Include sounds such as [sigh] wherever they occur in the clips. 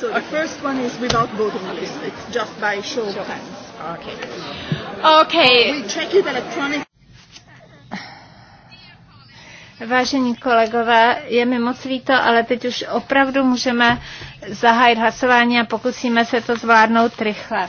So the first one is without voting list. It's just by show of hands. Okay. Okay. We check it electronically. Vážení kolegové, je mi moc líto, ale teď už opravdu můžeme zahájit hlasování a pokusíme se to zvládnout rychle.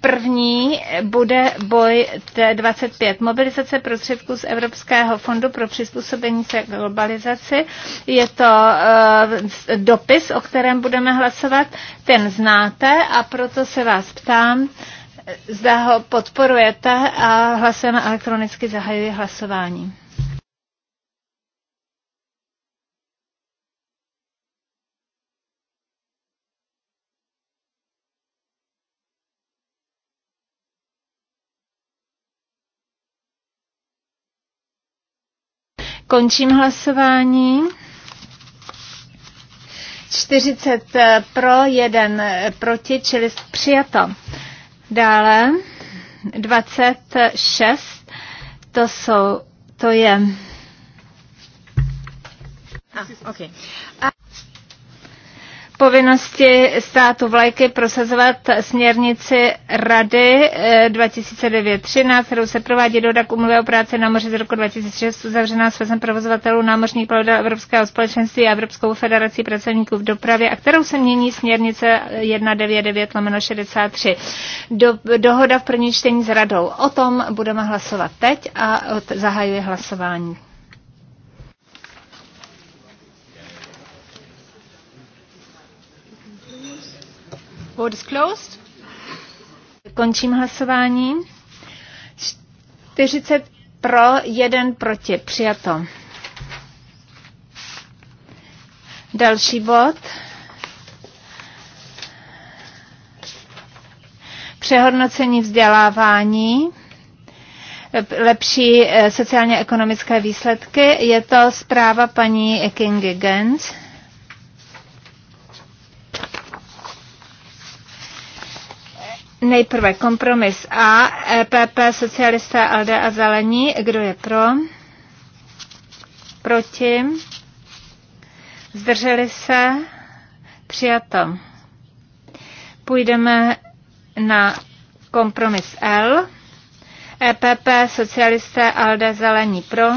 První bude boj T25. Mobilizace prostředků z Evropského fondu pro přizpůsobení se globalizaci. Je to uh, dopis, o kterém budeme hlasovat. Ten znáte a proto se vás ptám, zda ho podporujete a hlasujeme elektronicky, zahajuji hlasování. Končím hlasování. 40 eh, pro, 1 eh, proti, čili přijato. Dále 26, to jsou, to je. Ah, okay povinnosti státu vlajky prosazovat směrnici Rady 2009-13, eh, kterou se provádí doda k umluvě o práci na moři z roku 2006, uzavřená svazem provozovatelů námořních plavidel Evropského společenství a Evropskou federací pracovníků v dopravě, a kterou se mění směrnice 199 63. Do, dohoda v první čtení s radou. O tom budeme hlasovat teď a zahajuji hlasování. Vote is closed. Končím hlasování. 40 pro, 1 proti. Přijato. Další bod. Přehodnocení vzdělávání lepší eh, sociálně-ekonomické výsledky. Je to zpráva paní Kingy Gens. Nejprve kompromis A, EPP, socialisté, ALDE a zelení. Kdo je pro? Proti? Zdrželi se? Přijato. Půjdeme na kompromis L. EPP, socialisté, ALDE, zelení pro.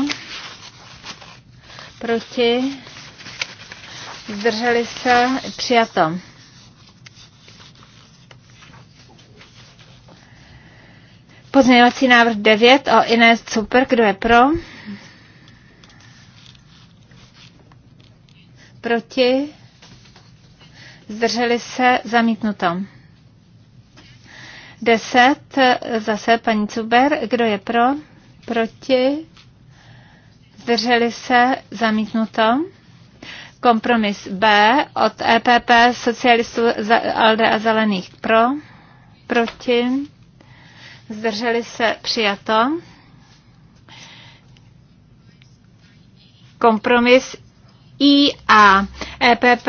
Proti? Zdrželi se? Přijato. Pozměňovací návrh 9 o Inés Super, kdo je pro? Proti? Zdrželi se? Zamítnuto. 10 zase paní Cuber, kdo je pro? Proti? Zdrželi se? Zamítnuto kompromis B od EPP, socialistů ALDE a zelených pro, proti, zdrželi se přijato. Kompromis I a EPP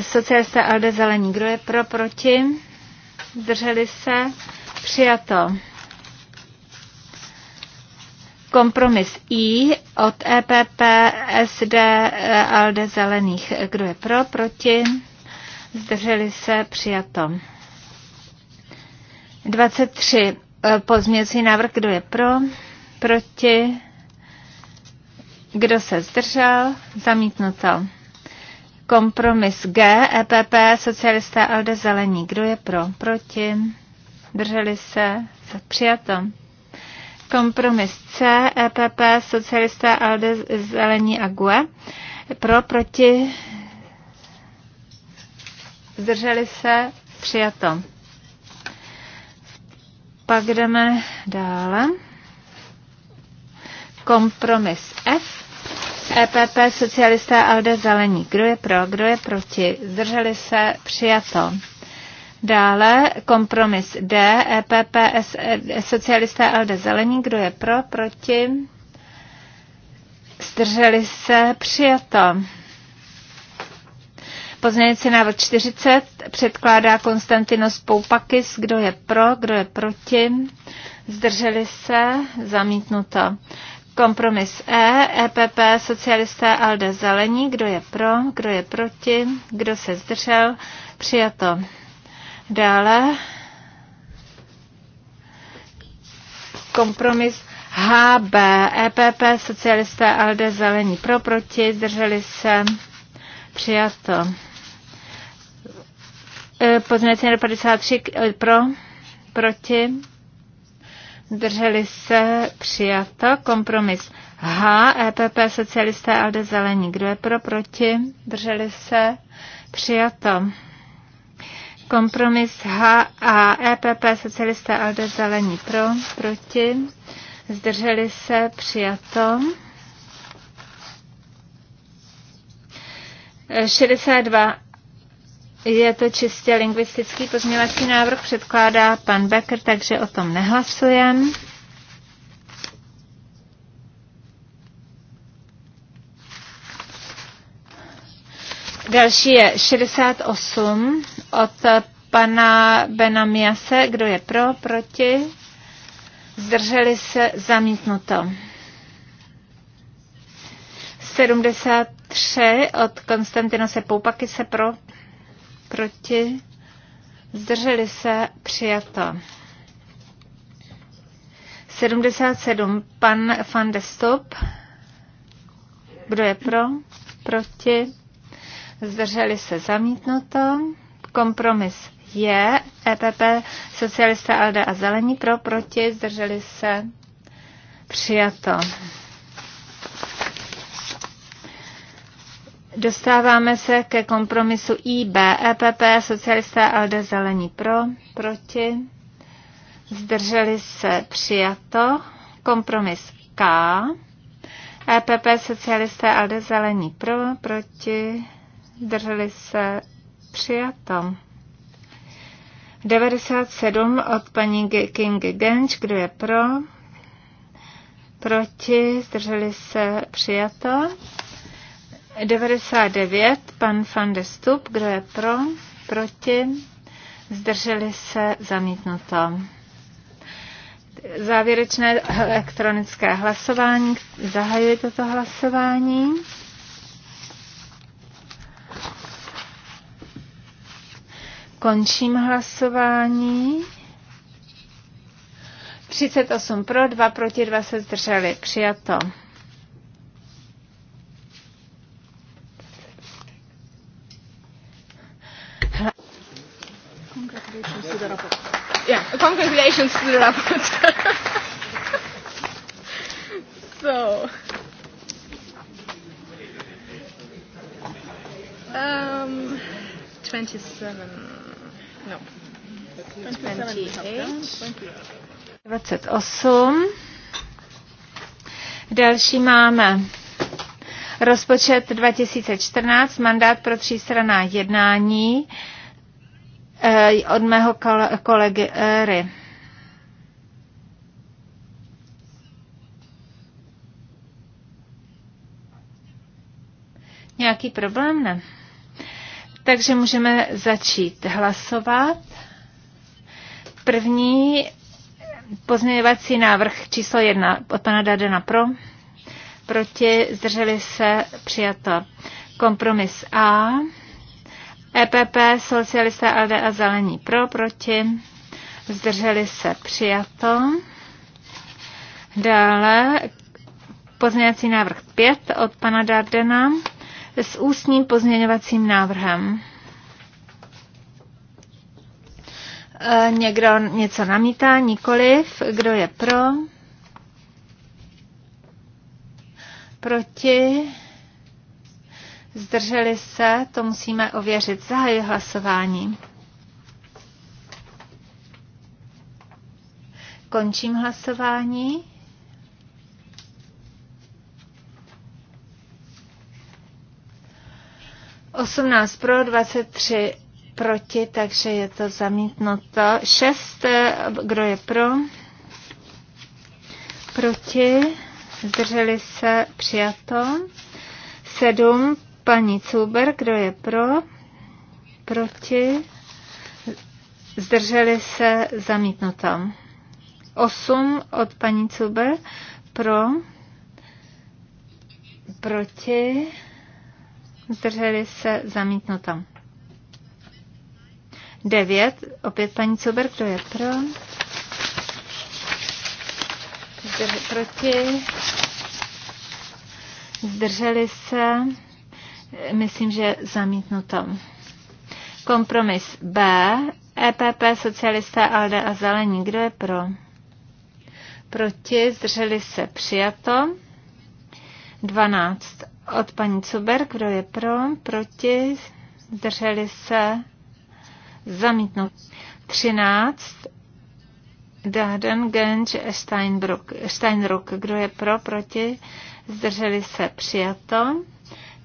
socialista Alde Zelení. Kdo je pro, proti? Zdrželi se přijato. Kompromis I od EPP, SD, ALDE Zelených. Kdo je pro, proti? Zdrželi se přijato. 23 E, Pozměňující návrh, kdo je pro, proti, kdo se zdržel, zamítnuto. Kompromis G, EPP, socialisté, ALDE, zelení. Kdo je pro, proti, drželi se, přijato. Kompromis C, EPP, socialisté, ALDE, zelení a GUE. Pro, proti, zdrželi se, přijato. Pak jdeme dále. Kompromis F. EPP, socialisté, ALDE, zelení. Kdo je pro, kdo je proti? Zdrželi se, přijato. Dále kompromis D, EPP, e, socialisté, ALDE, zelení. Kdo je pro, proti? Zdrželi se, přijato. Pozměňující návrh 40 předkládá Konstantinos Poupakis. Kdo je pro, kdo je proti? Zdrželi se? Zamítnuto. Kompromis E, EPP, socialisté, ALDE, zelení. Kdo je pro, kdo je proti? Kdo se zdržel? Přijato. Dále kompromis HB, EPP, socialisté, ALDE, zelení pro, proti, zdrželi se, přijato. E, Pozměnice 53 pro, proti, drželi se, přijato. Kompromis H, EPP, socialisté, ALDE, zelení. Kdo je pro, proti, drželi se, přijato. Kompromis H a EPP, socialisté, ALDE, zelení. Pro, proti, zdrželi se, přijato. 62 e, je to čistě lingvistický pozměňovací návrh, předkládá pan Becker, takže o tom nehlasujeme. Další je 68 od pana Benamiase. Kdo je pro, proti? Zdrželi se zamítnuto. 73 od Konstantinose se pro, proti, zdrželi se, přijato. 77. Pan van de Stop. Kdo je pro? Proti? Zdrželi se zamítnuto. Kompromis je. EPP, socialista, alda a zelení pro, proti, zdrželi se přijato. Dostáváme se ke kompromisu IB, EPP, socialisté ALDE zelení pro, proti. Zdrželi se přijato. Kompromis K. EPP, socialisté ALDE zelení pro, proti. Zdrželi se přijato. 97 od paní King Genč, kdo je pro? Proti, zdrželi se přijato. 99, pan van de Stup, kdo je pro, proti, zdrželi se, zamítnuto. Závěrečné elektronické hlasování, zahajuji toto hlasování. Končím hlasování. 38 pro, 2 proti, 2 se zdrželi. Přijato. Congratulations to the rapporteur. Yeah, congratulations to the rapporteur. [laughs] so, um, 27, no, 28. 28. Další máme rozpočet 2014, mandát pro třístranná jednání. Eh, od mého kolegy Ery. Nějaký problém? Ne. Takže můžeme začít hlasovat. První pozměňovací návrh číslo jedna od pana Dadena pro. Proti zdrželi se přijato kompromis A. EPP, socialisté, LD a zelení pro, proti, zdrželi se přijato. Dále pozměňovací návrh 5 od pana Dardena s ústním pozměňovacím návrhem. E, někdo něco namítá, nikoliv. Kdo je pro? Proti? zdrželi se, to musíme ověřit. Zahajuji hlasování. Končím hlasování. Osmnáct pro, 23 proti, takže je to zamítnuto. Šest, kdo je pro? Proti, zdrželi se, přijato. Sedm Paní Cuber, kdo je pro? Proti? Zdrželi se zamítnuto. 8 od paní Cuber. Pro? Proti? Zdrželi se zamítnuto. 9. Opět paní Cuber, kdo je pro? Zdrž- proti? Zdrželi se myslím, že zamítnuto. Kompromis B, EPP, socialisté, ALDE a zelení. Kdo je pro? Proti, zdrželi se, přijato. 12 od paní Cuber, kdo je pro? Proti, zdrželi se, zamítnout. 13 Dáden, Genč, Steinbrook. Steinruck, kdo je pro, proti, zdrželi se, přijato.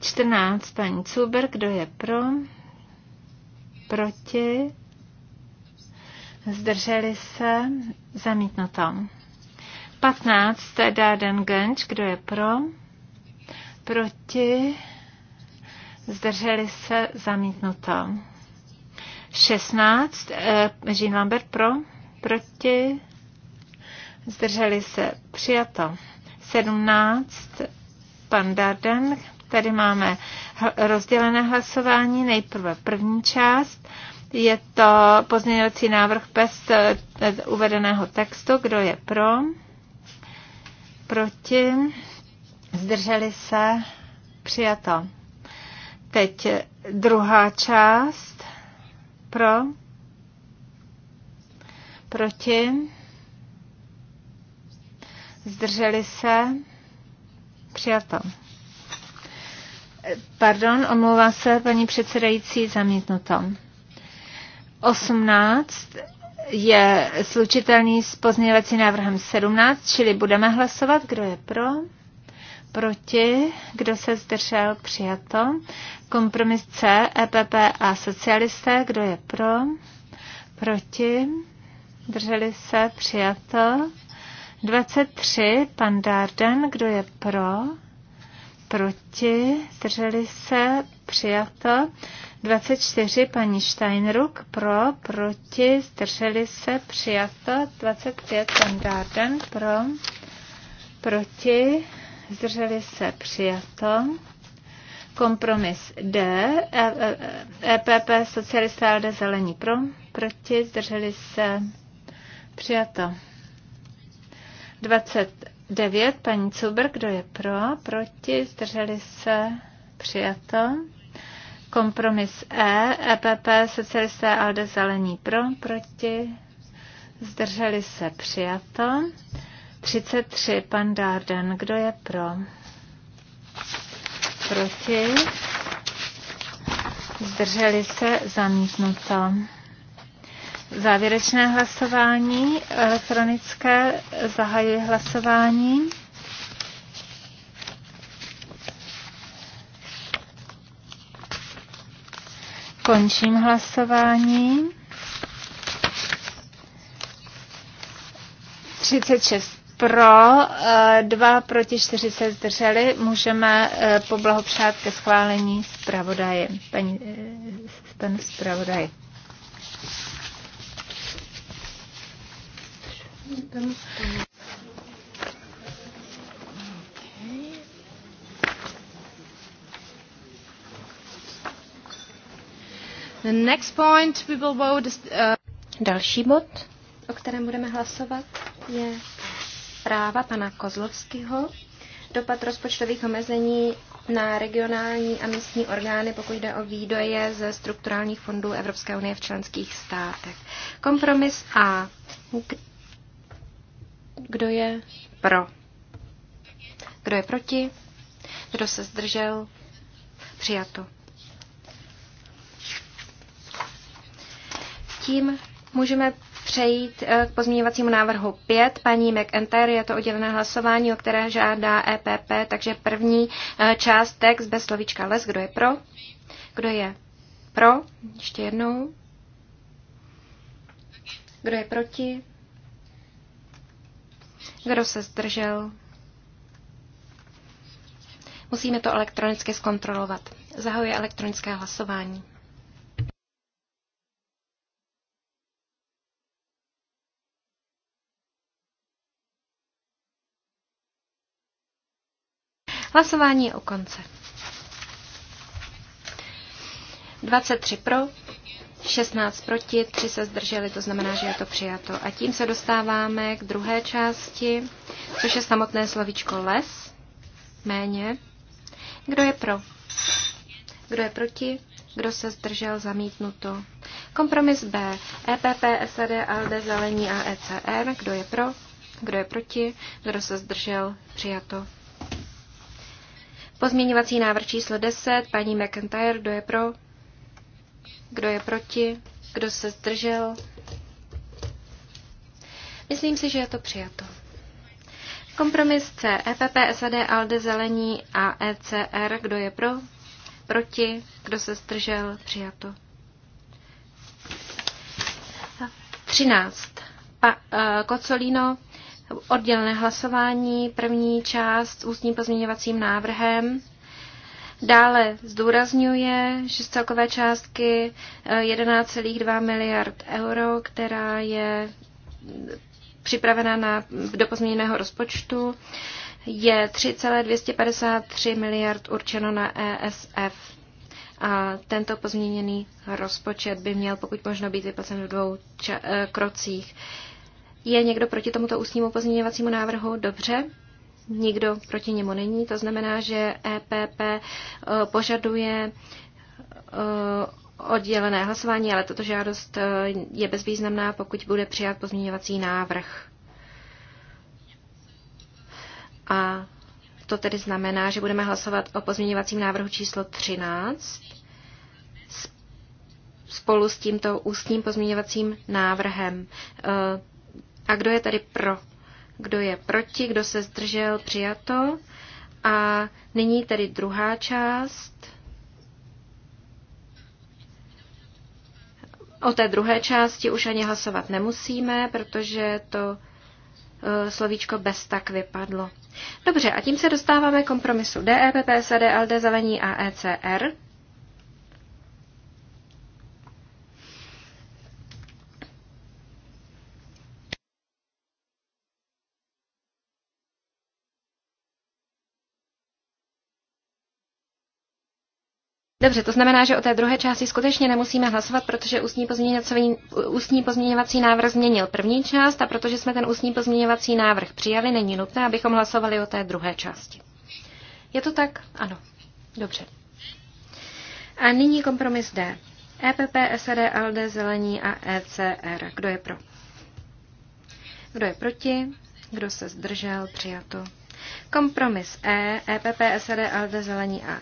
14, paní Cuber, kdo je pro? Proti? Zdrželi se? Zamítnuto. 15, Darden Genč, kdo je pro? Proti? Zdrželi se? Zamítnuto. 16, eh, Jean Lambert pro? Proti? Zdrželi se? Přijato. 17, pan Darden Tady máme rozdělené hlasování, nejprve první část. Je to pozměňovací návrh bez eh, uvedeného textu. Kdo je pro? Proti? Zdrželi se? Přijato. Teď druhá část. Pro? Proti? Zdrželi se? Přijato. Pardon, omlouvá se paní předsedající, zamítnuto. 18 je slučitelný s pozměňovacím návrhem 17, čili budeme hlasovat, kdo je pro, proti, kdo se zdržel, přijato. Kompromis C, EPP a socialisté, kdo je pro, proti, drželi se, přijato. 23, pan Darden, kdo je pro, proti, drželi se, přijato. 24 paní Steinruck pro, proti, zdrželi se, přijato. 25 pan Garden pro, proti, zdrželi se, přijato. Kompromis D, EPP, e, e, e socialista LD, zelení pro, proti, zdrželi se, přijato. 20 9, paní Cuber, kdo je pro, proti, zdrželi se, přijato. Kompromis E, EPP, socialisté, ALDE, zelení pro, proti, zdrželi se, přijato. 33, pan Darden, kdo je pro? Proti, zdrželi se, zamítnuto. Závěrečné hlasování, elektronické, zahajuji hlasování. Končím hlasování. 36 pro, dva proti 4 se zdrželi. Můžeme poblahopřát ke schválení zpravodaje, paní, panu zpravodaji. The next point we will vote is, uh... Další bod, o kterém budeme hlasovat, je práva pana Kozlovského, dopad rozpočtových omezení na regionální a místní orgány, pokud jde o výdoje ze strukturálních fondů Evropské unie v členských státech. Kompromis A. Kdo je pro? Kdo je proti? Kdo se zdržel? Přijato. Tím můžeme přejít eh, k pozměňovacímu návrhu 5. Paní McEntire je to oddělené hlasování, o které žádá EPP, takže první eh, část text bez slovíčka les. Kdo je pro? Kdo je pro? Ještě jednou. Kdo je proti? Kdo se zdržel? Musíme to elektronicky zkontrolovat. Zahajuji elektronické hlasování. Hlasování je u konce. 23 pro, 16 proti, 3 se zdrželi, to znamená, že je to přijato. A tím se dostáváme k druhé části, což je samotné slovíčko les, méně. Kdo je pro? Kdo je proti? Kdo se zdržel zamítnuto? Kompromis B. EPP, SAD, ALDE, Zelení a ECR. Kdo je pro? Kdo je proti? Kdo se zdržel? Přijato. Pozměňovací návrh číslo 10. Paní McIntyre. Kdo je pro? kdo je proti, kdo se zdržel. Myslím si, že je to přijato. Kompromis C. EPP, SAD, ALDE, Zelení a ECR. Kdo je pro? Proti? Kdo se zdržel? Přijato. 13. Pa, uh, Kocolino. Oddělené hlasování. První část s ústním pozměňovacím návrhem. Dále zdůrazňuje, že z celkové částky 11,2 eh, miliard euro, která je připravena na, do pozměněného rozpočtu, je 3,253 miliard určeno na ESF. A tento pozměněný rozpočet by měl pokud možno být vyplacen v dvou eh, krocích. Je někdo proti tomuto ústnímu pozměňovacímu návrhu? Dobře nikdo proti němu není. To znamená, že EPP e, požaduje e, oddělené hlasování, ale tato žádost e, je bezvýznamná, pokud bude přijat pozměňovací návrh. A to tedy znamená, že budeme hlasovat o pozměňovacím návrhu číslo 13 spolu s tímto ústním pozměňovacím návrhem. A kdo je tady pro kdo je proti, kdo se zdržel, přijato. A nyní tedy druhá část. O té druhé části už ani hlasovat nemusíme, protože to eh, slovíčko bez tak vypadlo. Dobře, a tím se dostáváme kompromisu DEPP, SD, LD, Zelení a ECR. Dobře, to znamená, že o té druhé části skutečně nemusíme hlasovat, protože ústní pozměňovací, ústní pozměňovací návrh změnil první část a protože jsme ten ústní pozměňovací návrh přijali, není nutné, abychom hlasovali o té druhé části. Je to tak? Ano. Dobře. A nyní kompromis D. EPP, SED, LD, Zelení a ECR. Kdo je pro? Kdo je proti? Kdo se zdržel? Přijato. Kompromis E, EPP, SED, LD, Zelení a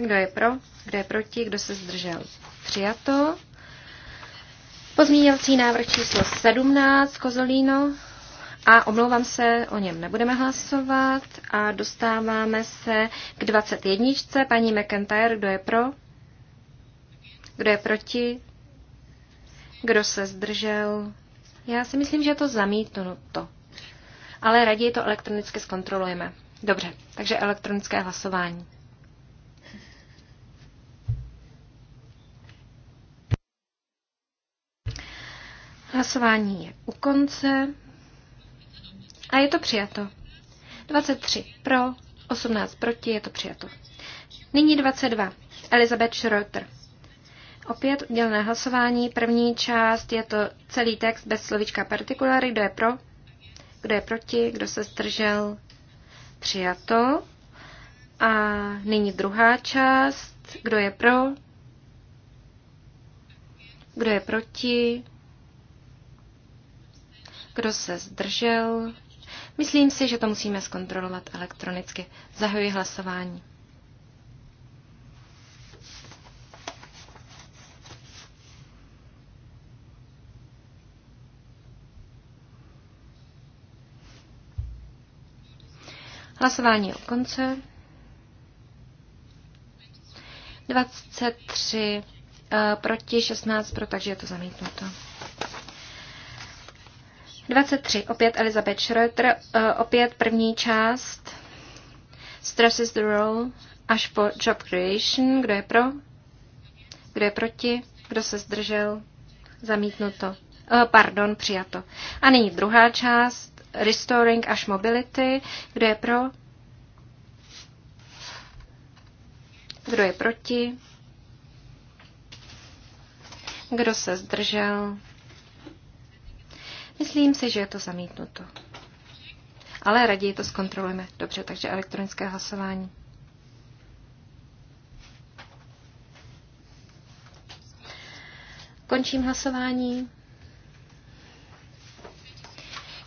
kdo je pro? Kdo je proti? Kdo se zdržel? Přijato. Pozměňovací návrh číslo 17, Kozolíno. A omlouvám se, o něm nebudeme hlasovat. A dostáváme se k 21. Paní McIntyre, kdo je pro? Kdo je proti? Kdo se zdržel? Já si myslím, že je to zamítnuto. Ale raději to elektronicky zkontrolujeme. Dobře, takže elektronické hlasování. Hlasování je u konce a je to přijato. 23 pro, 18 proti, je to přijato. Nyní 22. Elizabeth Schroeter. Opět udělené hlasování. První část je to celý text bez slovička partikulary. Kdo je pro? Kdo je proti? Kdo se zdržel? Přijato. A nyní druhá část. Kdo je pro? Kdo je proti? Kdo se zdržel? Myslím si, že to musíme zkontrolovat elektronicky. Zahajuji hlasování. Hlasování o u konce. 23 eh, proti 16 pro, takže je to zamítnuto. 23. Opět Elizabeth Schroeter, eh, opět první část. Stress is the role až po job creation. Kdo je pro? Kdo je proti? Kdo se zdržel? Zamítnuto. Eh, pardon, přijato. A nyní druhá část. Restoring až mobility. Kdo je pro? Kdo je proti? Kdo se zdržel? Myslím si, že je to zamítnuto. Ale raději to zkontrolujeme. Dobře, takže elektronické hlasování. Končím hlasování.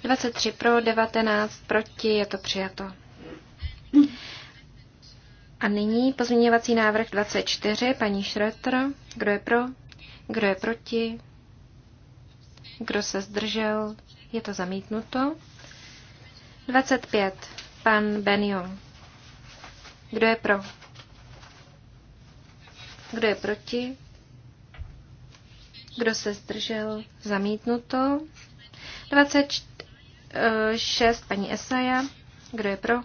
23 pro, 19 proti, je to přijato. A nyní pozměňovací návrh 24, paní Schröter. Kdo je pro? Kdo je proti? Kdo se zdržel? Je to zamítnuto. 25. Pan Benio, Kdo je pro? Kdo je proti? Kdo se zdržel? Zamítnuto. 26. Paní Esaja. Kdo je pro?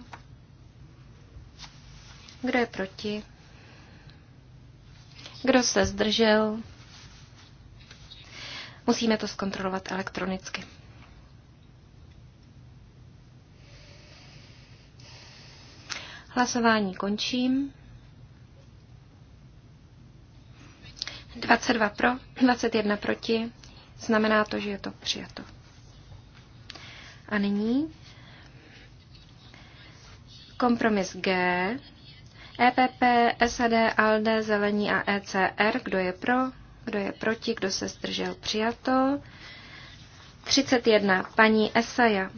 Kdo je proti? Kdo se zdržel? Musíme to zkontrolovat elektronicky. Hlasování končím. 22 pro, 21 proti. Znamená to, že je to přijato. A nyní kompromis G. EPP, SAD, ALDE, Zelení a ECR. Kdo je pro? kdo je proti, kdo se zdržel přijato. 31. Paní Esaja.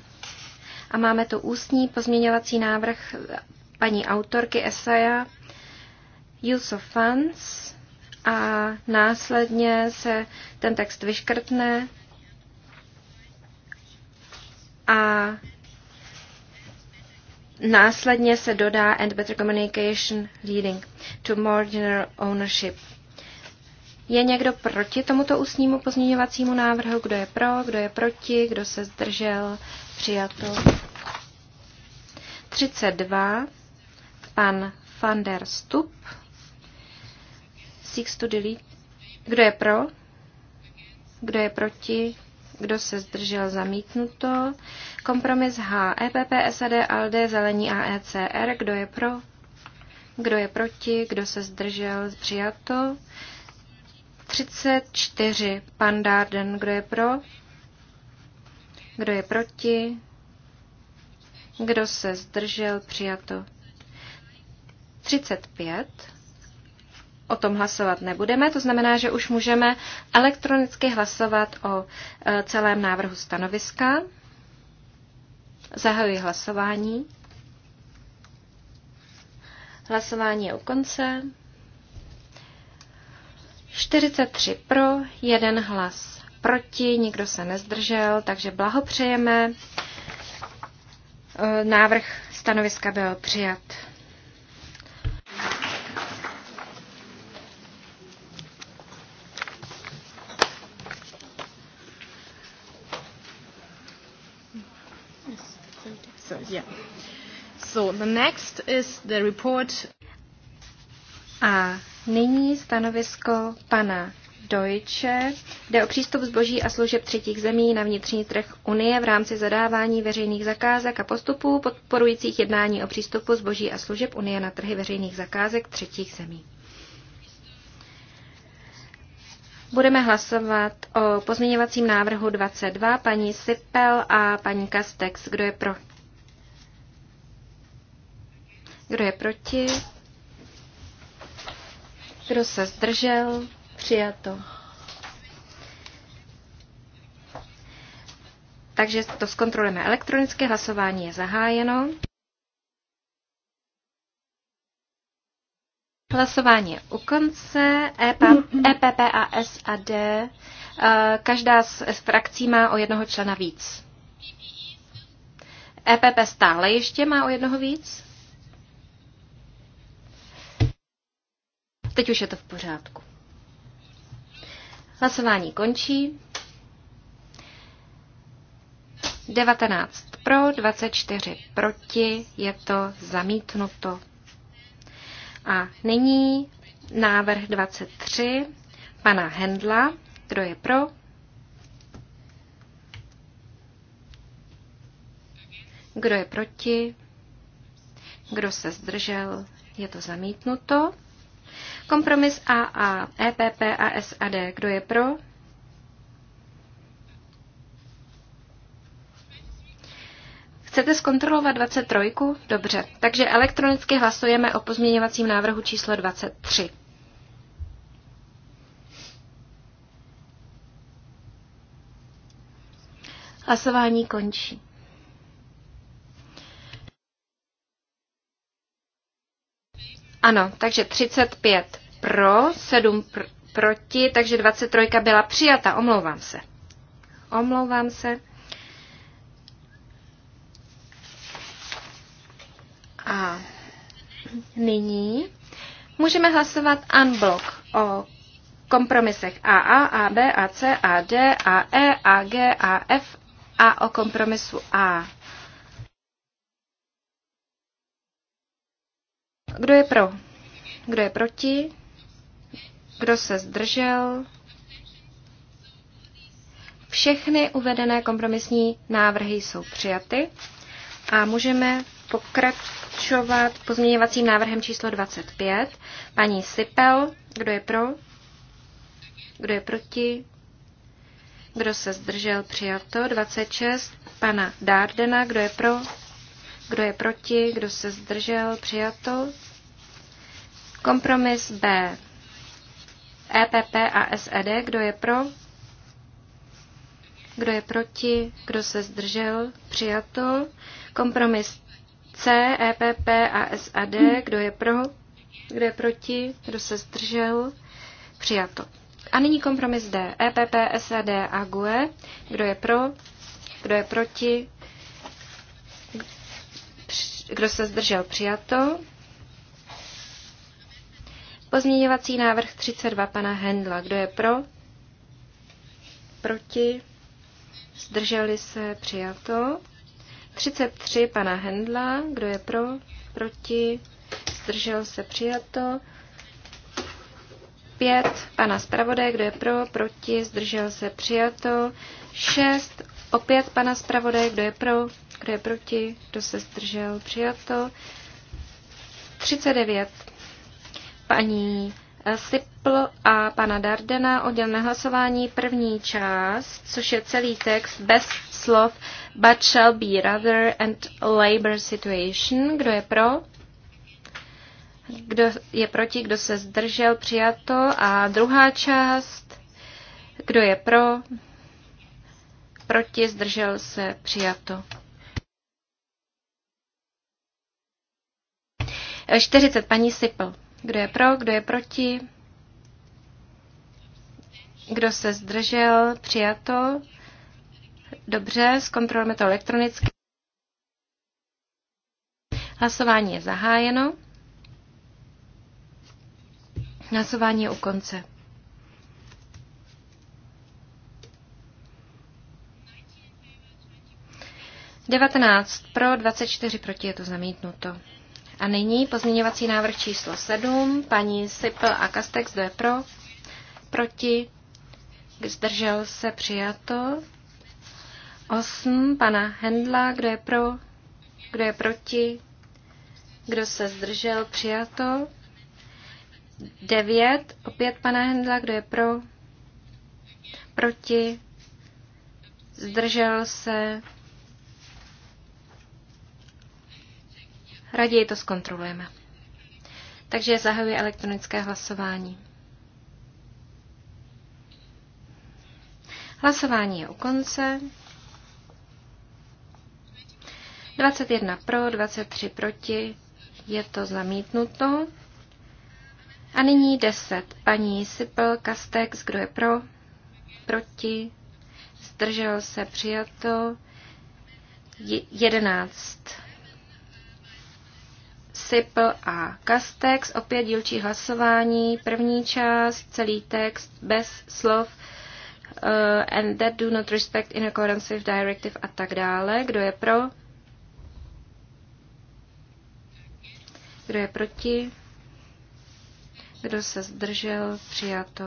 A máme tu ústní pozměňovací návrh paní autorky Esaja Use of Funds a následně se ten text vyškrtne a následně se dodá and better communication leading to more general ownership. Je někdo proti tomuto ústnímu pozměňovacímu návrhu? Kdo je pro, kdo je proti, kdo se zdržel? Přijato. 32. Pan van der Stup. Seeks to delete. Kdo je pro? Kdo je proti? Kdo se zdržel zamítnuto? Kompromis H, EPP, SAD, ALD, Zelení a ECR. Kdo je pro? Kdo je proti? Kdo se zdržel přijato? 34. Pan Darden, kdo je pro? Kdo je proti? Kdo se zdržel? Přijato. 35. O tom hlasovat nebudeme, to znamená, že už můžeme elektronicky hlasovat o e, celém návrhu stanoviska. Zahajuji hlasování. Hlasování je u konce. 43 pro, jeden hlas proti, nikdo se nezdržel, takže blahopřejeme. Eh, návrh stanoviska byl přijat. So yeah. So the next is the report. A Nyní stanovisko pana Deutsche. Jde o přístup zboží a služeb třetích zemí na vnitřní trh Unie v rámci zadávání veřejných zakázek a postupů podporujících jednání o přístupu zboží a služeb Unie na trhy veřejných zakázek třetích zemí. Budeme hlasovat o pozměňovacím návrhu 22 paní Sipel a paní Kastex. Kdo je pro? Kdo je proti? Kdo se zdržel? Přijato. Takže to zkontrolujeme elektronické. Hlasování je zahájeno. Hlasování je u konce. EPP a e SAD. Eh, každá z frakcí má o jednoho člena víc. EPP stále ještě má o jednoho víc. Teď už je to v pořádku. Hlasování končí. 19 pro, 24 proti, je to zamítnuto. A nyní návrh 23 pana Hendla. Kdo je pro? Kdo je proti? Kdo se zdržel? Je to zamítnuto. Kompromis AA, EPP a e SAD. Kdo je pro? Chcete zkontrolovat 23? Dobře, takže elektronicky hlasujeme o pozměňovacím návrhu číslo 23. Hlasování končí. Ano, takže 35 pro, 7 pr- proti, takže 23 byla přijata. Omlouvám se. Omlouvám se. A nyní můžeme hlasovat unblock o kompromisech AA, AB, AC, AD, AE, AG, AF a o kompromisu A. Kdo je pro? Kdo je proti? Kdo se zdržel? Všechny uvedené kompromisní návrhy jsou přijaty a můžeme pokračovat pozměňovacím návrhem číslo 25. Paní Sipel, kdo je pro? Kdo je proti? Kdo se zdržel? Přijato. 26. Pana Dardena, kdo je pro? Kdo je proti? Kdo se zdržel? Přijato. Kompromis B. EPP a SED. Kdo je pro? Kdo je proti? Kdo se zdržel? Přijato. Kompromis C, EPP a SAD. E Kdo je pro? Kdo je proti? Kdo se zdržel? Přijato. A nyní kompromis D. EPP, SAD e a GUE. Kdo je pro? Kdo je proti? Kdo se zdržel? Přijato. Pozměňovací návrh 32 pana Hendla. Kdo je pro? Proti? Zdrželi se? Přijato. 33 pana Hendla. Kdo je pro? Proti? Zdržel se? Přijato. 5 pana zpravodaje. Kdo je pro? Proti? Zdržel se? Přijato. 6 opět pana zpravodaje. Kdo je pro? Kdo je proti? Kdo se zdržel? Přijato. 39 paní eh, Sipl a pana Dardena oddělené hlasování první část, což je celý text bez slov but shall be rather and labor situation. Kdo je pro? Kdo je proti? Kdo se zdržel? Přijato. A druhá část. Kdo je pro? Proti? Zdržel se? Přijato. 40. Eh, paní Sipl. Kdo je pro, kdo je proti? Kdo se zdržel? Přijato. Dobře, zkontrolujeme to elektronicky. Hlasování je zahájeno. Hlasování je u konce. 19 pro, 24 proti je to zamítnuto. A nyní pozměňovací návrh číslo 7, paní Sipl a Kastex, kdo je pro? Proti? Zdržel se přijato. 8, pana Hendla, kdo je pro? Kdo je proti? Kdo se zdržel? Přijato. 9, opět pana Hendla, kdo je pro? Proti? Zdržel se? Raději to zkontrolujeme. Takže zahajuji elektronické hlasování. Hlasování je u konce. 21 pro, 23 proti. Je to zamítnuto. A nyní 10. Paní Sipel Kastex, kdo je pro? Proti? Zdržel se přijato? 11 Sipl a Kastex. Opět dílčí hlasování. První část, celý text bez slov uh, and that do not respect in accordance with directive a tak dále. Kdo je pro? Kdo je proti? Kdo se zdržel? Přijato.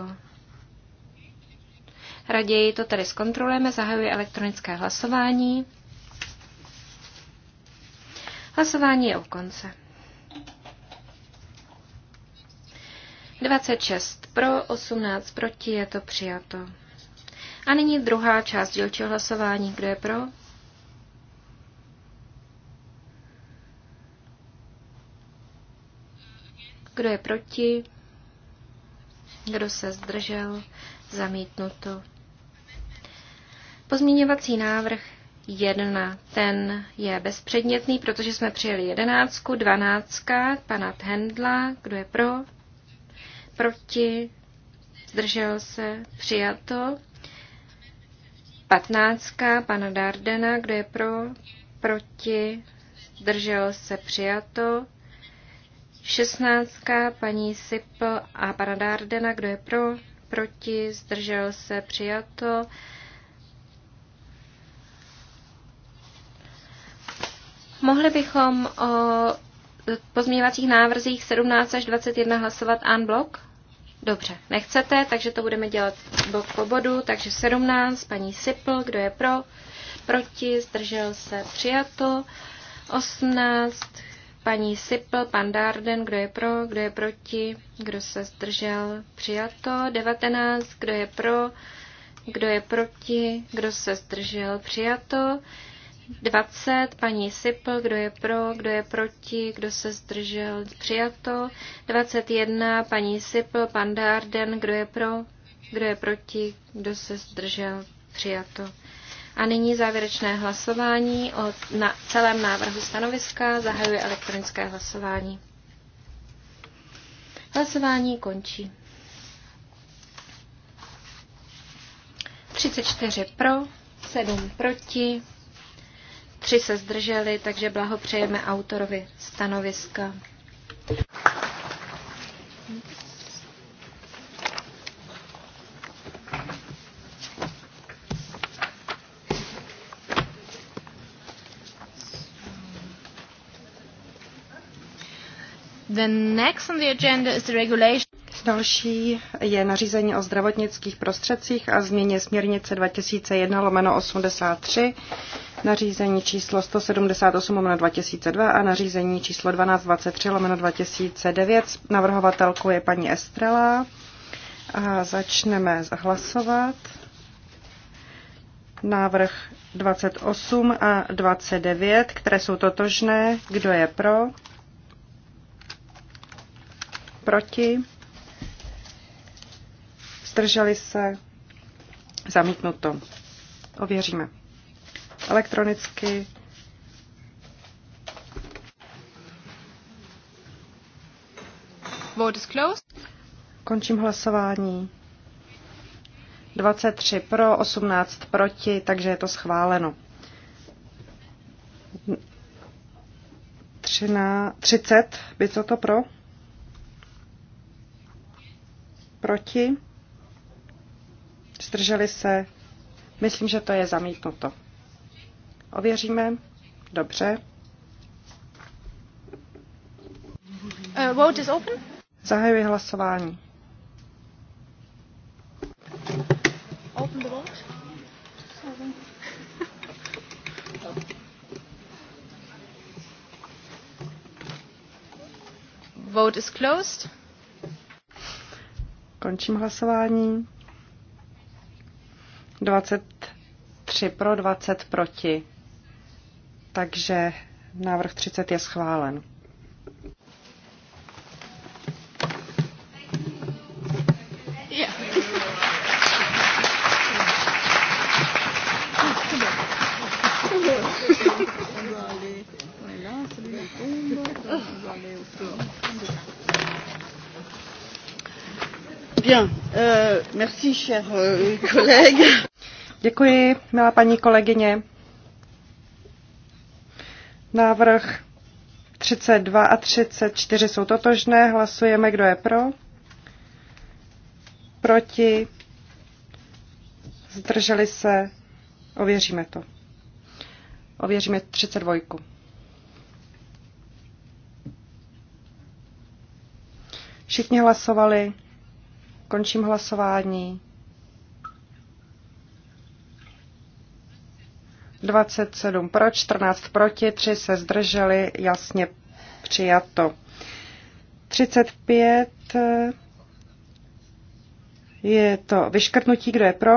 Raději to tady zkontrolujeme. Zahajuji elektronické hlasování. Hlasování je u konce. 26 pro, 18 proti, je to přijato. A nyní druhá část dělčího hlasování. Kdo je pro? Kdo je proti? Kdo se zdržel? Zamítnuto. Pozměňovací návrh 1. Ten je bezpředmětný, protože jsme přijeli jedenáctku, dvanáctka, pana Tendla, kdo je pro, proti, zdržel se, přijato. Patnáctka pana Dardena, kdo je pro, proti, zdržel se, přijato. Šestnáctka paní Sipl a pana Dardena, kdo je pro, proti, zdržel se, přijato. Mohli bychom o pozměňovacích návrzích 17 až 21 hlasovat en bloc? Dobře, nechcete, takže to budeme dělat bod po bodu. Takže 17, paní Sipl, kdo je pro, proti, zdržel se, přijato. 18, paní Sipl, pan Darden, kdo je pro, kdo je proti, kdo se zdržel, přijato. 19, kdo je pro, kdo je proti, kdo se zdržel, přijato. 20, paní Sipl, kdo je pro, kdo je proti, kdo se zdržel, přijato. 21, paní Sipl, pan Darden, kdo je pro, kdo je proti, kdo se zdržel, přijato. A nyní závěrečné hlasování o na celém návrhu stanoviska. Zahajuje elektronické hlasování. Hlasování končí. 34 pro, 7 proti, tři se zdrželi, takže blahopřejeme autorovi stanoviska. The next on the agenda is the regulation. Další je nařízení o zdravotnických prostředcích a změně směrnice 2001 lomeno 83 nařízení číslo 178 na 2002 a nařízení číslo 1223 lomeno 2009. Navrhovatelkou je paní Estrela. A začneme hlasovat. Návrh 28 a 29, které jsou totožné. Kdo je pro? Proti? Zdrželi se? Zamítnuto. Ověříme elektronicky. Vote is closed. Končím hlasování. 23 pro, 18 proti, takže je to schváleno. 13, 30, by co to pro? Proti? Zdrželi se? Myslím, že to je zamítnuto. Ověříme. Dobře. Uh, vote is open. Zahajuji hlasování. Open the vote. Vote is closed. Končím hlasování. 23 pro, 20 proti. Takže návrh 30 je schválen. Euh, euh, Děkuji, milá paní kolegyně. Návrh 32 a 34 jsou totožné. Hlasujeme, kdo je pro. Proti. Zdrželi se. Ověříme to. Ověříme 32. Všichni hlasovali. Končím hlasování. 27 pro, 14 proti, 3 se zdrželi, jasně přijato. 35 je to vyškrtnutí, kdo je pro,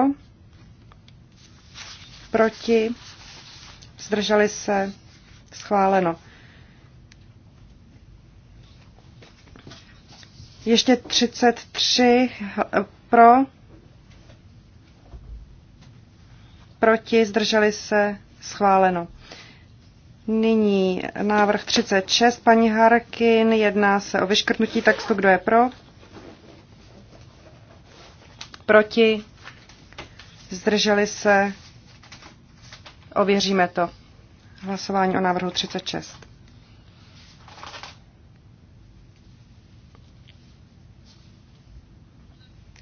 proti, zdrželi se, schváleno. Ještě 33 pro, proti, zdrželi se, schváleno. Nyní návrh 36, paní Harkin, jedná se o vyškrtnutí textu, kdo je pro, proti, zdrželi se, ověříme to. Hlasování o návrhu 36.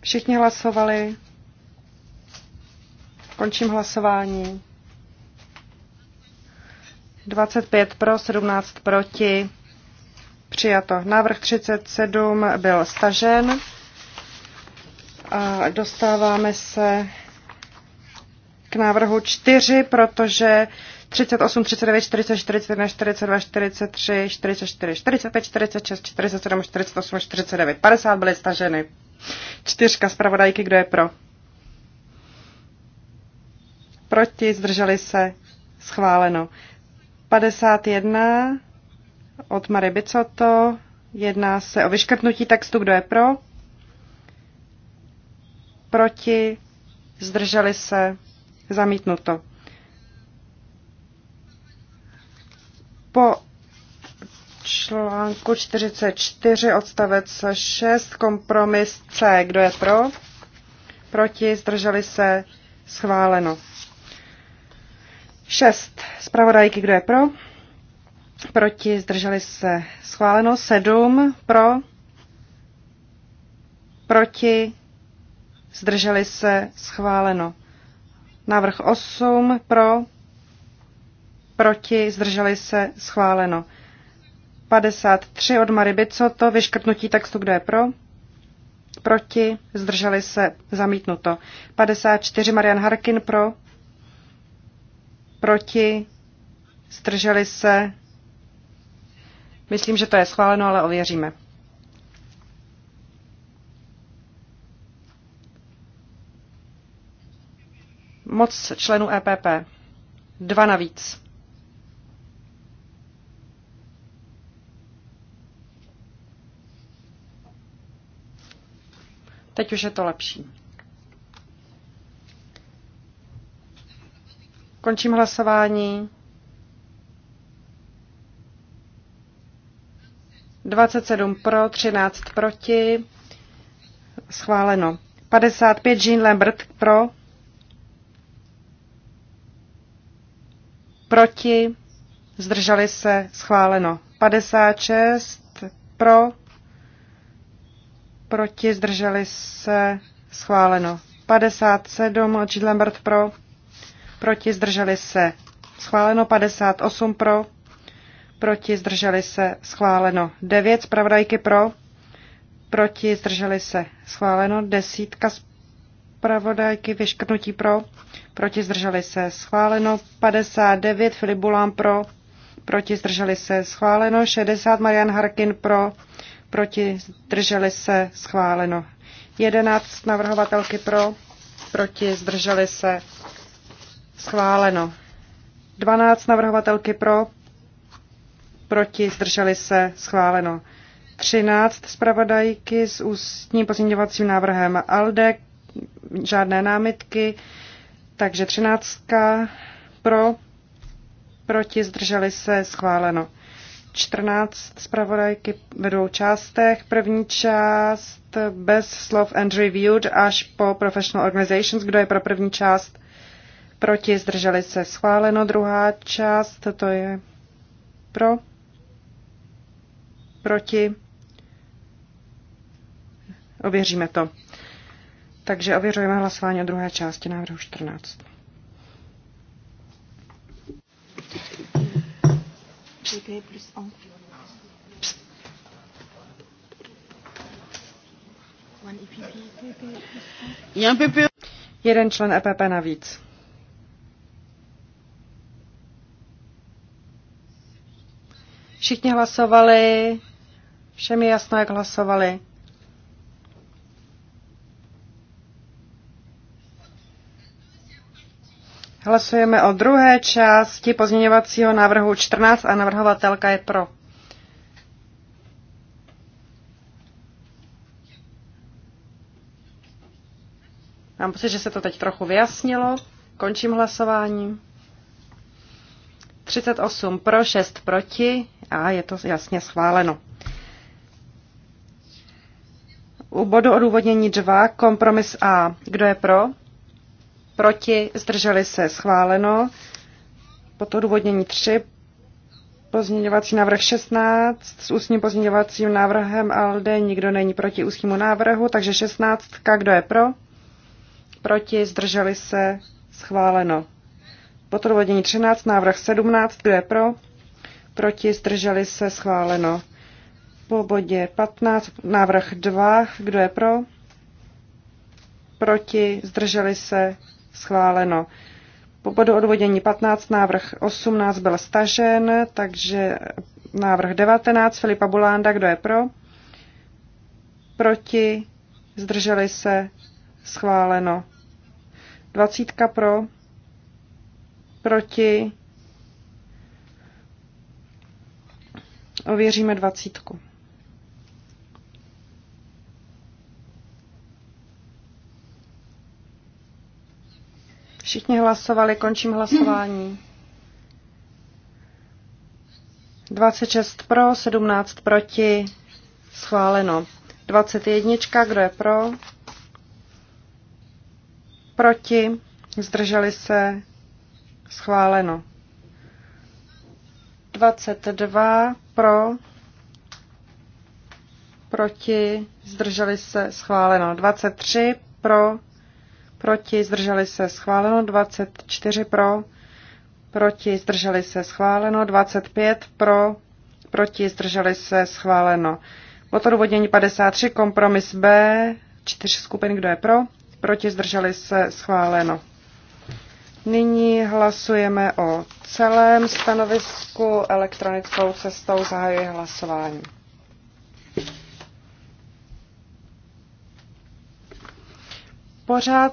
Všichni hlasovali. Končím hlasování. 25 pro, 17 proti. Přijato. Návrh 37 byl stažen. A dostáváme se k návrhu 4, protože 38, 39, 40, 41, 42, 43, 44, 45, 46, 47, 48, 49, 50 byly staženy. Čtyřka zpravodajky, kdo je pro? proti, zdrželi se, schváleno. 51 od Mary Bicoto, jedná se o vyškrtnutí textu, kdo je pro, proti, zdrželi se, zamítnuto. Po článku 44 odstavec 6 kompromis C. Kdo je pro? Proti, zdrželi se, schváleno. 6. Zpravodajky, kdo je pro? Proti, zdrželi se. Schváleno. 7. Pro? Proti, zdrželi se. Schváleno. Návrh 8. Pro? Proti, zdrželi se. Schváleno. 53 od Mary Bicoto, vyškrtnutí textu, kdo je pro? Proti, zdrželi se, zamítnuto. 54 Marian Harkin pro, proti, strželi se. Myslím, že to je schváleno, ale ověříme. Moc členů EPP. Dva navíc. Teď už je to lepší. Končím hlasování. 27 pro, 13 proti. Schváleno. 55 Jean Lambert pro. Proti. Zdrželi se. Schváleno. 56 pro. Proti. Zdrželi se. Schváleno. 57 Jean Lambert pro proti, zdrželi se, schváleno 58 pro, proti, zdrželi se, schváleno 9 zpravodajky pro, proti, zdrželi se, schváleno desítka zpravodajky, vyškrtnutí pro, proti, zdrželi se, schváleno 59 Filibulán pro, proti, zdrželi se, schváleno 60 Marian Harkin pro, proti, zdrželi se, schváleno 11 navrhovatelky pro, proti, zdrželi se, Schváleno. 12 navrhovatelky pro, proti, zdrželi se, schváleno. 13 zpravodajky s ústním pozměňovacím návrhem ALDE, žádné námitky, takže 13 pro, proti, zdrželi se, schváleno. 14 zpravodajky ve dvou částech. První část bez slov and reviewed až po professional organizations. Kdo je pro první část? proti, zdrželi se schváleno. Druhá část, to je pro, proti, ověříme to. Takže ověřujeme hlasování o druhé části návrhu 14. Jeden člen EPP navíc. Všichni hlasovali, všem je jasno, jak hlasovali. Hlasujeme o druhé části pozměňovacího návrhu 14 a navrhovatelka je pro. Mám pocit, že se to teď trochu vyjasnilo. Končím hlasování. 38 pro, 6 proti a je to jasně schváleno. U bodu odůvodnění 2 kompromis A. Kdo je pro? Proti? Zdrželi se? Schváleno. Pod odůvodnění 3 pozměňovací návrh 16 s ústním pozměňovacím návrhem ALDE. Nikdo není proti ústnímu návrhu, takže 16. Kdo je pro? Proti? Zdrželi se? Schváleno. Pod odůvodnění 13 návrh 17. Kdo je pro? proti, zdrželi se, schváleno. Po bodě 15, návrh 2, kdo je pro, proti, zdrželi se, schváleno. Po bodu odvodění 15 návrh 18 byl stažen, takže návrh 19 Filipa Bulánda, kdo je pro? Proti, zdrželi se, schváleno. 20 pro, proti, Ověříme dvacítku. Všichni hlasovali, končím hlasování. 26 pro, 17 proti, schváleno. 21, kdo je pro? Proti, zdrželi se, schváleno. 22 pro, proti, zdrželi se, schváleno 23 pro, proti, zdrželi se, schváleno 24 pro, proti, zdrželi se, schváleno 25 pro, proti, zdrželi se, schváleno. Bod odůvodnění 53, kompromis B, čtyři skupiny kdo je pro, proti, zdrželi se, schváleno. Nyní hlasujeme o celém stanovisku elektronickou cestou. Zahajuji hlasování. Pořád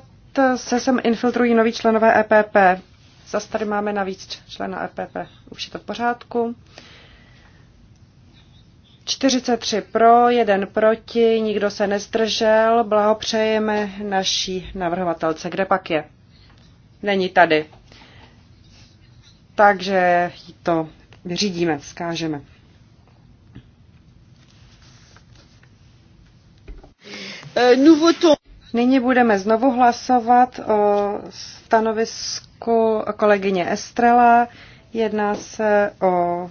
se sem infiltrují noví členové EPP. Zase tady máme navíc člena EPP. Už je to v pořádku. 43 pro, 1 proti, nikdo se nezdržel. Blahopřejeme naší navrhovatelce. Kde pak je? Není tady. Takže to vyřídíme, skážeme. Eh, Nyní budeme znovu hlasovat o stanovisku kolegyně Estrela. Jedná se o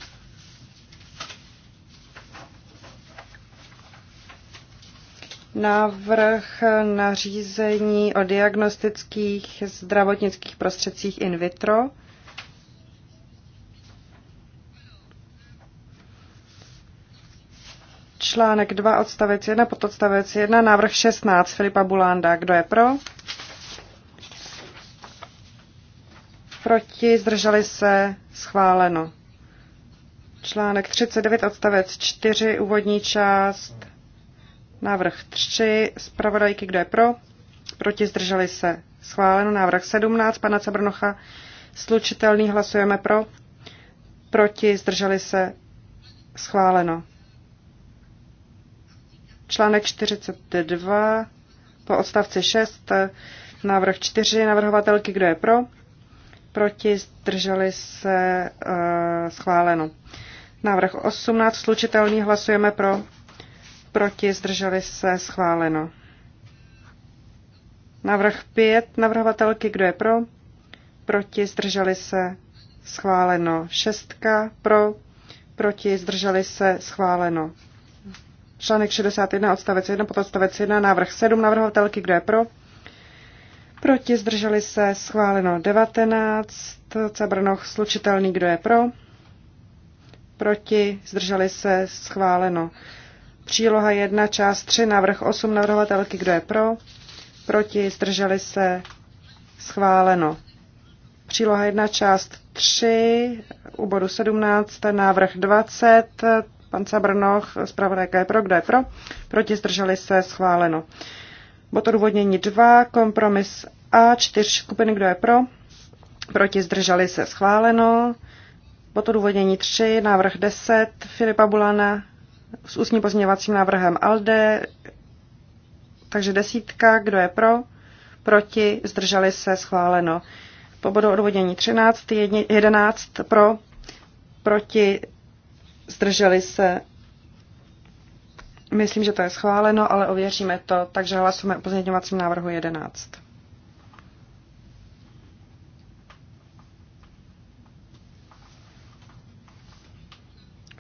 návrh nařízení o diagnostických zdravotnických prostředcích in vitro. Článek 2, odstavec 1, pododstavec 1, návrh 16 Filipa Bulanda. Kdo je pro? Proti, zdrželi se, schváleno. Článek 39, odstavec 4, úvodní část Návrh 3, zpravodajky, kdo je pro? Proti zdrželi se. Schváleno. Návrh 17, pana Cabrnocha, slučitelný, hlasujeme pro. Proti zdrželi se. Schváleno. Článek 42, po odstavci 6, návrh 4, navrhovatelky, kdo je pro? Proti zdrželi se. Uh, schváleno. Návrh 18, slučitelný, hlasujeme pro proti, zdrželi se, schváleno. Návrh 5 navrhovatelky, kdo je pro, proti, zdrželi se, schváleno. Šestka pro, proti, zdrželi se, schváleno. Článek 61, odstavec 1, odstavec 1, návrh 7 navrhovatelky, kdo je pro, proti, zdrželi se, schváleno. 19, Cabrnoch, slučitelný, kdo je pro, proti, zdrželi se, schváleno. Příloha 1, část 3, návrh 8 navrhovatelky, kdo je pro, proti, zdrželi se, schváleno. Příloha 1, část 3, u bodu 17, návrh 20, pan Cabrnoch, zpravodajka je pro, kdo je pro, proti, zdrželi se, schváleno. Bod odůvodnění 2, kompromis A, čtyř skupiny, kdo je pro, proti, zdrželi se, schváleno. Bod odůvodnění 3, návrh 10, Filipa Bulana, s ústním pozměňovacím návrhem ALDE. Takže desítka, kdo je pro, proti, zdrželi se, schváleno. Po bodu odvodění 13, 11 pro, proti, zdrželi se. Myslím, že to je schváleno, ale ověříme to, takže hlasujeme o pozměňovacím návrhu 11.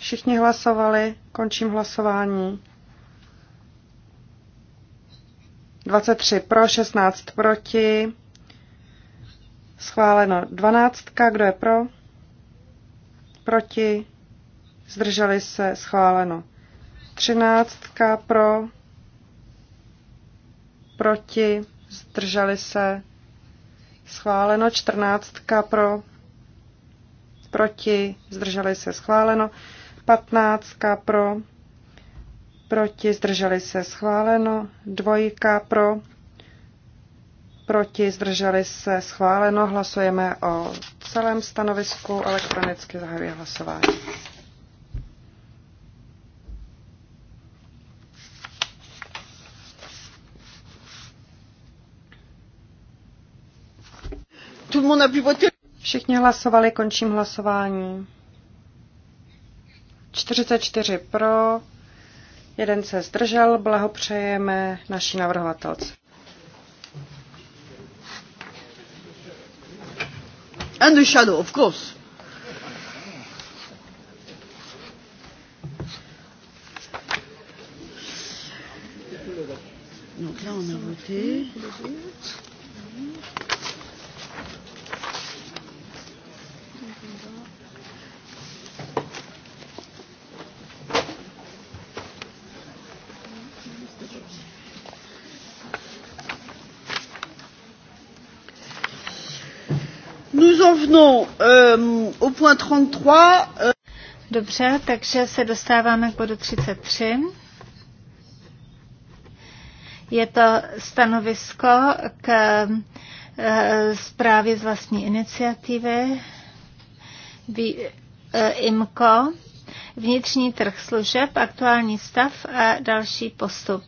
Všichni hlasovali, končím hlasování. 23 pro, 16 proti. Schváleno 12. Kdo je pro? Proti. Zdrželi se. Schváleno 13. Pro. Proti. Zdrželi se. Schváleno 14. Pro. Proti. Zdrželi se. Schváleno 15 pro, proti, zdrželi se schváleno, dvojka pro, proti, zdrželi se schváleno, hlasujeme o celém stanovisku, elektronicky zahajuje hlasování. Všichni hlasovali, končím hlasování. 44 pro, jeden se zdržel, blahopřejeme naší navrhovatelce. And the shadow, of course. Donc là, on a voté. maintenant euh, au point 33. Euh... Dobře, takže se dostáváme k bodu 33. Je to stanovisko k eh, zprávě z vlastní iniciativy eh, IMCO, vnitřní trh služeb, aktuální stav a další postup.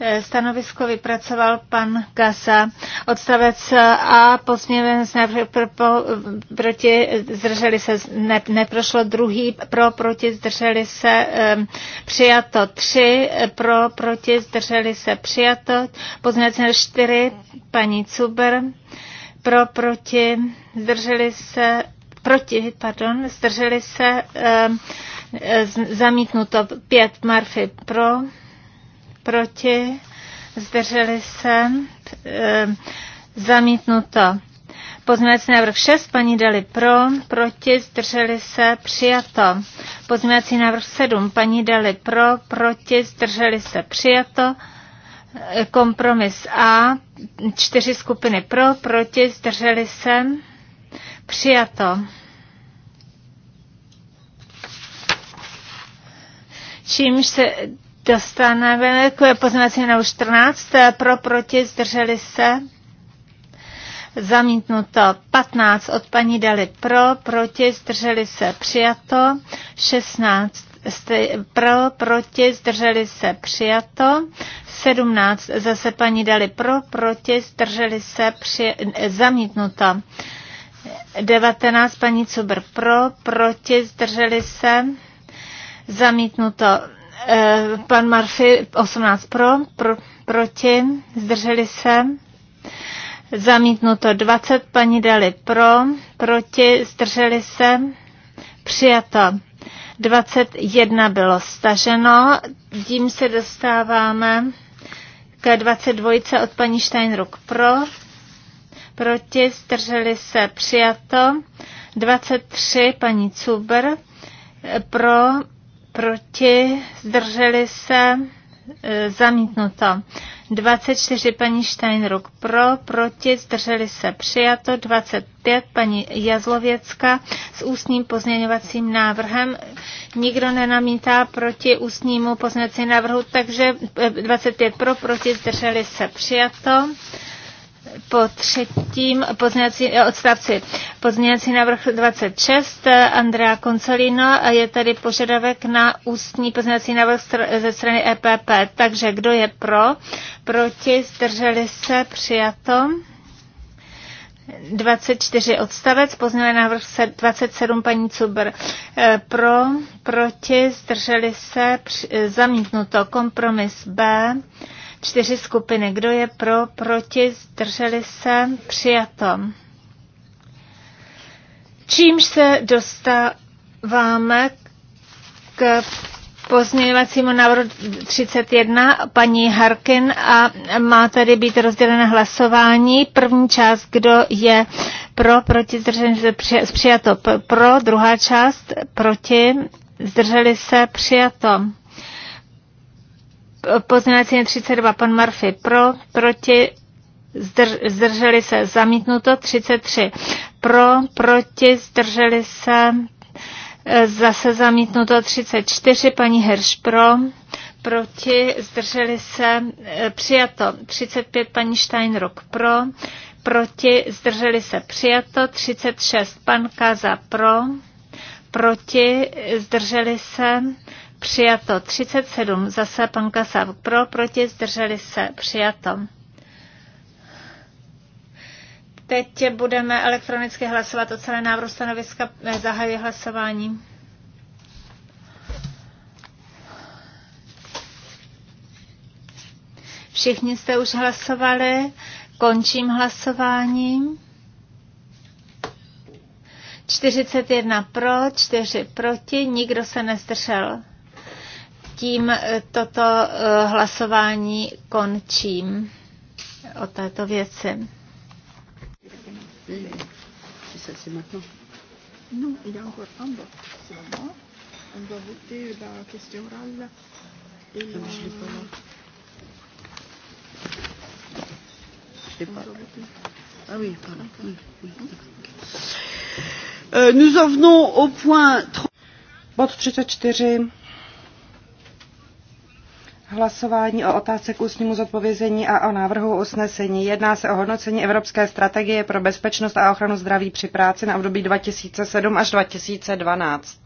Eh, stanovisko vypracoval pan Gasa. Odstavec A pozměnec pro, pro, proti zdrželi se, ne, neprošlo druhý, pro, proti zdrželi se, přijato tři, pro, proti zdrželi se, přijato. Pozměnec čtyři, paní Cuber, pro, proti zdrželi se, proti, pardon, zdrželi se, zamítnuto pět Marfy pro, proti, zdrželi se, e, zamítnuto. Pozměňovací návrh 6, paní Dali pro, proti, zdrželi se, přijato. Pozměňovací návrh 7, paní Dali pro, proti, zdrželi se, přijato. Eh, kompromis A, čtyři skupiny pro, proti, zdrželi se, přijato. Čímž se Dostaneme k pozměnací na 14. Pro, proti, zdrželi se. Zamítnuto 15 od paní Dali pro, proti, zdrželi se přijato. 16 pro, proti, zdrželi se přijato. 17 zase paní Dali pro, proti, zdrželi se při, eh, zamítnuto. 19 paní Cubr pro, proti, zdrželi se zamítnuto. Eh, pan Murphy 18 pro, pro proti, zdrželi se. Zamítnuto 20, paní Dali pro, proti, zdrželi se. Přijato 21 bylo staženo, tím se dostáváme k 22 od paní Steinruck pro, proti, zdrželi se. Přijato 23, paní Cuber pro, proti, zdrželi se, e, zamítnuto. 24 paní Steinruck pro, proti, zdrželi se přijato, 25 paní Jazlověcka s ústním pozměňovacím návrhem. Nikdo nenamítá proti ústnímu pozměňovacímu návrhu, takže 25 e, pro, proti, zdrželi se přijato po třetím pozměňací eh, odstavci Pozměňací návrh 26 eh, Andrea Concelino a je tady požadavek na ústní pozměňací návrh ze strany EPP. Takže kdo je pro? Proti? Zdrželi se? Přijato? 24 odstavec, pozměňovací návrh 27 paní Cuber. Eh, pro, proti, zdrželi se, zamítnuto, kompromis B čtyři skupiny. Kdo je pro, proti, zdrželi se, přijato. Čímž se dostáváme k pozměňovacímu návrhu 31 paní Harkin a má tady být rozdělené hlasování. První část, kdo je pro, proti, zdrželi se, přijato pro, druhá část, proti, zdrželi se, přijato. Pozměňovací 32, pan Murphy pro, proti, zdrželi se, zamítnuto 33. Pro, proti, zdrželi se, e, zase zamítnuto 34, paní Hirš pro, proti, zdrželi se, e, přijato 35, paní Steinruck pro, proti, zdrželi se, přijato 36, pan Kaza pro, proti, zdrželi se, přijato 37, zase pan Kasav pro, proti, zdrželi se, přijato. Teď budeme elektronicky hlasovat o celé návrhu stanoviska, zahajuje hlasování. Všichni jste už hlasovali, končím hlasováním. 41 pro, 4 proti, nikdo se nezdržel tím eh, toto eh, hlasování končím eh, o této věci. nous au point Bod 34 hlasování o otázce k ústnímu zodpovězení a o návrhu usnesení. Jedná se o hodnocení Evropské strategie pro bezpečnost a ochranu zdraví při práci na období 2007 až 2012.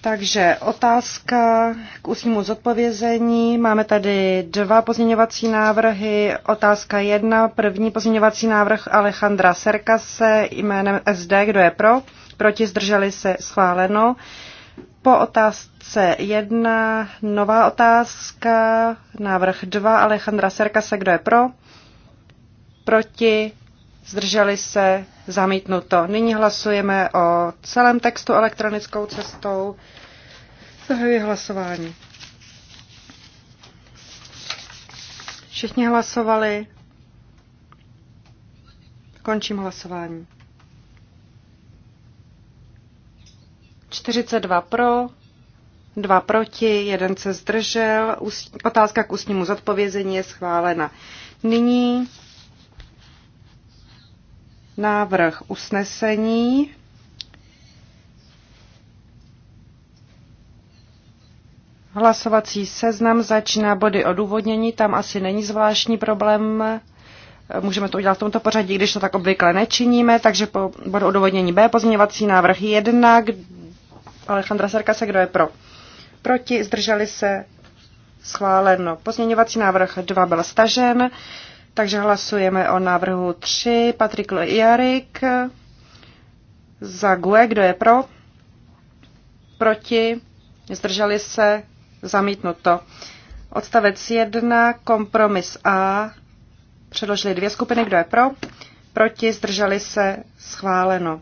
Takže otázka k ústnímu zodpovězení. Máme tady dva pozměňovací návrhy. Otázka jedna, první pozměňovací návrh Alejandra Serkase jménem SD, kdo je pro? Proti zdrželi se schváleno. Po otázce jedna, nová otázka, návrh dva, Alejandra Serkase, kdo je pro? Proti? Zdrželi se? Zamítnuto. Nyní hlasujeme o celém textu elektronickou cestou. Zahajuji hlasování. Všichni hlasovali. Končím hlasování. 42 pro, 2 proti, 1 se zdržel. Otázka k ústnímu zodpovězení je schválena. Nyní návrh usnesení. Hlasovací seznam začíná body odůvodnění, tam asi není zvláštní problém. Můžeme to udělat v tomto pořadí, když to tak obvykle nečiníme, takže po bodu odůvodnění B pozměňovací návrh 1, Alejandra se kdo je pro? Proti, zdrželi se, schváleno. Pozměňovací návrh 2 byl stažen, takže hlasujeme o návrhu 3. Patrik Jarik za GUE, kdo je pro? Proti, zdrželi se, zamítnuto. Odstavec 1, kompromis A, předložili dvě skupiny, kdo je pro? Proti, zdrželi se, schváleno.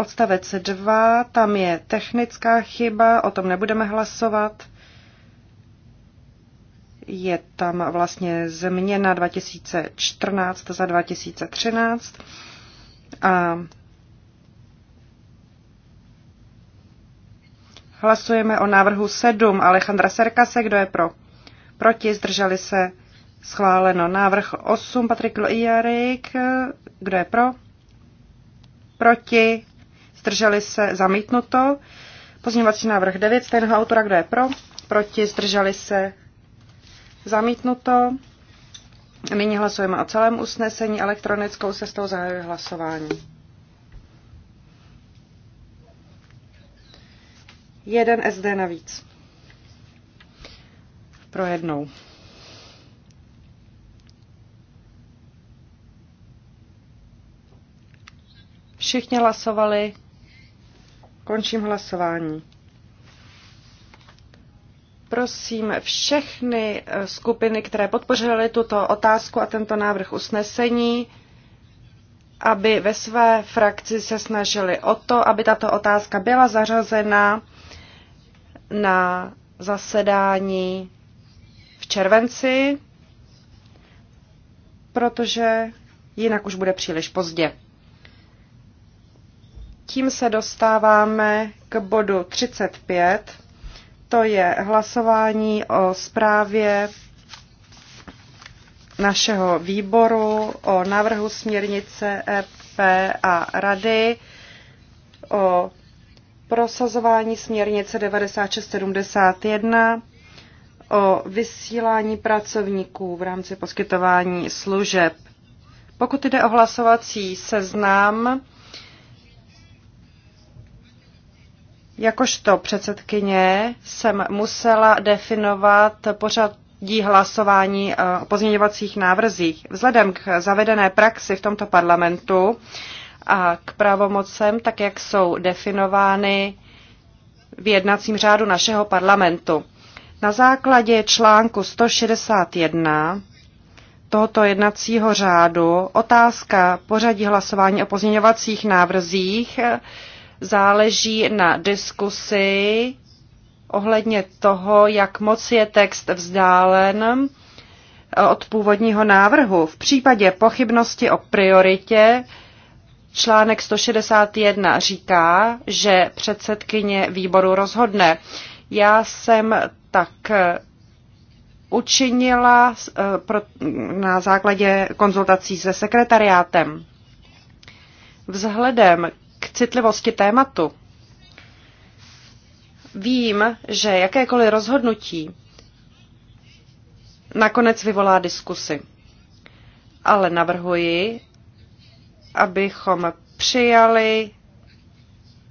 Odstavec 2, tam je technická chyba, o tom nebudeme hlasovat. Je tam vlastně změna 2014 za 2013. A hlasujeme o návrhu 7 Alejandra Serkase, kdo je pro. Proti, zdrželi se, schváleno. Návrh 8 Patrik Loijarik, kdo je pro? Proti, zdrželi se, zamítnuto. Pozměňovací návrh 9, stejného autora, kdo je pro, proti, zdrželi se, zamítnuto. Nyní hlasujeme o celém usnesení elektronickou cestou zahajuje hlasování. Jeden SD navíc. Pro jednou. Všichni hlasovali. Končím hlasování. Prosím všechny eh, skupiny, které podpořily tuto otázku a tento návrh usnesení, aby ve své frakci se snažili o to, aby tato otázka byla zařazena na zasedání v červenci, protože jinak už bude příliš pozdě tím se dostáváme k bodu 35. To je hlasování o zprávě našeho výboru o návrhu směrnice EP a Rady o prosazování směrnice 9671 o vysílání pracovníků v rámci poskytování služeb. Pokud jde o hlasovací seznam, Jakožto předsedkyně jsem musela definovat pořad dí hlasování eh, o pozměňovacích návrzích. Vzhledem k zavedené praxi v tomto parlamentu a k pravomocem, tak jak jsou definovány v jednacím řádu našeho parlamentu. Na základě článku 161 tohoto jednacího řádu otázka pořadí hlasování o pozměňovacích návrzích eh, záleží na diskusi ohledně toho, jak moc je text vzdálen eh, od původního návrhu. V případě pochybnosti o prioritě článek 161 říká, že předsedkyně výboru rozhodne. Já jsem tak eh, učinila eh, na základě konzultací se sekretariátem. Vzhledem citlivosti tématu. Vím, že jakékoliv rozhodnutí nakonec vyvolá diskusy. Ale navrhuji, abychom přijali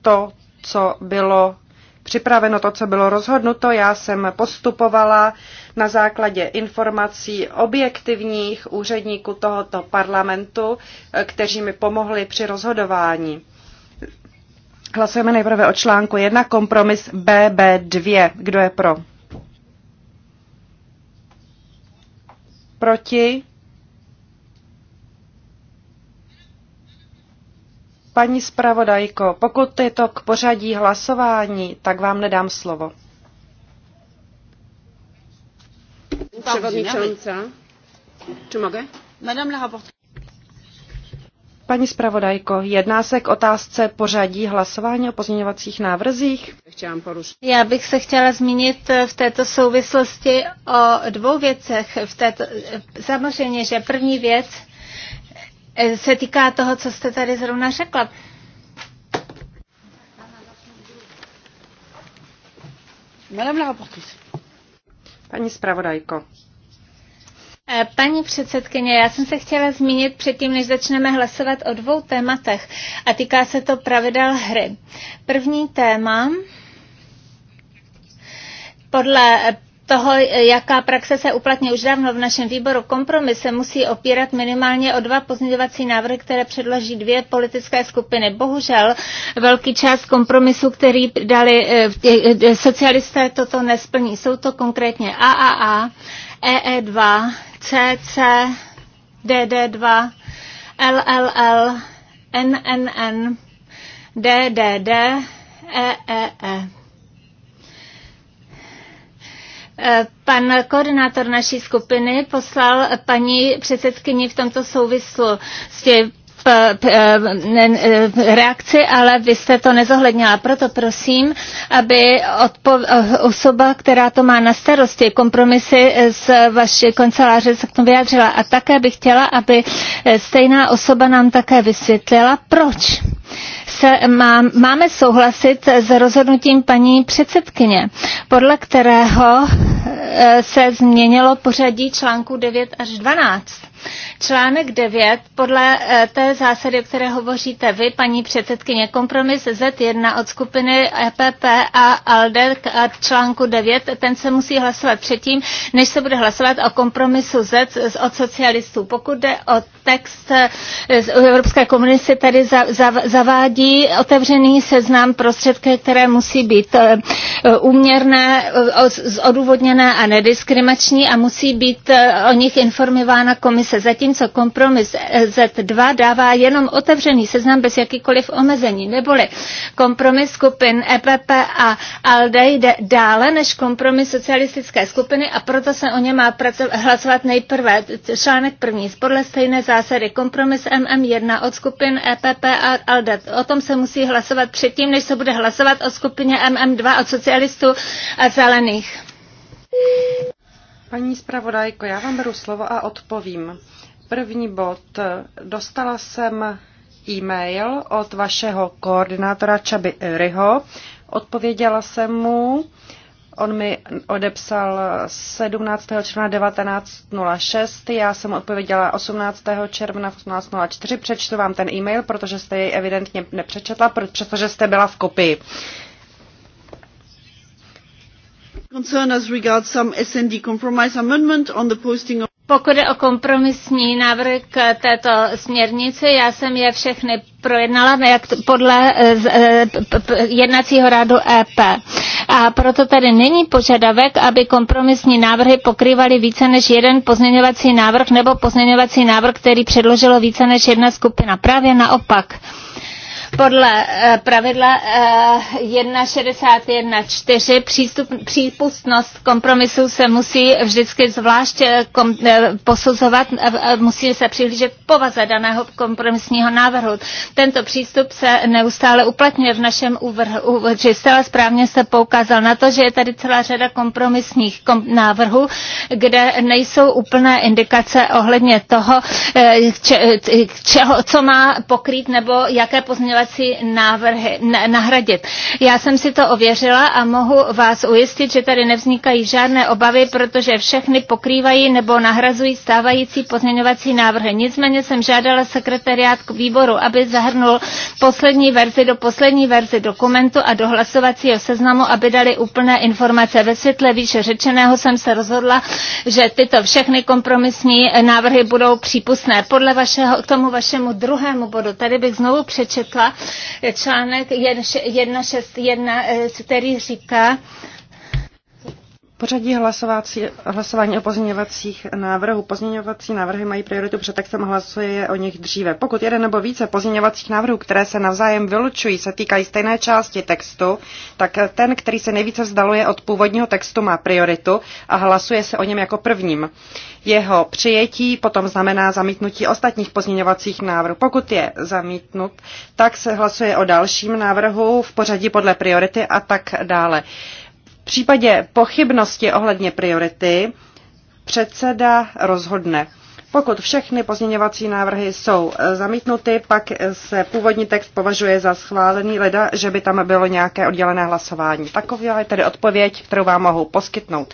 to, co bylo připraveno, to, co bylo rozhodnuto. Já jsem postupovala na základě informací objektivních úředníků tohoto parlamentu, kteří mi pomohli při rozhodování. Hlasujeme nejprve o článku 1, kompromis BB2. Kdo je pro? Proti? Paní zpravodajko, pokud je to k pořadí hlasování, tak vám nedám slovo. Przewodnicząca, czy mogę? Madame la rapporteure. Paní zpravodajko, jedná se k otázce pořadí hlasování o pozměňovacích návrzích? Já bych se chtěla zmínit v této souvislosti o dvou věcech. V této, samozřejmě, že první věc eh, se týká toho, co jste tady zrovna řekla. Paní zpravodajko, Eh, paní předsedkyně, já jsem se chtěla zmínit předtím, než začneme hlasovat o dvou tématech a týká se to pravidel hry. První téma podle toho, jaká praxe se uplatní už dávno v našem výboru, kompromis musí opírat minimálně o dva pozměňovací návrhy, které předloží dvě politické skupiny. Bohužel velký část kompromisu, který dali eh, socialisté, toto nesplní. Jsou to konkrétně AAA, EE2, CC, DD2, LLL, NNN, DDD, EEE. E. E, pan koordinátor naší skupiny poslal paní předsedkyni v tomto souvislu Eh, eh, reakci, ale vy jste to nezohlednila. Proto prosím, aby eh, osoba, která to má na starosti, kompromisy s vaší kanceláře se k tomu vyjádřila. A také bych chtěla, aby stejná osoba nám také vysvětlila, proč se má, máme souhlasit s rozhodnutím paní předsedkyně, podle kterého se změnilo pořadí článku 9 až 12 Článek 9, podle eh, té zásady, o které hovoříte vy, paní předsedkyně, kompromis Z1 od skupiny EPP a ALDE a článku 9, ten se musí hlasovat předtím, než se bude hlasovat o kompromisu Z od socialistů. Pokud jde o text eh, Evropské komise tady zavádí otevřený seznam prostředky, které musí být eh, úměrné, eh, odůvodněné a nediskrimační a musí být o nich informována komise. Zatímco kompromis Z2 dává jenom otevřený seznam bez jakýkoliv omezení, neboli kompromis skupin EPP a ALDE jde dále než kompromis socialistické skupiny a proto se o ně má hlasovat nejprve článek první podle stejné zásady zásady. Kompromis MM1 od skupin EPP a ALDE. O tom se musí hlasovat předtím, než se bude hlasovat o skupině MM2 od socialistů a zelených. Paní zpravodajko, já vám beru slovo a odpovím. První bod. Dostala jsem e-mail od vašeho koordinátora Čaby Ryho. Odpověděla jsem mu On mi odepsal 17. června 1906, já jsem odpověděla 18. června 1804. Přečtu vám ten e-mail, protože jste jej evidentně nepřečetla, přestože jste byla v kopii. Concern as regards some SND compromise amendment on the posting of pokud je o kompromisní návrh k této směrnici, já jsem je všechny projednala jak podle eh, eh, jednacího rádu EP. A proto tady není požadavek, aby kompromisní návrhy pokrývaly více než jeden pozměňovací návrh nebo pozměňovací návrh, který předložilo více než jedna skupina. Právě naopak. Podle eh, pravidla 1.61.4 eh, přístup, přípustnost kompromisu se musí vždycky zvlášť eh, kom, posuzovat, musí se přihlížet povaze daného kompromisního návrhu. Tento přístup se neustále uplatňuje v našem úvrhu. Zcela správně se poukázal na to, že je tady celá řada kompromisních kom, návrhů, kde nejsou úplné indikace ohledně toho, če, čeho, co má pokrýt nebo jaké pozměňovací pozměňovací návrhy nahradit. Já jsem si to ověřila a mohu vás ujistit, že tady nevznikají žádné obavy, protože všechny pokrývají nebo nahrazují stávající pozměňovací návrhy. Nicméně jsem žádala sekretariát k výboru, aby zahrnul poslední verzi do poslední verzi dokumentu a do hlasovacího seznamu, aby dali úplné informace. Ve světle výše řečeného jsem se rozhodla, že tyto všechny kompromisní návrhy budou přípustné. Podle vašeho, k tomu vašemu druhému bodu, tady bych znovu přečetla, článek 161, eh, který říká, Pořadí hlasovací, hlasování o pozměňovacích návrhů. Pozměňovací návrhy mají prioritu před textem hlasuje o nich dříve. Pokud jeden nebo více pozměňovacích návrhů, které se navzájem vylučují, se týkají stejné části textu, tak ten, který se nejvíce vzdaluje od původního textu, má prioritu a hlasuje se o něm jako prvním. Jeho přijetí potom znamená zamítnutí ostatních pozměňovacích návrhů. Pokud je zamítnut, tak se hlasuje o dalším návrhu v pořadí podle priority a tak dále. V případě pochybnosti ohledně priority předseda rozhodne. Pokud všechny pozměňovací návrhy jsou eh, zamítnuty, pak eh, se původní text považuje za schválený, leda, že by tam bylo nějaké oddělené hlasování. Taková je tedy odpověď, kterou vám mohu poskytnout.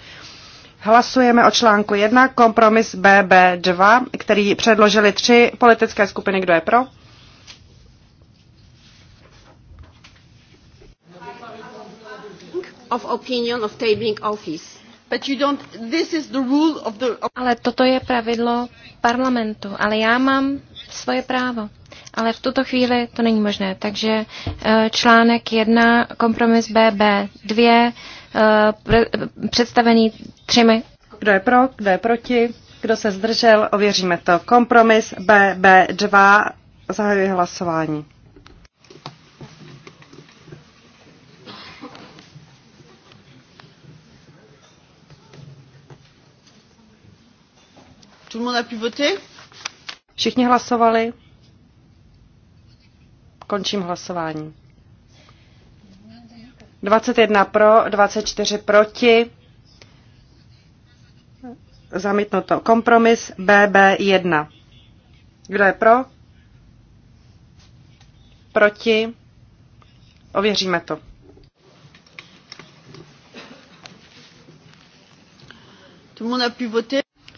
Hlasujeme o článku 1, kompromis BB2, který předložili tři politické skupiny. Kdo je pro? Of opinion of tabling office. But you don't, this is the rule of the... Ale toto je pravidlo parlamentu, ale já mám svoje právo. Ale v tuto chvíli to není možné. Takže eh, článek 1, kompromis BB 2, Eh, představený třemi. Kdo je pro, kdo je proti, kdo se zdržel, ověříme to. Kompromis BB2, zahajuji hlasování. Všichni hlasovali. Končím hlasování. 21 pro, 24 proti. Zamítnuto. Kompromis BB1. Kdo je pro? Proti? Ověříme to.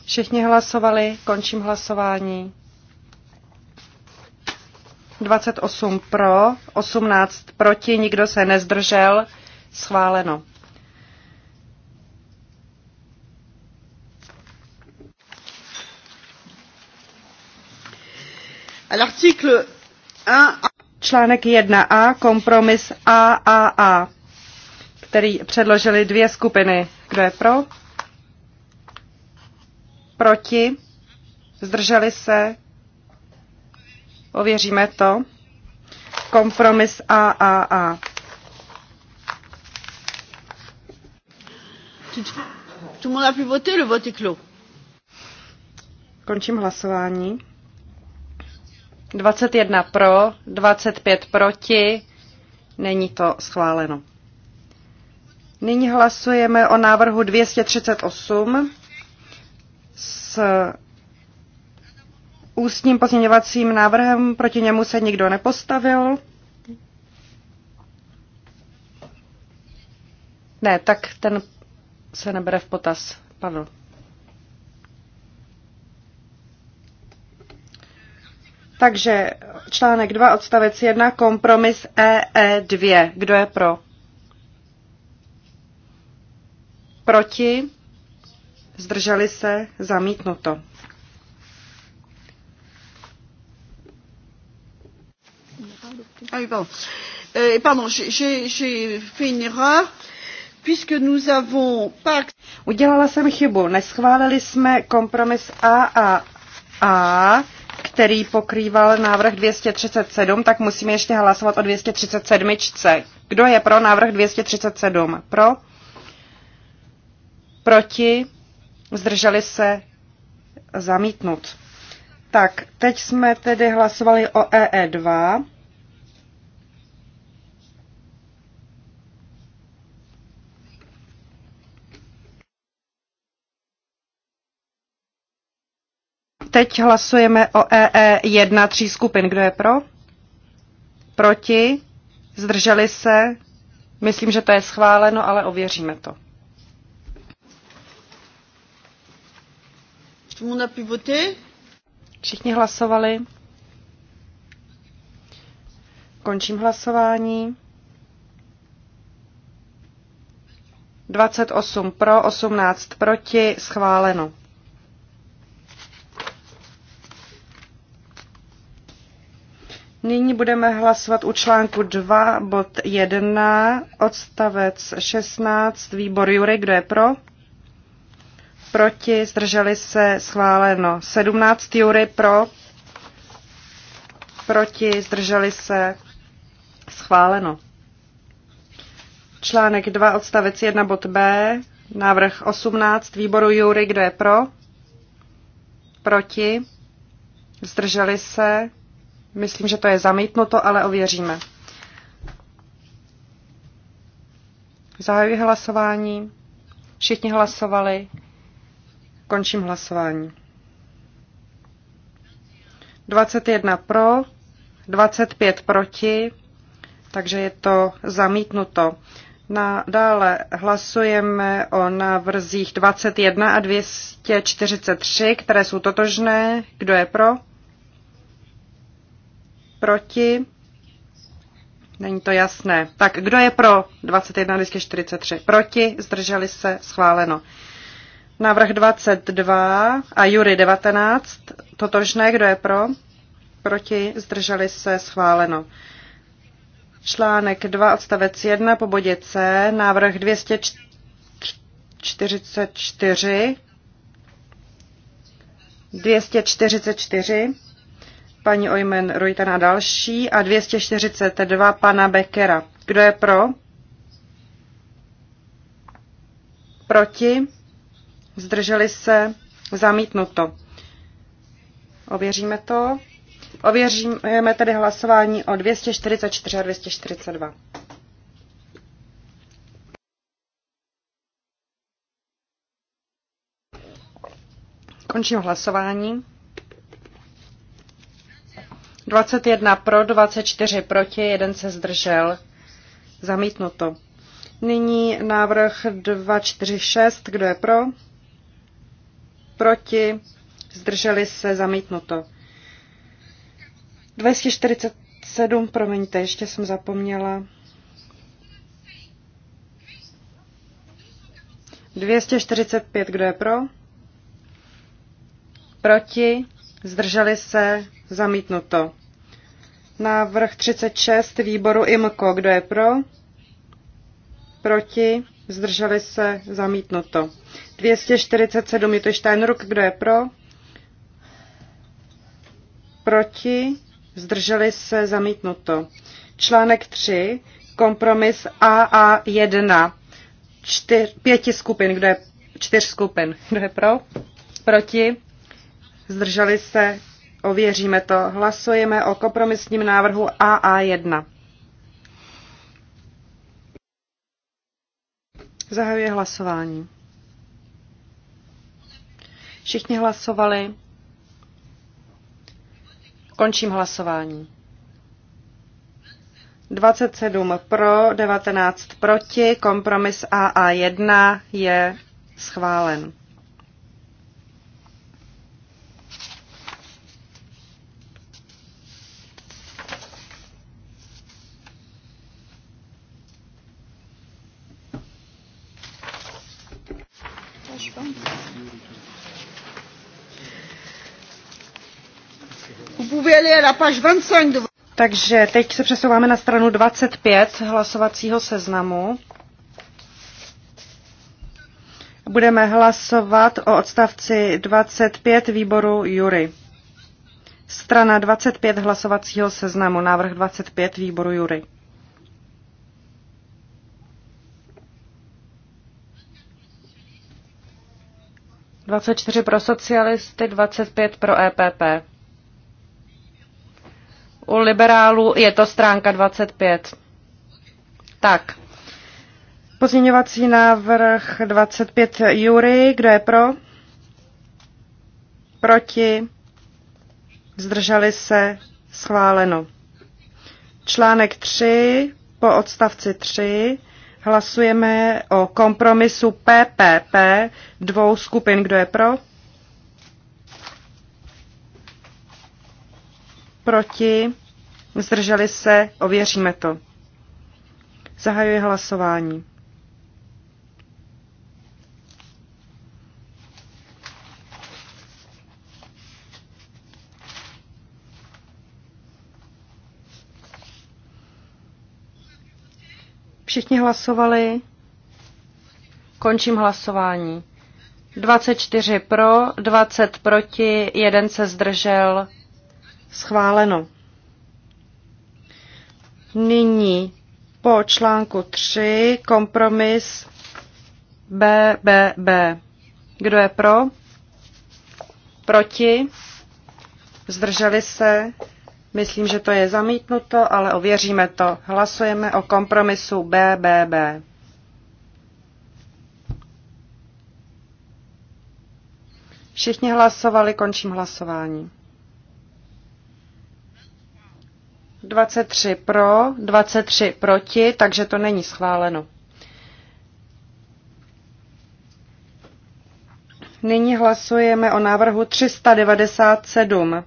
Všichni hlasovali, končím hlasování. 28 pro, 18 proti, nikdo se nezdržel. Schváleno. Článek 1a, kompromis AAA, který předložili dvě skupiny. Kdo je pro? Proti? Zdrželi se? Ověříme to. Kompromis AAA. Tout a le vote Končím hlasování. 21 pro, 25 proti. Není to schváleno. Nyní hlasujeme o návrhu 238 s ústním pozměňovacím návrhem, proti němu se nikdo nepostavil. Ne, tak ten se nebere v potaz. Pavel. Takže článek 2, odstavec 1, kompromis EE2. Kdo je pro? Proti? Zdrželi se? Zamítnuto. Ah oui, pardon. Euh, pardon, j'ai fait une erreur. Puisque nous avons pas... Udělala jsem chybu. Neschválili jsme kompromis A a A, který pokrýval návrh 237, tak musíme ještě hlasovat o 237. Kdo je pro návrh 237? Pro? Proti? Zdrželi se? Zamítnut. Tak, teď jsme tedy hlasovali o EE2. Teď hlasujeme o EE1 tří skupin. Kdo je pro? Proti? Zdrželi se? Myslím, že to je schváleno, ale ověříme to. Všichni hlasovali. Končím hlasování. 28 pro, 18 proti, schváleno. Nyní budeme hlasovat u článku 2, bod 1, odstavec 16, výbor Jury, kdo je pro? Proti, zdrželi se, schváleno. 17 Jury pro, proti, zdrželi se, schváleno. Článek 2, odstavec 1, bod B, návrh 18, výboru Jury, kdo je pro? Proti, zdrželi se, Myslím, že to je zamítnuto, ale ověříme. Zahajuji hlasování. Všichni hlasovali. Končím hlasování. 21 pro, 25 proti, takže je to zamítnuto. Na, dále hlasujeme o návrzích 21 a 243, které jsou totožné. Kdo je pro? Proti? Není to jasné. Tak kdo je pro 21 243? Proti? Zdrželi se? Schváleno. Návrh 22 a Jury 19. Totožné, kdo je pro? Proti? Zdrželi se? Schváleno. Článek 2, odstavec 1 po bodě C, návrh 244. 244 paní Ojmen Rojtana další a 242 pana Beckera. Kdo je pro? Proti? Zdrželi se? Zamítnuto. Ověříme to. Ověříme tedy hlasování o 244 a 242. Končím hlasování. 21 pro, 24 proti, jeden se zdržel. Zamítnuto. Nyní návrh 246, kdo je pro? Proti, zdrželi se, zamítnuto. 247, promiňte, ještě jsem zapomněla. 245, kdo je pro? Proti, zdrželi se, zamítnuto. Návrh 36 výboru IMKO, kdo je pro? Proti, zdrželi se, zamítnuto. 247 je to Steinruck, kdo je pro? Proti, zdrželi se, zamítnuto. Článek 3, kompromis AA1, čtyř, pěti skupin, kdo je, čtyř skupin, kdo je pro? Proti, zdrželi se, ověříme to. Hlasujeme o kompromisním návrhu AA1. Zahajuje hlasování. Všichni hlasovali. Končím hlasování. 27 pro, 19 proti, kompromis AA1 je schválen. Takže teď se přesouváme na stranu 25 hlasovacího seznamu. Budeme hlasovat o odstavci 25 výboru Jury. Strana 25 hlasovacího seznamu, návrh 25 výboru Jury. Dvacet čtyři pro socialisty, dvacet pět pro EPP. U liberálů je to stránka 25. Tak. Pozměňovací návrh 25 Jury, kdo je pro? Proti? Zdrželi se? Schváleno. Článek 3 po odstavci 3 hlasujeme o kompromisu PPP dvou skupin. Kdo je pro? proti, zdrželi se, ověříme to. Zahajuji hlasování. Všichni hlasovali. Končím hlasování. 24 pro, 20 proti, jeden se zdržel. Schváleno. Nyní po článku 3 kompromis BBB. Kdo je pro? Proti? Zdrželi se? Myslím, že to je zamítnuto, ale ověříme to. Hlasujeme o kompromisu BBB. Všichni hlasovali, končím hlasování. 23 pro, 23 proti, takže to není schváleno. Nyní hlasujeme o návrhu 397.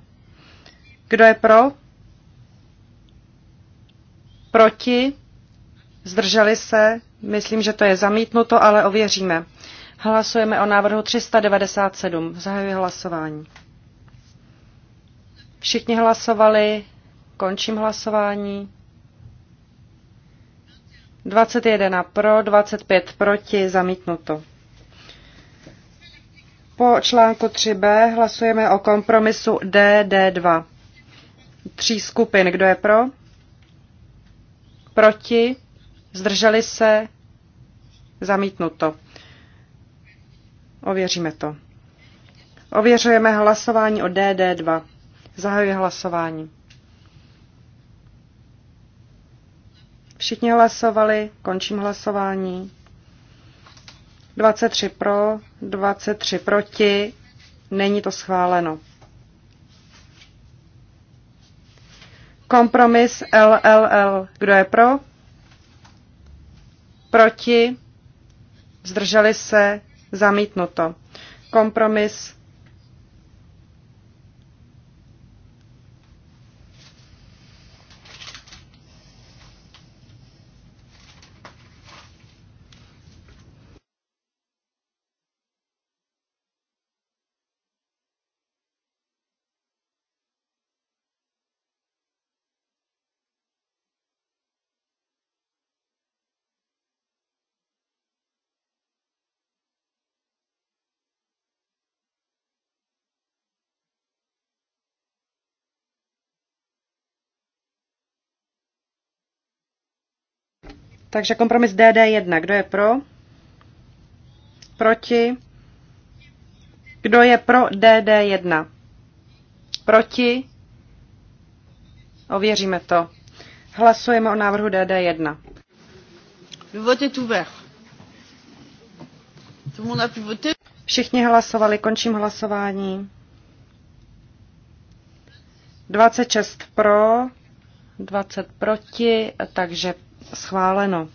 Kdo je pro? Proti? Zdrželi se? Myslím, že to je zamítnuto, ale ověříme. Hlasujeme o návrhu 397. Zahajuji hlasování. Všichni hlasovali, Končím hlasování. 21 pro, 25 proti, zamítnuto. Po článku 3b hlasujeme o kompromisu DD2. Tří skupin. Kdo je pro? Proti? Zdrželi se? Zamítnuto. Ověříme to. Ověřujeme hlasování o DD2. Zahajuji hlasování. Všichni hlasovali, končím hlasování. 23 pro, 23 proti, není to schváleno. Kompromis LLL. Kdo je pro? Proti? Zdrželi se? Zamítnuto. Kompromis Takže kompromis DD1. Kdo je pro? Proti? Kdo je pro DD1? Proti? Ověříme to. Hlasujeme o návrhu DD1. vote est ouvert. Všichni hlasovali, končím hlasování. 26 pro, 20 proti, takže schváleno.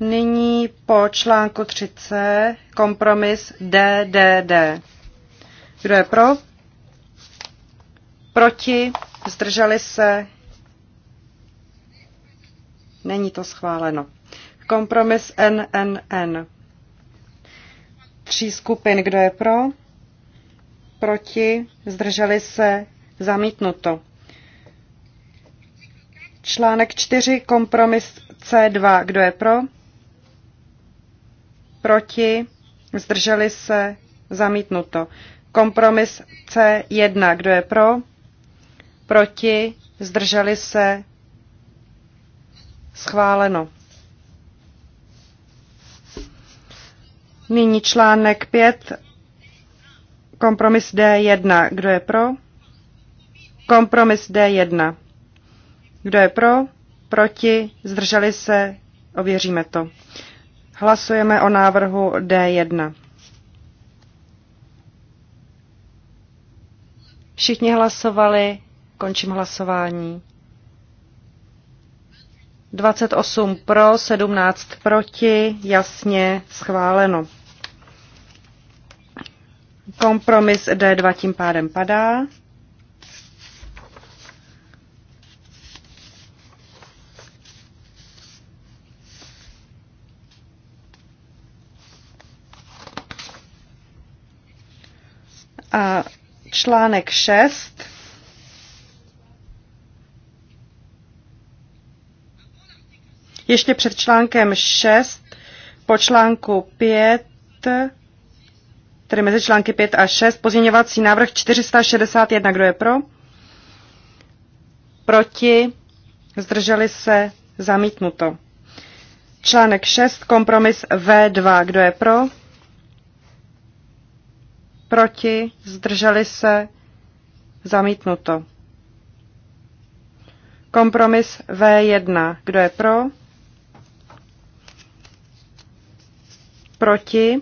Nyní po článku 30 kompromis DDD. Kdo je pro? Proti? Zdrželi se? Není to schváleno. Kompromis NNN. Tří skupin. Kdo je pro? proti, zdrželi se, zamítnuto. Článek 4, kompromis C2, kdo je pro? Proti, zdrželi se, zamítnuto. Kompromis C1, kdo je pro? Proti, zdrželi se, schváleno. Nyní článek 5, Kompromis D1. Kdo je pro? Kompromis D1. Kdo je pro? Proti? Zdrželi se? Ověříme to. Hlasujeme o návrhu D1. Všichni hlasovali, končím hlasování. 28 pro, 17 proti, jasně schváleno. Kompromis D2 tím pádem padá. A článek 6. Ještě před článkem 6, po článku 5 tedy mezi články 5 a 6, pozměňovací návrh 461, kdo je pro? Proti? Zdrželi se? Zamítnuto. Článek 6, kompromis V2, kdo je pro? Proti? Zdrželi se? Zamítnuto. Kompromis V1, kdo je pro? Proti?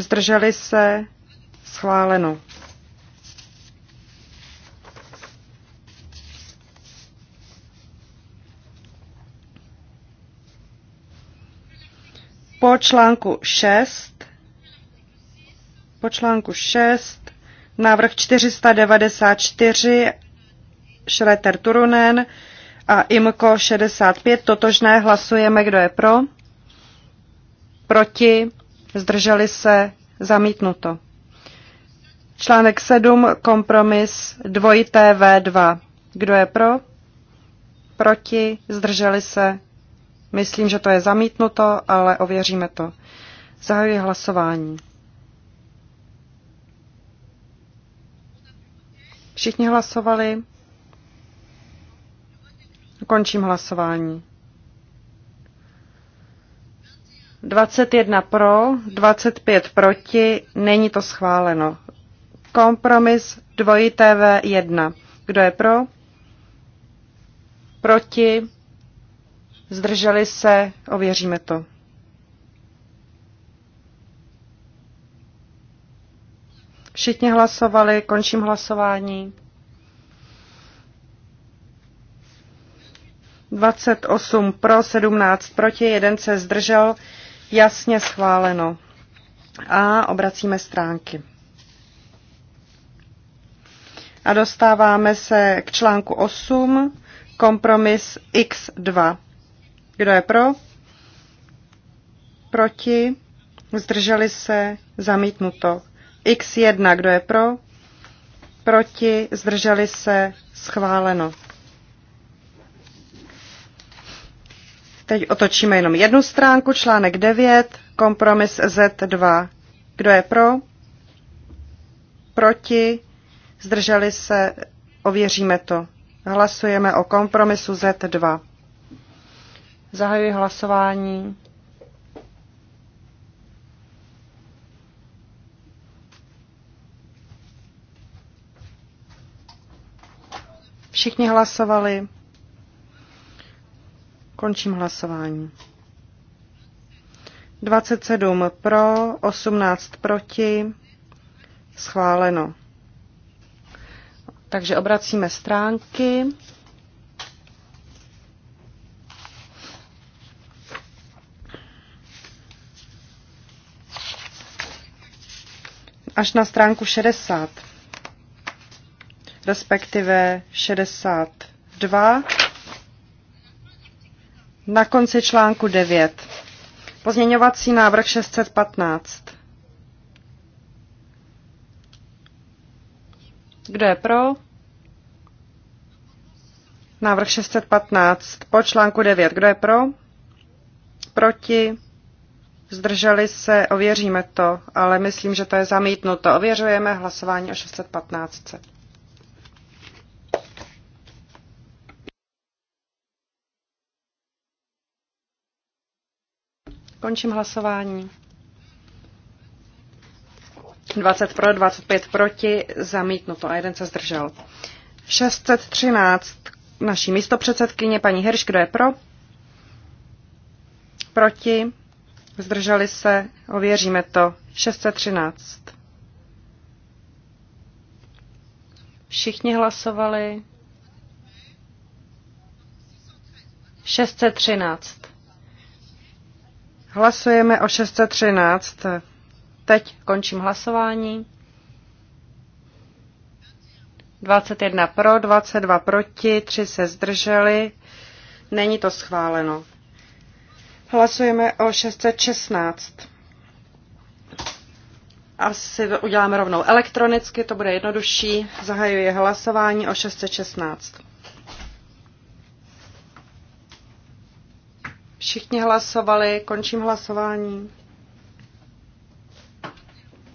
Zdrželi se? Schváleno. Po článku 6, po článku 6, návrh 494, Šreter Turunen a IMKO 65, totožné, hlasujeme, kdo je pro, proti, zdrželi se, zamítnuto. Článek 7, kompromis dvojité V2. Kdo je pro? Proti, zdrželi se. Myslím, že to je zamítnuto, ale ověříme to. Zahajuji hlasování. Všichni hlasovali? Končím hlasování. 21 pro, 25 proti, není to schváleno. Kompromis dvojité V1. Kdo je pro? Proti? Zdrželi se? Ověříme to. Všichni hlasovali, končím hlasování. 28 pro, 17 proti, jeden se zdržel. Jasně schváleno. A obracíme stránky. A dostáváme se k článku 8, kompromis X2. Kdo je pro? Proti? Zdrželi se? Zamítnuto. X1, kdo je pro? Proti? Zdrželi se? Schváleno. Teď otočíme jenom jednu stránku, článek 9, kompromis Z2. Kdo je pro? Proti? Zdrželi se? Ověříme to. Hlasujeme o kompromisu Z2. Zahajuji hlasování. Všichni hlasovali. Končím hlasování. 27 pro, 18 proti, schváleno. Takže obracíme stránky. Až na stránku 60, respektive 62 na konci článku 9. Pozměňovací návrh 615. Kdo je pro? Návrh 615 po článku 9. Kdo je pro? Proti? Zdrželi se? Ověříme to, ale myslím, že to je zamítnuto. Ověřujeme hlasování o 615. Končím hlasování. 20 pro, 25 proti, zamítnuto a jeden se zdržel. 613 naší místopředsedkyně paní Hirš, kdo je pro? Proti? Zdrželi se? Ověříme to. 613. Všichni hlasovali. 613. Hlasujeme o 613. Teď končím hlasování. 21 pro, 22 proti, 3 se zdrželi. Není to schváleno. Hlasujeme o 616. Asi to uděláme rovnou elektronicky, to bude jednodušší. Zahajuji hlasování o 616. Všichni hlasovali, končím hlasování.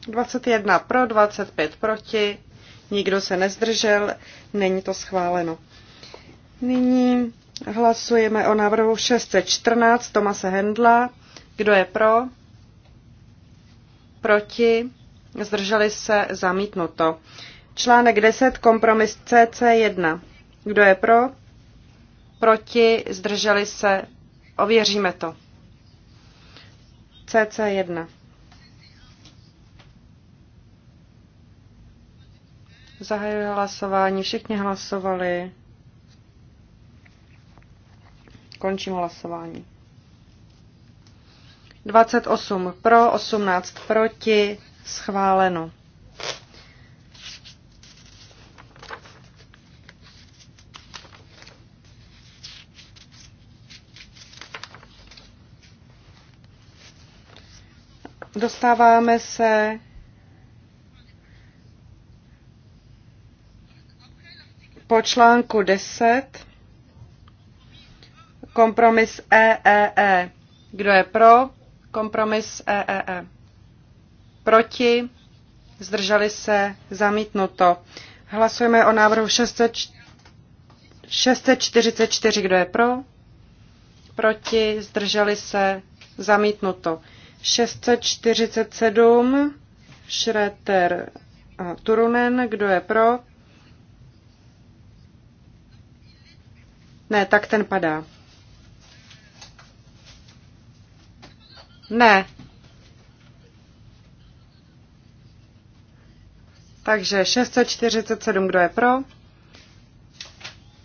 21 pro, 25 proti, nikdo se nezdržel, není to schváleno. Nyní hlasujeme o návrhu 614 Tomase Hendla. Kdo je pro? Proti? Zdrželi se? Zamítnuto. Článek 10, kompromis CC1. Kdo je pro? Proti? Zdrželi se? Ověříme to. CC1. Zahajuji hlasování, všichni hlasovali. Končím hlasování. 28 pro, 18 proti, schváleno. Dostáváme se po článku 10 kompromis EEE. E e. Kdo je pro? Kompromis EEE. E Proti? Zdrželi se? Zamítnuto. Hlasujeme o návrhu 644. Kdo je pro? Proti? Zdrželi se? Zamítnuto. 647 Schroeter Turunen, kdo je pro? Ne, tak ten padá. Ne. Takže 647, kdo je pro?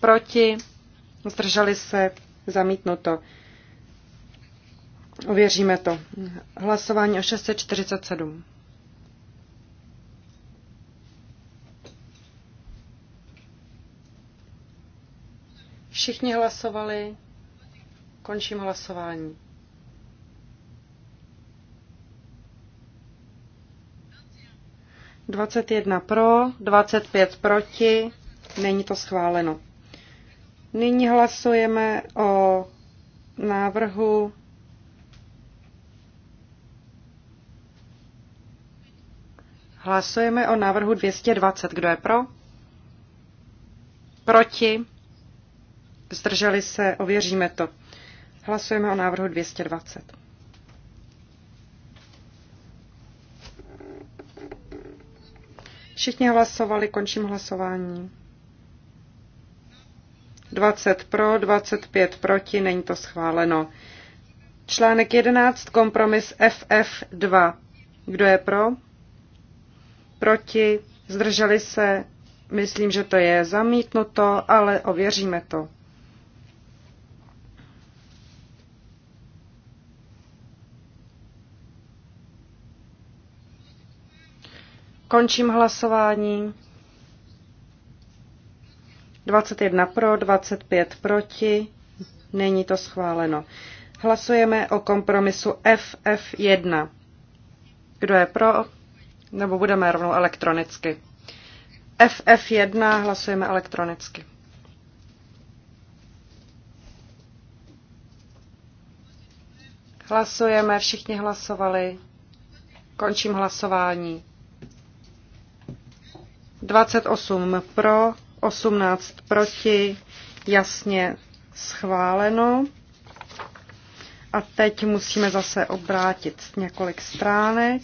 Proti? Zdrželi se? Zamítnuto. Ověříme to. Hlasování o 647. Všichni hlasovali. Končím hlasování. Dvacet jedna pro, dvacet pět proti, není to schváleno. Nyní hlasujeme o návrhu Hlasujeme o návrhu 220. Kdo je pro? Proti? Zdrželi se? Ověříme to. Hlasujeme o návrhu 220. Všichni hlasovali, končím hlasování. 20 pro, 25 proti, není to schváleno. Článek 11, kompromis FF2. Kdo je pro? proti, zdrželi se, myslím, že to je zamítnuto, ale ověříme to. Končím hlasování. 21 pro, 25 proti. Není to schváleno. Hlasujeme o kompromisu FF1. Kdo je pro? Nebo budeme rovnou elektronicky. FF1 hlasujeme elektronicky. Hlasujeme, všichni hlasovali. Končím hlasování. 28 pro, 18 proti, jasně schváleno. A teď musíme zase obrátit několik stránek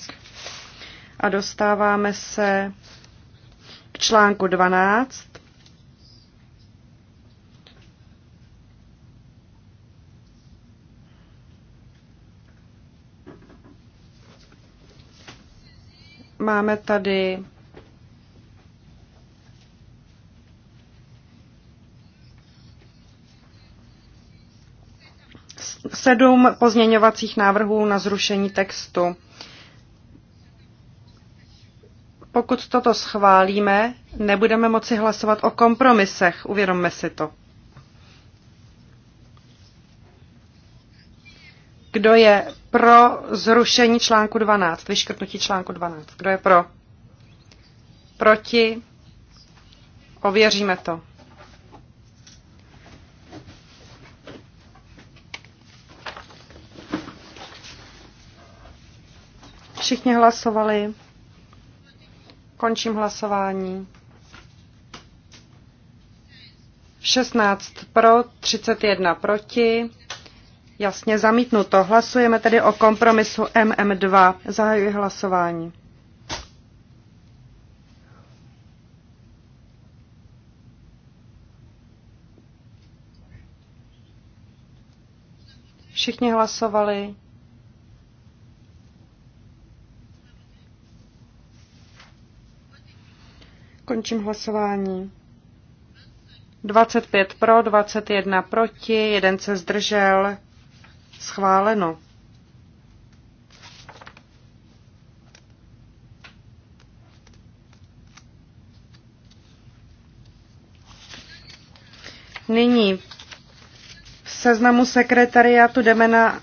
a dostáváme se k článku 12. Máme tady sedm pozměňovacích návrhů na zrušení textu. Pokud toto schválíme, nebudeme moci hlasovat o kompromisech, uvědomme si to. Kdo je pro zrušení článku 12, vyškrtnutí článku 12? Kdo je pro? Proti? Ověříme to. Všichni hlasovali. Končím hlasování. 16 pro, 31 proti. Jasně zamítnuto. Hlasujeme tedy o kompromisu MM2. Zahajuji hlasování. Všichni hlasovali. Končím hlasování. 25 pro, 21 proti, jeden se zdržel. Schváleno. Nyní v seznamu sekretariátu jdeme na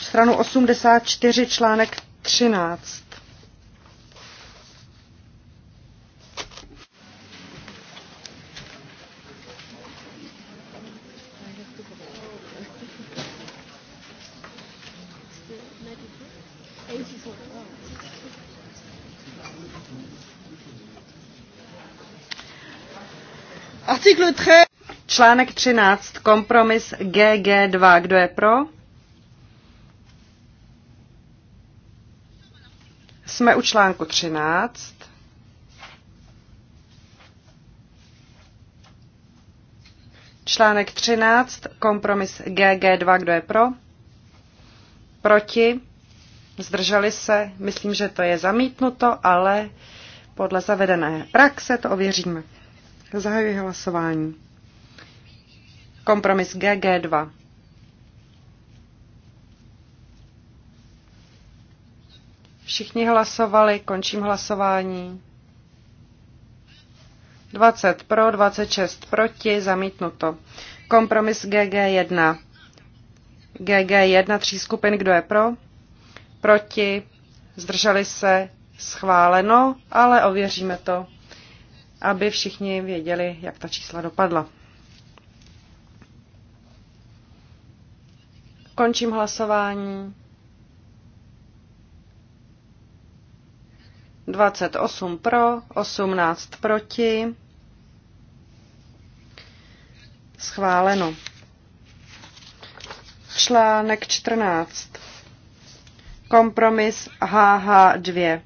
stranu 84 článek 13. Článek 13, kompromis GG2. Kdo je pro? Jsme u článku 13. Článek 13, kompromis GG2, kdo je pro? Proti? Zdrželi se? Myslím, že to je zamítnuto, ale podle zavedené praxe to ověříme. Zahajuji hlasování. Kompromis GG2. Všichni hlasovali, končím hlasování. 20 pro, 26 proti, zamítnuto. Kompromis GG1. GG1 tří skupin, kdo je pro? Proti, zdrželi se, schváleno, ale ověříme to aby všichni věděli, jak ta čísla dopadla. Končím hlasování. 28 pro, 18 proti. Schváleno. Článek 14. Kompromis HH2.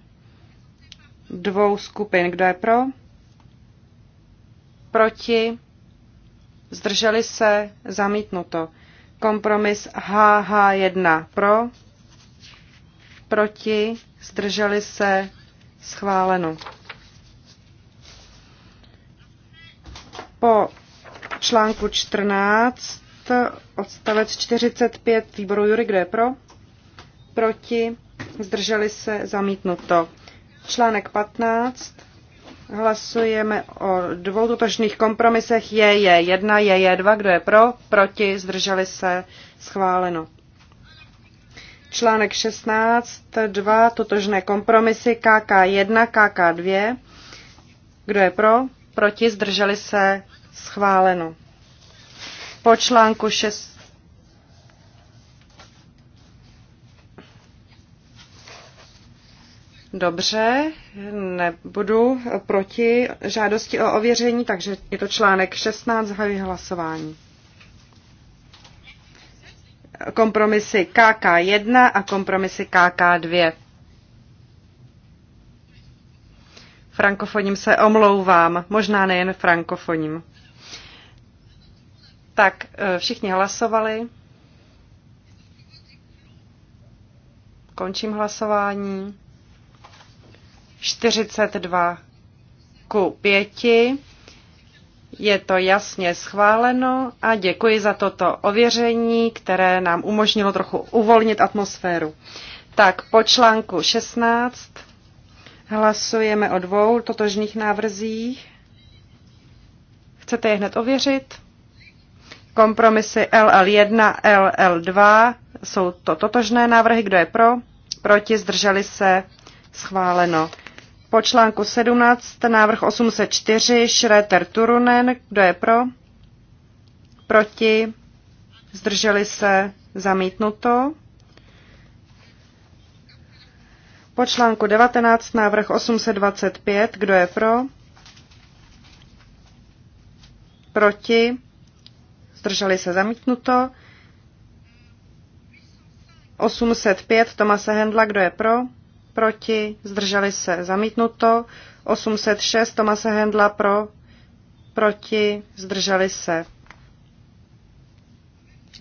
Dvou skupin. Kdo je pro? proti, zdrželi se, zamítnuto. Kompromis HH1 pro, proti, zdrželi se, schváleno. Po článku 14, odstavec 45 výboru Jury, kdo je pro? Proti, zdrželi se, zamítnuto. Článek 15, Hlasujeme o dvou totožných kompromisech Je je jedna, je je dva. Kdo je pro? Proti? Zdrželi se? Schváleno. Článek 16, dva totožné kompromisy KK1, KK2. Kdo je pro? Proti? Zdrželi se? Schváleno. Po článku 16. Dobře, nebudu proti žádosti o ověření, takže je to článek 16, zahajuji hlasování. Kompromisy KK1 a kompromisy KK2. Frankofoním se omlouvám, možná nejen frankofoním. Tak, eh, všichni hlasovali. Končím hlasování. 42 ku 5. Je to jasně schváleno a děkuji za toto ověření, které nám umožnilo trochu uvolnit atmosféru. Tak po článku 16 hlasujeme o dvou totožných návrzích. Chcete je hned ověřit? Kompromisy LL1, LL2 jsou to totožné návrhy. Kdo je pro? Proti zdrželi se schváleno. Po článku 17 návrh 804 Šreter Turunen. Kdo je pro? Proti? Zdrželi se? Zamítnuto. Po článku 19 návrh 825. Kdo je pro? Proti? Zdrželi se? Zamítnuto. 805 Tomase Hendla. Kdo je pro? proti, zdrželi se, zamítnuto. 806 Tomase Hendla pro, proti, zdrželi se.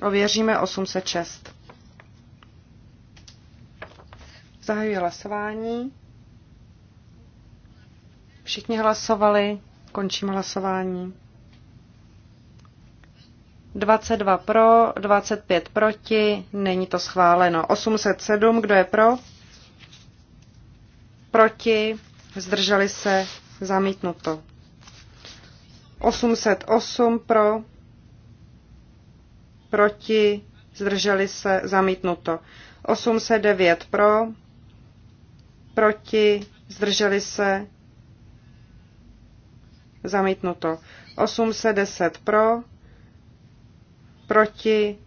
Ověříme 806. Zahajuji hlasování. Všichni hlasovali, končím hlasování. 22 pro, 25 proti, není to schváleno. 807, kdo je pro? proti, zdrželi se, zamítnuto. 808 pro, proti, zdrželi se, zamítnuto. 809 pro, proti, zdrželi se, zamítnuto. 810 pro, proti,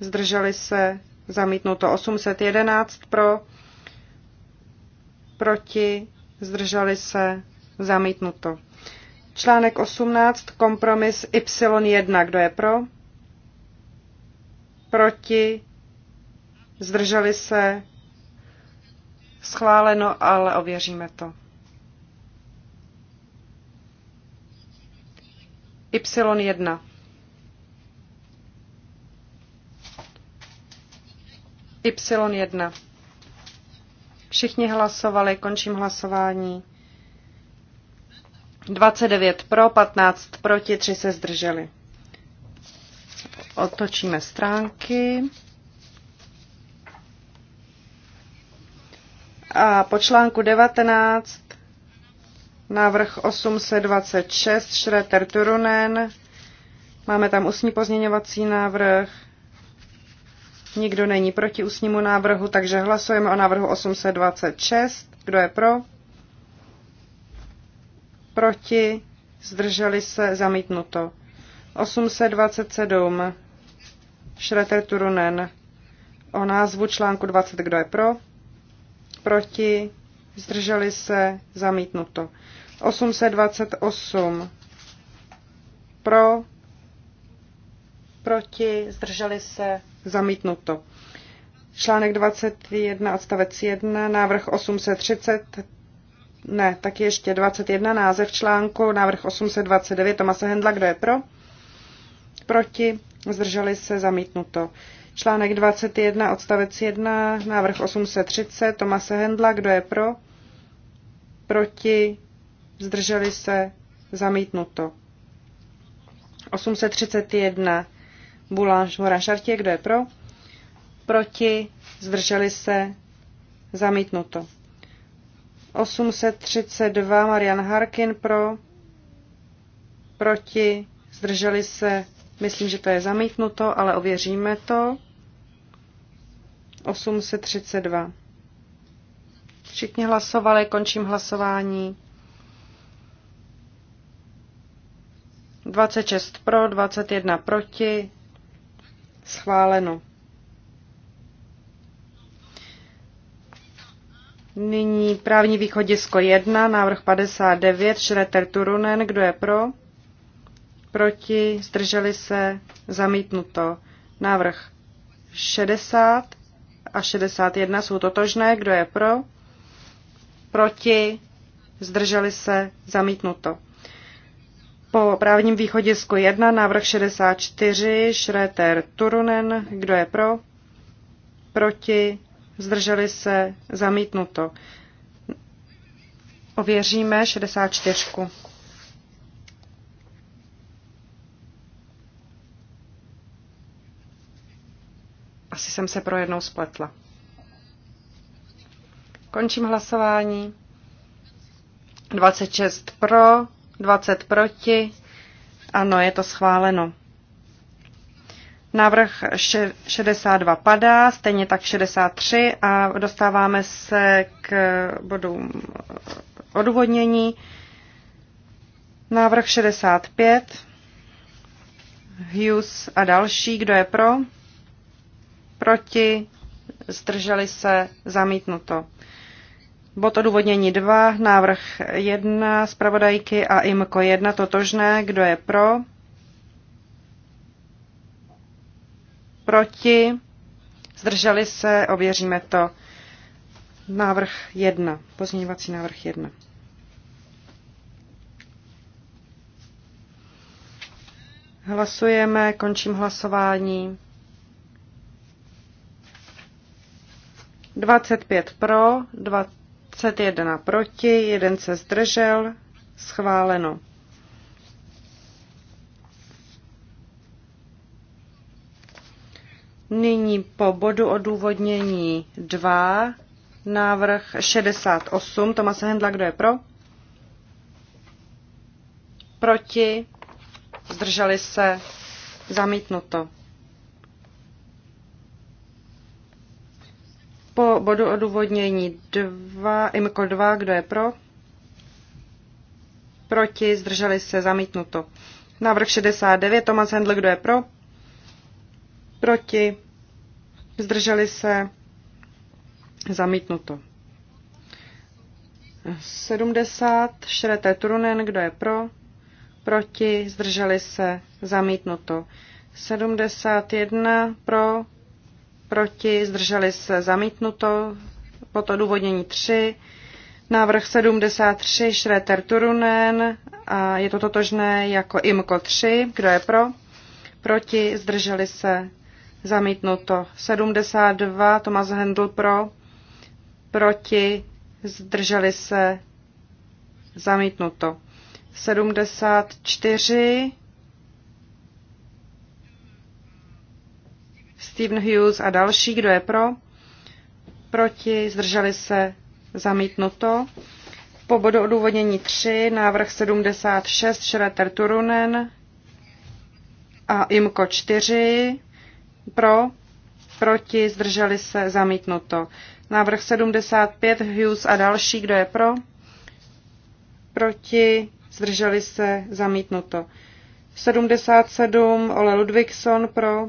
zdrželi se, zamítnuto. 811 pro, proti, zdrželi se, zamítnuto. Článek 18, kompromis Y1, kdo je pro, proti, zdrželi se, schváleno, ale ověříme to. Y1. Y1. Všichni hlasovali, končím hlasování. 29 pro, 15 proti, 3 se zdrželi. Otočíme stránky. A po článku 19 návrh 826 Schroeter Turunen. Máme tam ústní pozměňovací návrh. Nikdo není proti ústnímu návrhu, takže hlasujeme o návrhu 826. Kdo je pro? Proti? Zdrželi se? Zamítnuto. 827. Šreter Turunen. O názvu článku 20. Kdo je pro? Proti? Zdrželi se? Zamítnuto. 828. Pro? Proti? Zdrželi se? Zamítnuto. Článek 21, odstavec 1, návrh 830, ne, tak ještě 21, název článku, návrh 829, Tomase Hendla, kdo je pro? Proti, zdrželi se, zamítnuto. Článek 21, odstavec 1, návrh 830, Tomase Hendla, kdo je pro? Proti, zdrželi se, zamítnuto. 831, Buláš Hora Šartě, kdo je pro? Proti, zdrželi se, zamítnuto. 832 Marian Harkin pro, proti, zdrželi se, myslím, že to je zamítnuto, ale ověříme to. 832. Všichni hlasovali, končím hlasování. 26 pro, 21 proti, Schváleno. Nyní právní východisko 1, návrh 59, Šreter Turunen, kdo je pro? Proti, zdrželi se, zamítnuto. Návrh 60 a 61 jsou totožné, kdo je pro? Proti, zdrželi se, zamítnuto. Po právním východisku 1, návrh 64, Šreter Turunen, kdo je pro? Proti? Zdrželi se? Zamítnuto. Ověříme 64. Asi jsem se pro jednou spletla. Končím hlasování. 26 pro, 20 proti. Ano, je to schváleno. Návrh 62 padá, stejně tak 63 a dostáváme se k bodu odůvodnění. Návrh 65, Hughes a další, kdo je pro? Proti, zdrželi se, zamítnuto. Bod odůvodnění 2, návrh 1, zpravodajky a IMKO 1, totožné. Kdo je pro? Proti? Zdrželi se? Ověříme to. Návrh 1, pozměňovací návrh 1. Hlasujeme, končím hlasování. 25 pro, 20 21 proti, jeden se zdržel, schváleno. Nyní po bodu odůvodnění 2, návrh 68. Tomase Hendla, kdo je pro? Proti? Zdrželi se? Zamítnuto. po bodu odůvodnění 2, IMCO 2, kdo je pro? Proti, zdrželi se, zamítnuto. Návrh 69, Tomas Hendl, kdo je pro? Proti, zdrželi se, zamítnuto. 70, Šreté Turunen, kdo je pro? Proti, zdrželi se, zamítnuto. 71, pro, proti, zdrželi se zamítnuto, pod odůvodnění 3, návrh 73 Šreter Turunen a je to totožné jako IMKO 3, kdo je pro, proti, zdrželi se zamítnuto, 72 Tomas Hendl pro, proti, zdrželi se zamítnuto, 74 Stephen Hughes a další. Kdo je pro? Proti? Zdrželi se? Zamítnuto. Po bodu odůvodnění 3, návrh 76, Šreter Turunen a IMKO 4, pro, proti, zdrželi se, zamítnuto. Návrh 75, Hughes a další, kdo je pro, proti, zdrželi se, zamítnuto. 77, Ole Ludvigson pro,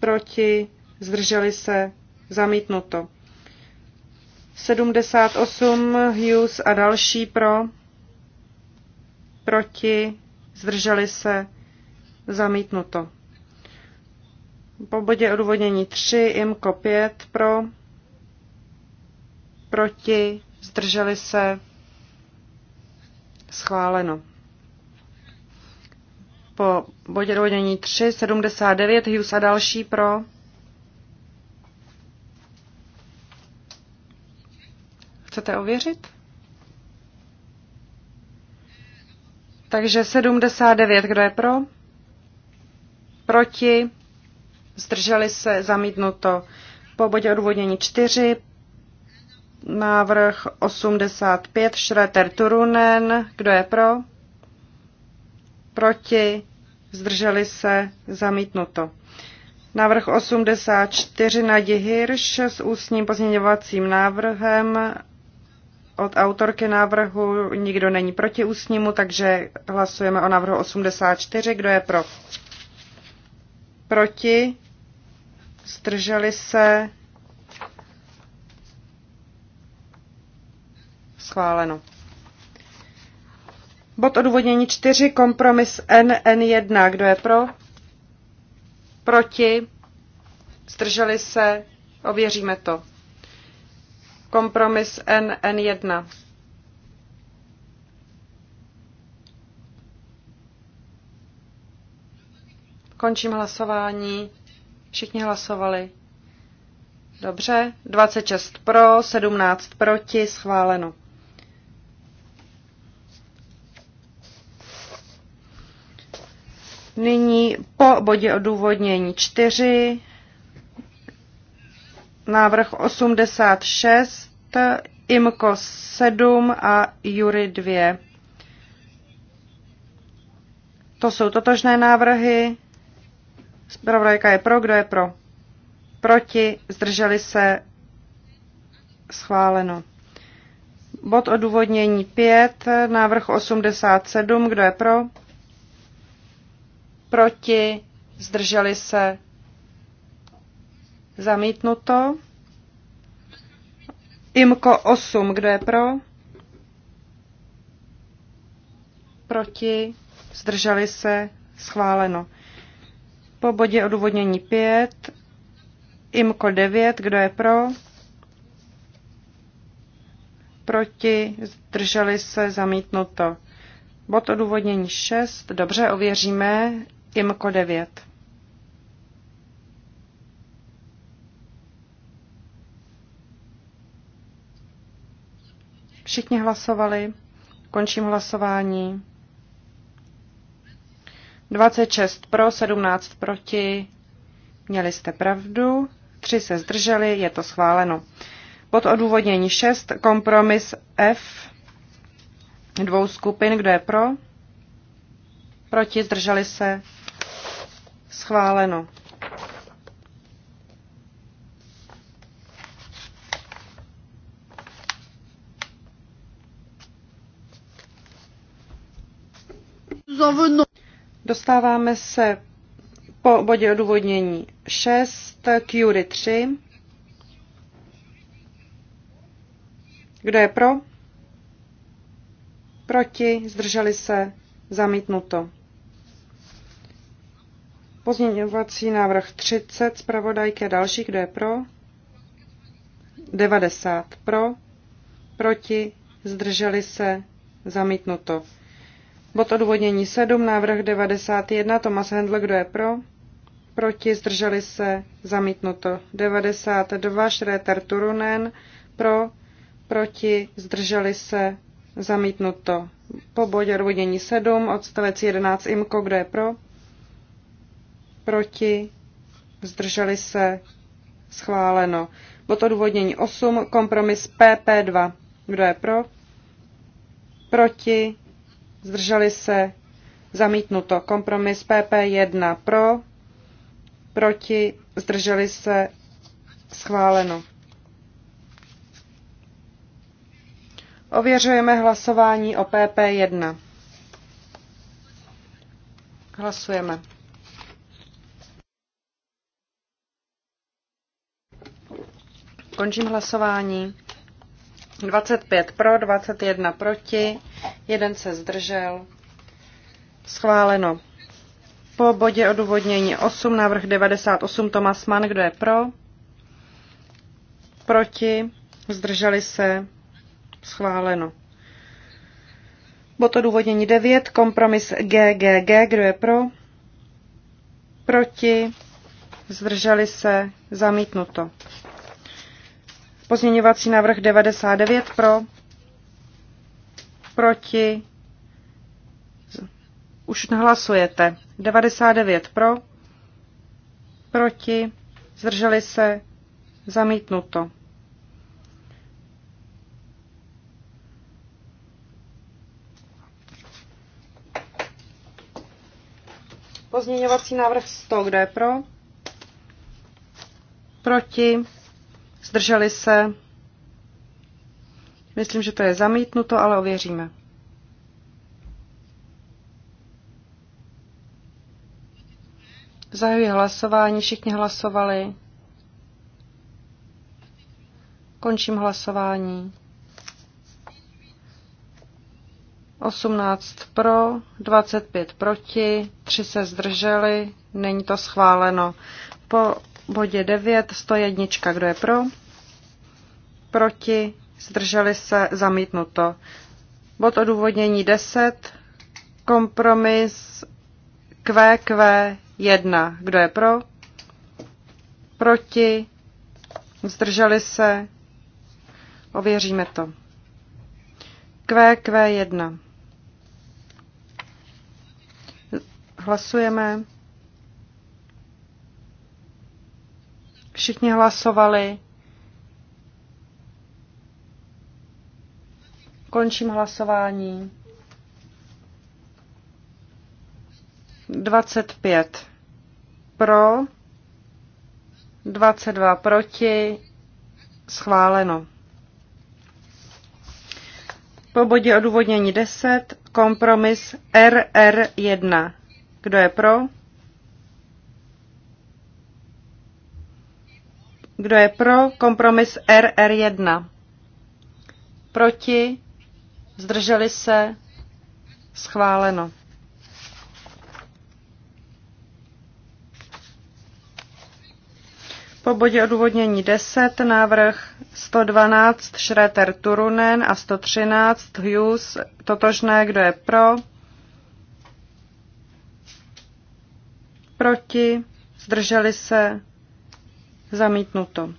proti, zdrželi se, zamítnuto. 78 Hughes a další pro, proti, zdrželi se, zamítnuto. Po bodě odůvodnění 3, IMKO 5 pro, proti, zdrželi se, schváleno po bodě dovodění 3, 79, Hughes a další pro. Chcete ověřit? Takže 79, kdo je pro? Proti? Zdrželi se zamítnuto. Po bodě odvodnění 4, návrh 85, Schroeter Turunen, kdo je pro? proti, zdrželi se, zamítnuto. Návrh 84 na Hirš s ústním pozměňovacím návrhem od autorky návrhu nikdo není proti ústnímu, takže hlasujeme o návrhu 84. Kdo je pro? Proti? Zdrželi se? Schváleno. Bod odůvodnění 4, kompromis NN1. Kdo je pro? Proti? Zdrželi se? Ověříme to. Kompromis NN1. Končím hlasování. Všichni hlasovali. Dobře, 26 pro, 17 proti, schváleno. Nyní po bodě odůvodnění 4, návrh 86, IMKO 7 a JURY 2. To jsou totožné návrhy. Zpravodajka je pro, kdo je pro? Proti, zdrželi se, schváleno. Bod odůvodnění 5, návrh 87, kdo je pro? proti, zdrželi se, zamítnuto. Imko 8, kdo je pro? Proti, zdrželi se, schváleno. Po bodě odůvodnění 5, Imko 9, kdo je pro? Proti, zdrželi se, zamítnuto. Bod odůvodnění 6, dobře, ověříme. Imko 9. Všichni hlasovali. Končím hlasování. 26 pro, 17 proti. Měli jste pravdu. 3 se zdrželi, je to schváleno. Pod odůvodnění 6, kompromis F dvou skupin, kdo je pro, proti, zdrželi se, Schváleno. Dostáváme se po bodě odůvodnění 6, Cury 3. Kdo je pro? Proti? Zdrželi se? Zamítnuto. Pozměňovací návrh 30, zpravodajky a další, kdo je pro? 90 pro, proti, zdrželi se, zamítnuto. Bod odvodnění 7, návrh 91, Tomas Hendl, kdo je pro? Proti, zdrželi se, zamítnuto. 92, Šréter Turunen, pro, proti, zdrželi se, zamítnuto. Po bodě odvodnění 7, odstavec 11, Imko, kdo je pro? proti, zdrželi se, schváleno. Bod odůvodnění 8, kompromis PP2. Kdo je pro? Proti, zdrželi se, zamítnuto. Kompromis PP1 pro, proti, zdrželi se, schváleno. Ověřujeme hlasování o PP1. Hlasujeme. Končím hlasování. 25 pro, 21 proti, jeden se zdržel. Schváleno. Po bodě odůvodnění 8, návrh 98, Tomas Mann, kdo je pro? Proti, zdrželi se, schváleno. Bod odůvodnění 9, kompromis GGG, kdo je pro? Proti, zdrželi se, zamítnuto. Pozměňovací návrh 99 pro, proti, už hlasujete. 99 pro, proti, zdrželi se, zamítnuto. Pozměňovací návrh 100, kdo je pro? Proti, Zdrželi se? Myslím, že to je zamítnuto, ale ověříme. Zahajuji hlasování, všichni hlasovali. Končím hlasování. 18 pro, 25 proti, 3 se zdrželi, není to schváleno. Po bodě 9, 101, kdo je pro, proti, zdrželi se, zamítnuto. Bod odůvodnění 10, kompromis QQ1, kdo je pro, proti, zdrželi se, ověříme to. QQ1. Hlasujeme. Všichni hlasovali. Končím hlasování. 25 pro, 22 proti, schváleno. Po bodě odůvodnění 10, kompromis RR1. Kdo je pro? Kdo je pro kompromis RR1? Proti? Zdrželi se? Schváleno. Po bodě odůvodnění 10 návrh 112 Schroeter Turunen a 113 Hughes totožné, kdo je pro, proti, zdrželi se, Zamítnuto.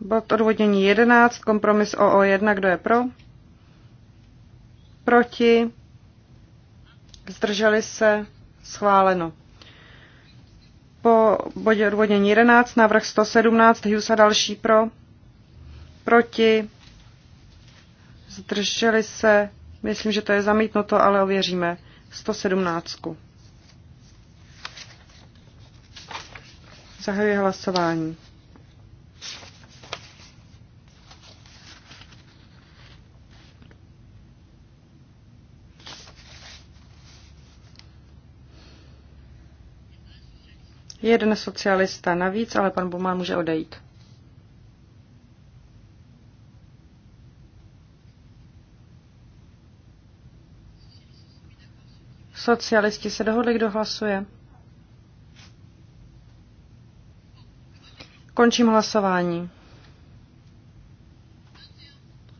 Bod odvodnění 11, kompromis OO1, kdo je pro? Proti? Zdrželi se? Schváleno. Po bodě odvodnění 11, návrh 117, Hughes a další pro? Proti? Zdrželi se? Myslím, že to je zamítnuto, ale ověříme. 117. Zahajuji hlasování. Jeden socialista navíc, ale pan Bumán může odejít. Socialisti se dohodli, kdo hlasuje. Končím hlasování.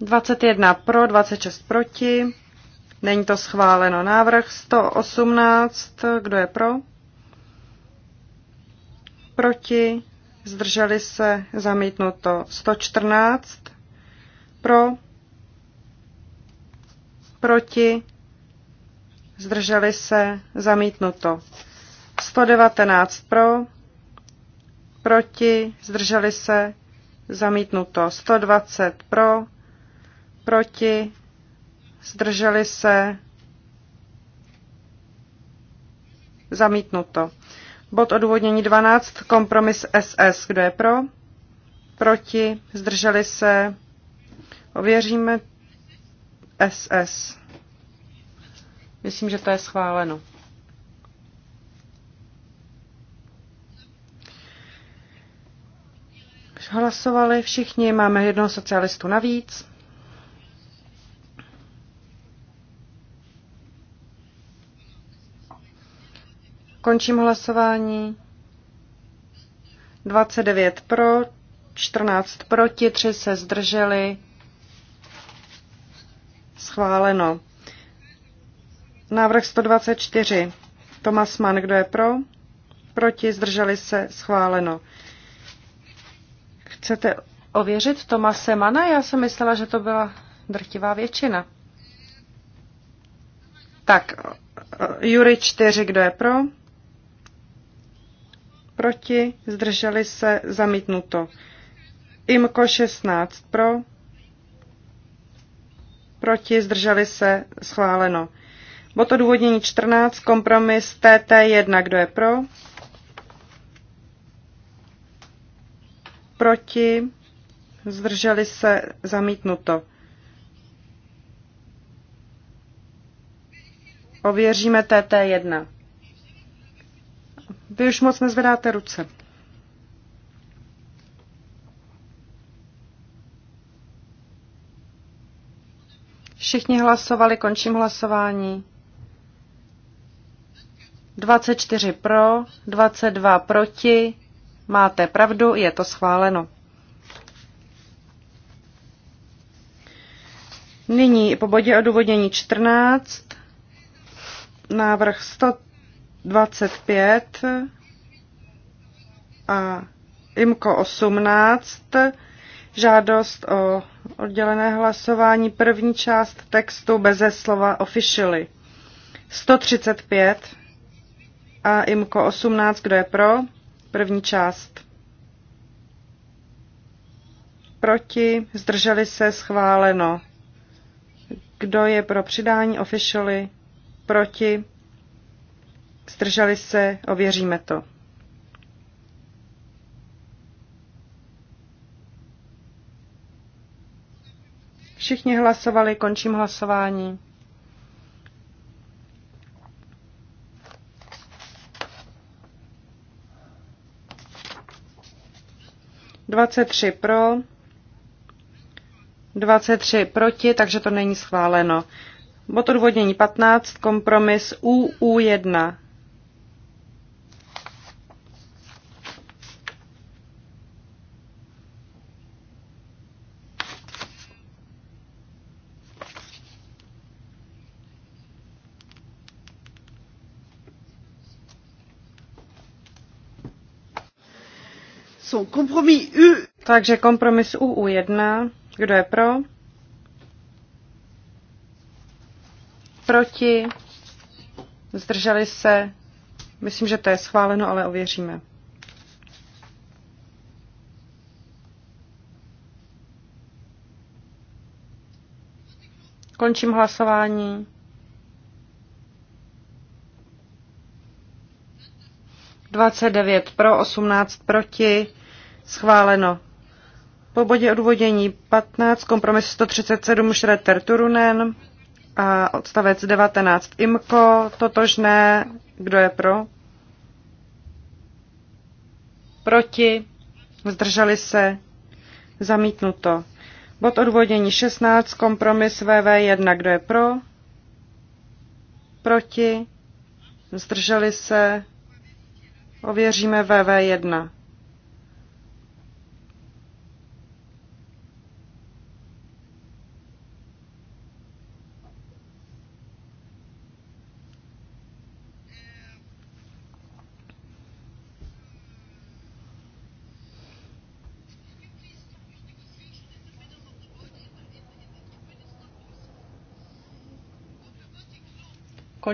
21 pro, 26 proti. Není to schváleno. Návrh 118. Kdo je pro? Proti. Zdrželi se. Zamítnuto. 114. Pro. Proti. Zdrželi se. Zamítnuto. 119 pro proti, zdrželi se, zamítnuto 120 pro, proti, zdrželi se, zamítnuto. Bod odůvodnění 12, kompromis SS, kdo je pro, proti, zdrželi se, ověříme SS. Myslím, že to je schváleno. Hlasovali všichni, máme jednoho socialistu navíc. Končím hlasování. 29 pro, 14 proti, 3 se zdrželi. Schváleno. Návrh 124. Tomas Mann, kdo je pro? Proti, zdrželi se, schváleno. Chcete ověřit Tomase Mana? Já jsem myslela, že to byla drtivá většina. Tak, Jury 4, kdo je pro? Proti, zdrželi se, zamítnuto. Imko 16 pro, proti, zdrželi se, schváleno. Bod odůvodnění 14, kompromis TT1, kdo je pro? proti, zdrželi se, zamítnuto. Ověříme TT1. Vy už moc nezvedáte ruce. Všichni hlasovali, končím hlasování. 24 pro, 22 proti, Máte pravdu, je to schváleno. Nyní po bodě odůvodnění 14, návrh 125 a IMKO 18, žádost o oddělené hlasování, první část textu bez slova officially. 135 a IMKO 18, kdo je pro? První část. Proti, zdrželi se, schváleno. Kdo je pro přidání officially? Proti, zdrželi se, ověříme to. Všichni hlasovali, končím hlasování. 23 pro, 23 proti, takže to není schváleno. Bod odvodnění 15, kompromis UU1. sont U. Takže kompromis UU1. Kdo je pro? Proti? Zdrželi se? Myslím, že to je schváleno, ale ověříme. Končím hlasování. 29 pro, 18 proti. Schváleno. Po bodě odvodění 15, kompromis 137 Šreter Turunen a odstavec 19 Imko, totožné, kdo je pro? Proti, zdrželi se, zamítnuto. Bod odvodění 16, kompromis VV1, kdo je pro? Proti, zdrželi se, ověříme VV1.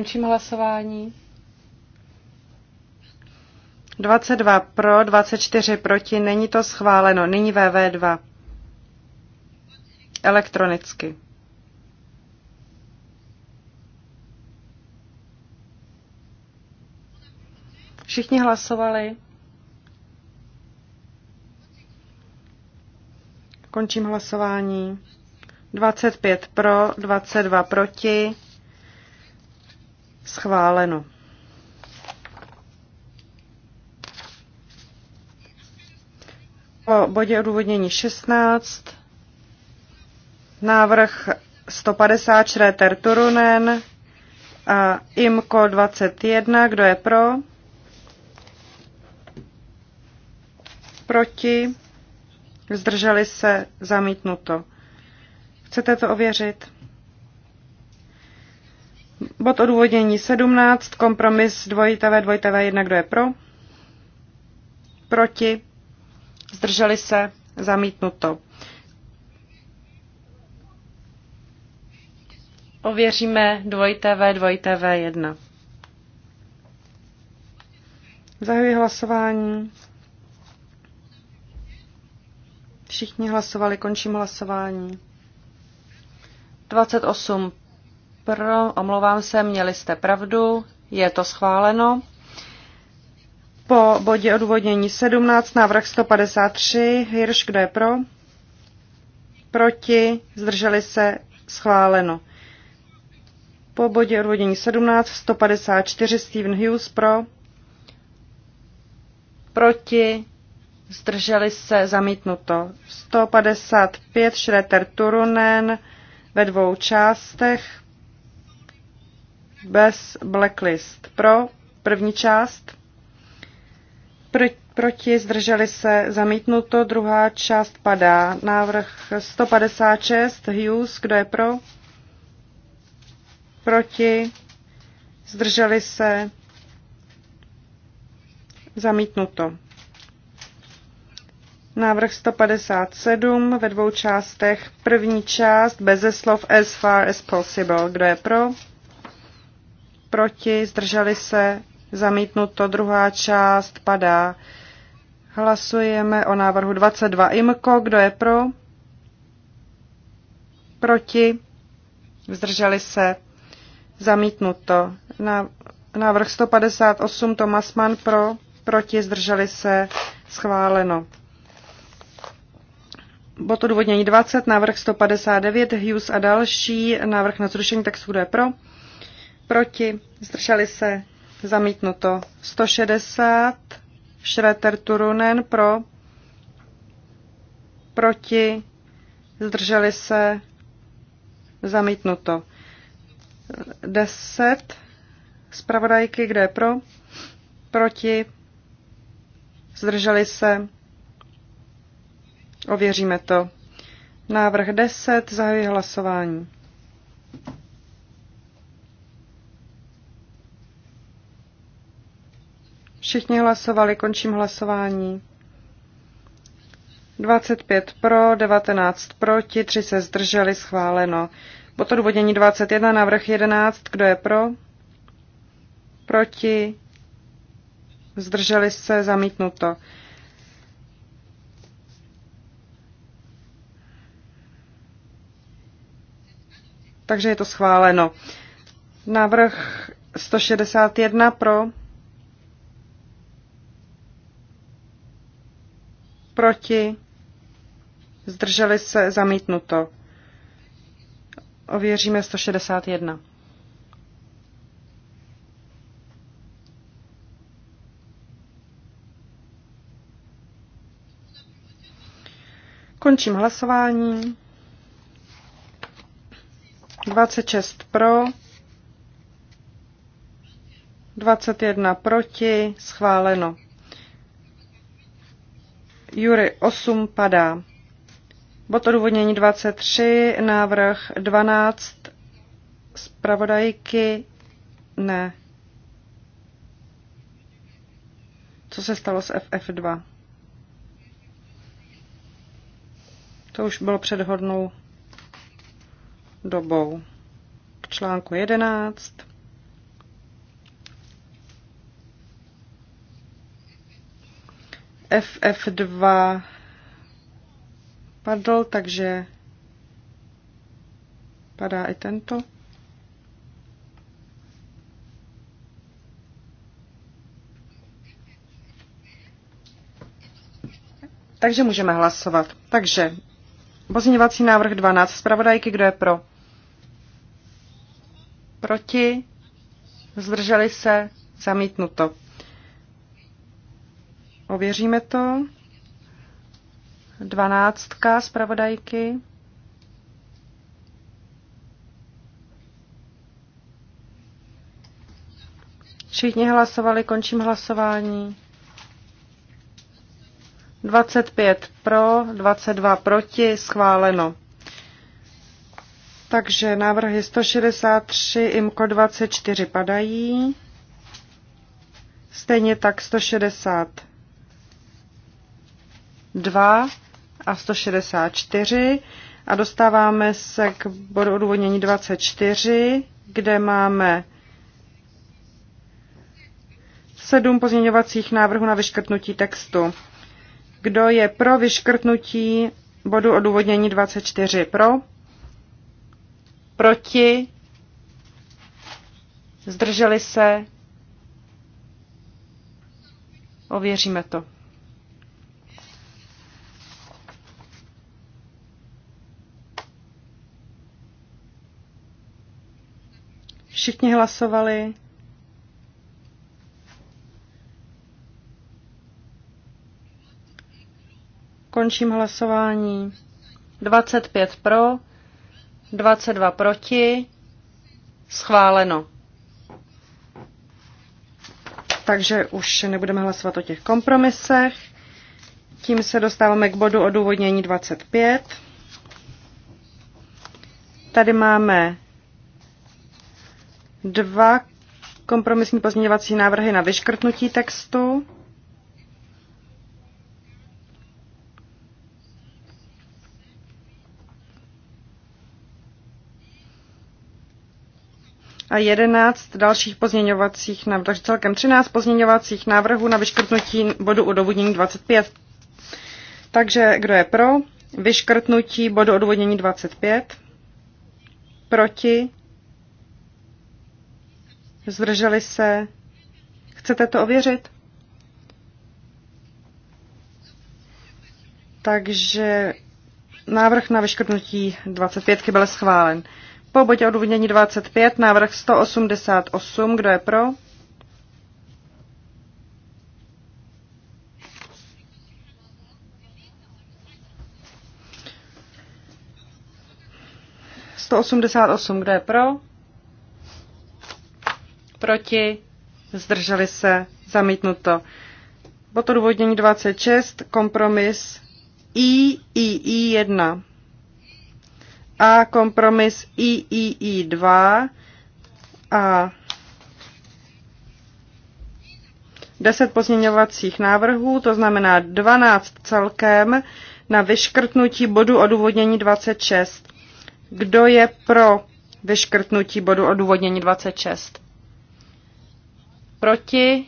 Končím hlasování. 22 pro, 24 proti, není to schváleno. Nyní VV2. Elektronicky. Všichni hlasovali. Končím hlasování. 25 pro, 22 proti. Schváleno. Po bodě odůvodnění 16 návrh 150 Šréter Turunen a IMKO 21. Kdo je pro? Proti? Zdrželi se? Zamítnuto. Chcete to ověřit? Bod odůvodnění 17, kompromis dvojitavé, dvojitavé, jedna, kdo je pro? Proti? Zdrželi se? Zamítnuto. Ověříme dvojité V, dvojité V1. Zahajuji hlasování. Všichni hlasovali, končím hlasování. 28 pro, omlouvám se, měli jste pravdu, je to schváleno. Po bodě odvodnění 17, návrh 153, Hirš, kdo je pro? Proti, zdrželi se, schváleno. Po bodě odvodnění 17, 154, Steven Hughes pro, proti, zdrželi se, zamítnuto. 155, Schroeter Turunen ve dvou částech, bez blacklist. Pro první část, proti, zdrželi se, zamítnuto, druhá část padá. Návrh 156, Hughes, kdo je pro? Proti, zdrželi se, zamítnuto. Návrh 157 ve dvou částech. První část beze slov as far as possible. Kdo je pro? proti, zdrželi se, zamítnuto, druhá část padá. Hlasujeme o návrhu 22 IMKO, kdo je pro, proti, zdrželi se, zamítnuto. Návrh 158 Tomasman pro, proti, zdrželi se, schváleno. Bod odvodnění 20, návrh 159, Hughes a další, návrh na zrušení textu, kdo je pro, proti, zdrželi se, zamítnuto. 160, Šreter Turunen pro, proti, zdrželi se, zamítnuto. 10, zpravodajky, kde je pro, proti, zdrželi se, ověříme to. Návrh 10, zahajuji hlasování. Všichni hlasovali, končím hlasování. 25 pro, 19 proti, 3 se zdrželi, schváleno. Potom odvodění 21, návrh 11, kdo je pro? Proti, zdrželi se, zamítnuto. Takže je to schváleno. Návrh 161 pro, proti, zdrželi se, zamítnuto. Ověříme 161. Končím hlasování. 26 pro, 21 proti, schváleno. Jury 8 padá. Bod odůvodnění 23, návrh 12, zpravodajky ne. Co se stalo s FF2? To už bylo před hodnou dobou. K článku 11. FF2 padl, takže padá i tento. Takže můžeme hlasovat. Takže pozměňovací návrh 12. Zpravodajky, kdo je pro? Proti? Zdrželi se? Zamítnuto. Ověříme to. Dvanáctka z pravodajky. Všichni hlasovali, končím hlasování. 25 pro, 22 proti, schváleno. Takže návrhy 163, IMKO 24 padají. Stejně tak 160 2 a 164 a dostáváme se k bodu odůvodnění 24, kde máme sedm pozměňovacích návrhů na vyškrtnutí textu. Kdo je pro vyškrtnutí bodu odůvodnění 24? Pro? Proti? Zdrželi se? Ověříme to. Všichni hlasovali. Končím hlasování. 25 pro, 22 proti, schváleno. Takže už nebudeme hlasovat o těch kompromisech. Tím se dostáváme k bodu odůvodnění 25. Tady máme Dva kompromisní pozměňovací návrhy na vyškrtnutí textu. a 11 dalších pozměňovacích návrhů, takže celkem 13 pozměňovacích návrhů na vyškrtnutí bodu odůvodnění 25. Takže kdo je pro? Vyškrtnutí bodu odůvodnění 25. Proti? Zdrželi se? Chcete to ověřit? Takže návrh na vyškrtnutí 25 byl schválen. Po bodě odůvodnění 25 návrh 188. Kdo je pro? Sto osmdesát osm, kdo je pro? proti, zdrželi se, zamítnuto. Bod odůvodnění 26, kompromis III1 a kompromis III2 a 10 pozměňovacích návrhů, to znamená 12 celkem na vyškrtnutí bodu odůvodnění 26. Kdo je pro vyškrtnutí bodu odůvodnění 26? proti,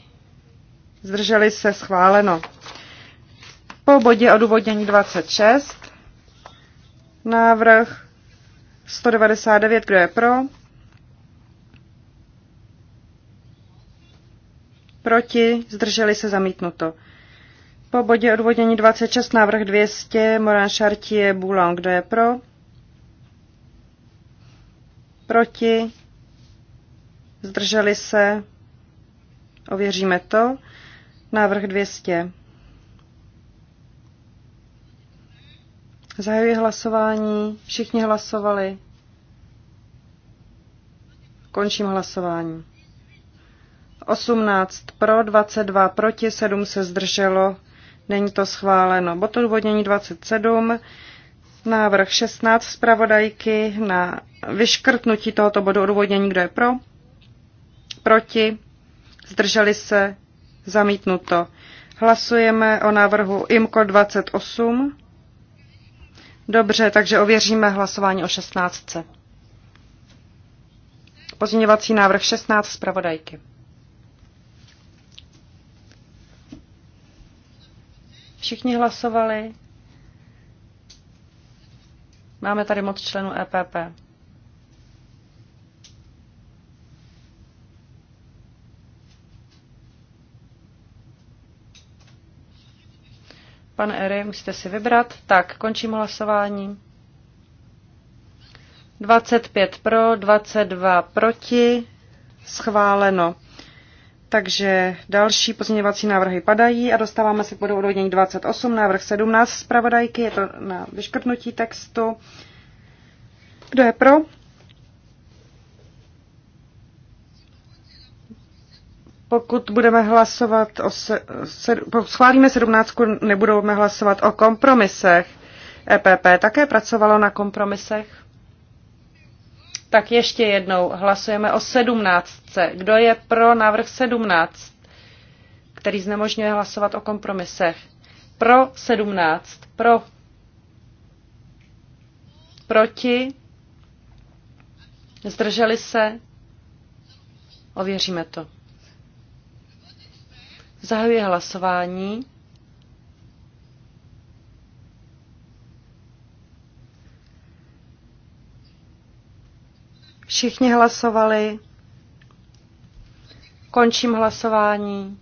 zdrželi se schváleno. Po bodě odůvodnění 26, návrh 199, kdo je pro, proti, zdrželi se zamítnuto. Po bodě odvodnění 26, návrh 200, Moran Chartier, Boulon, kdo je pro? Proti? Zdrželi se? Ověříme to. Návrh 200. Zahajuji hlasování. Všichni hlasovali. Končím hlasování. 18 pro, 22 proti, 7 se zdrželo. Není to schváleno. Bod odvodnění 27. Návrh 16 zpravodajky na vyškrtnutí tohoto bodu odvodnění. Kdo je pro? Proti? zdrželi se, zamítnuto. Hlasujeme o návrhu IMCO 28. Dobře, takže ověříme hlasování o 16. Pozměňovací návrh 16 zpravodajky. Všichni hlasovali. Máme tady moc členů EPP. Pan Ery, musíte si vybrat. Tak, končím hlasování. 25 pro, 22 proti, schváleno. Takže další pozměňovací návrhy padají a dostáváme se k bodu 28, návrh 17 zpravodajky, je to na vyškrtnutí textu. Kdo je pro? pokud budeme hlasovat o se, se, pokud schválíme sedmnáctku, nebudeme hlasovat o kompromisech. EPP také pracovalo na kompromisech. Tak ještě jednou hlasujeme o sedmnáctce. Kdo je pro návrh sedmnáct, který znemožňuje hlasovat o kompromisech? Pro sedmnáct. Pro. Proti. Zdrželi se. Ověříme to. Zahajuji hlasování. Všichni hlasovali. Končím hlasování.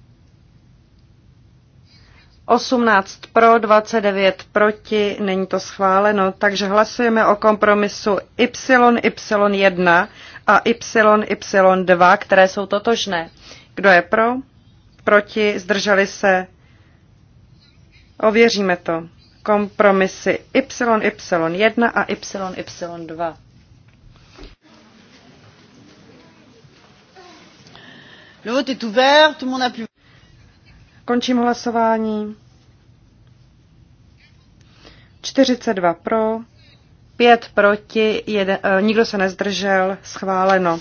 18 pro, 29 proti, není to schváleno, takže hlasujeme o kompromisu YY1 a YY2, které jsou totožné. Kdo je pro? proti, zdrželi se. Ověříme to. Kompromisy YY1 a YY2. Le vote est ouvert, tout le monde a pu... Končím hlasování. 42 pro, 5 proti, jeden, eh, nikdo se nezdržel, schváleno.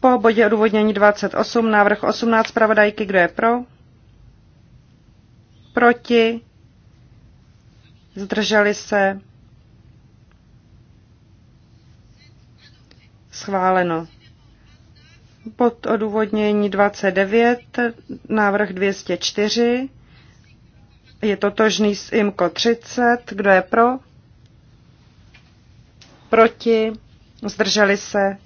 Po bodě odůvodnění 28, návrh 18 zpravodajky, kdo je pro? Proti? Zdrželi se? Schváleno. Pod odůvodnění 29, návrh 204, je totožný s IMKO 30, kdo je pro? Proti? Zdrželi se?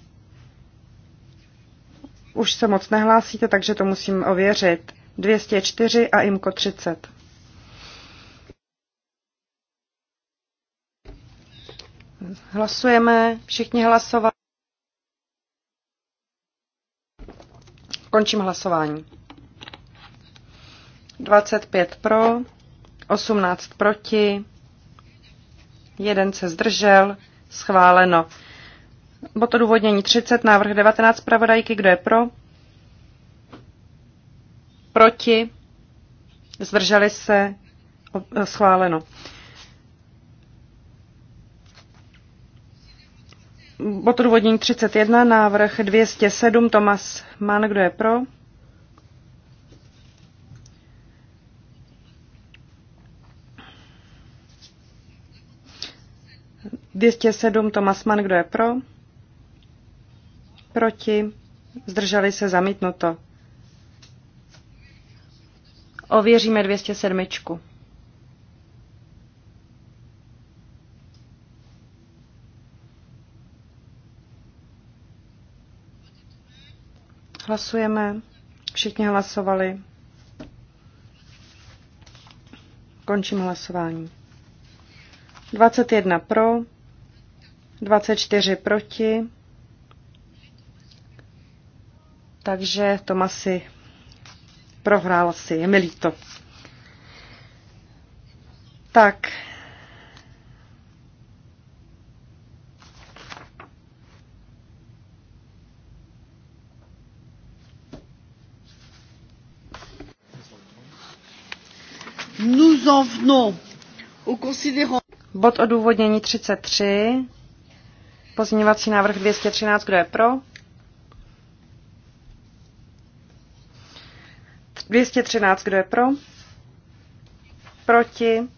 Už se moc nehlásíte, takže to musím ověřit. 204 a IMKO 30. Hlasujeme, všichni hlasovali. Končím hlasování. 25 pro, 18 proti, jeden se zdržel, schváleno. Bod odůvodnění 30, návrh 19 zpravodajky, kdo je pro? Proti? Zdrželi se? E, schváleno. Bod odůvodnění 31, návrh 207, Tomas Mann, kdo je pro? Dvěstě sedm, Tomas Mann, kdo je pro? proti, zdrželi se zamítnuto. Ověříme 207. Hlasujeme. Všichni hlasovali. Končím hlasování. 21 pro, 24 proti. Takže Tomasi prohrál si, je mi líto. Tak. Nous en venons au considérant. Bod odůvodnění 33. Pozměňovací návrh 213. Kdo je pro? 213, kdo je pro? Proti?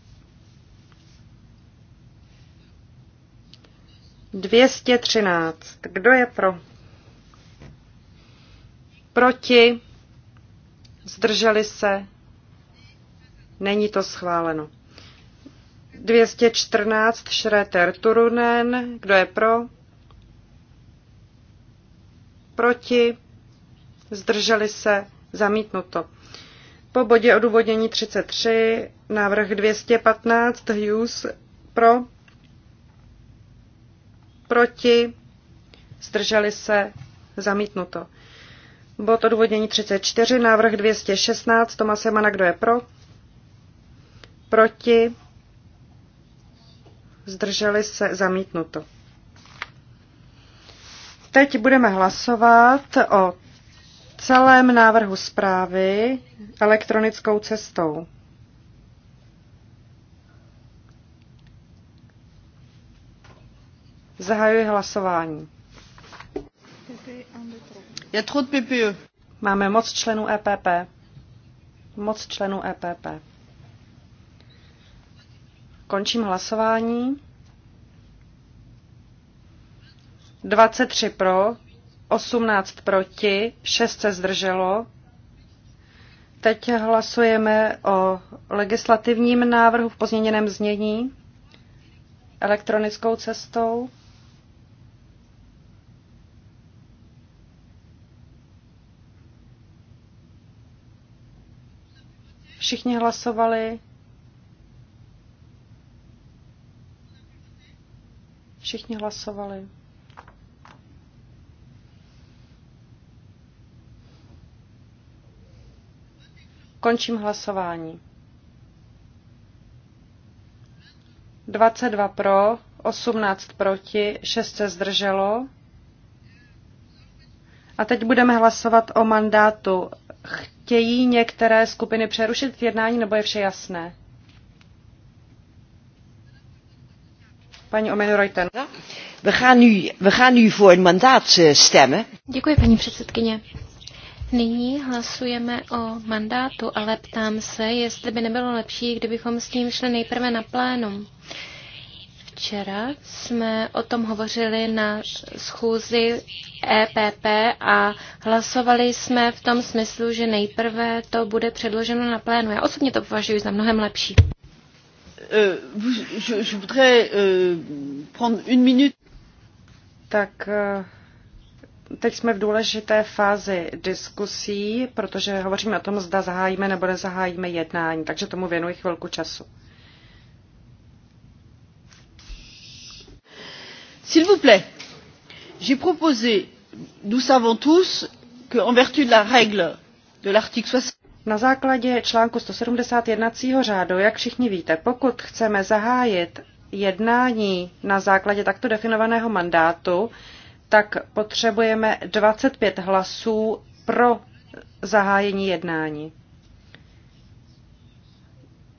213, kdo je pro? Proti? Zdrželi se? Není to schváleno. 214 Šreter Turunen. Kdo je pro? Proti? Zdrželi se? Zamítnuto. Po bodě odůvodnění 33, návrh 215 Hughes pro, proti, zdrželi se, zamítnuto. Bod odůvodnění 34, návrh 216 Tomase Mana, kdo je pro, proti, zdrželi se, zamítnuto. Teď budeme hlasovat o celém návrhu zprávy elektronickou cestou. Zahajuji hlasování. Je trop PPE. E. Máme moc členů EPP. Moc členů EPP. Končím hlasování. 23 pro, 18 proti, 6 se zdrželo. Teď hlasujeme o legislativním návrhu v pozměněném znění elektronickou cestou. Všichni hlasovali. Všichni hlasovali. Končím hlasování. 22 pro, 18 proti, 6 se zdrželo. A teď budeme hlasovat o mandátu. Chtějí některé skupiny přerušit jednání, nebo je vše jasné? Paní Omenurojten. We gaan nu, we gaan nu voor een mandaat eh, stemmen. Děkuji, paní předsedkyně. Nyní hlasujeme o mandátu, ale ptám se, jestli by nebylo lepší, kdybychom s tím šli nejprve na plénum. Včera jsme o tom hovořili na schůzi EPP a hlasovali jsme v tom smyslu, že nejprve to bude předloženo na plénu. Já osobně to považuji za mnohem lepší. Eh, eh, tak eh, Teď jsme v důležité fázi diskusí, protože hovoříme o tom, zda zahájíme nebo nezahájíme jednání, takže tomu věnuji chvilku času. S'il vous plaît, j'ai proposé, nous savons tous, qu'en vertu de la règle de l'article 60, na základě článku 170 jednacího řádu, jak všichni víte, pokud chceme zahájit jednání na základě takto definovaného mandátu, tak potřebujeme 25 hlasů pro zahájení jednání.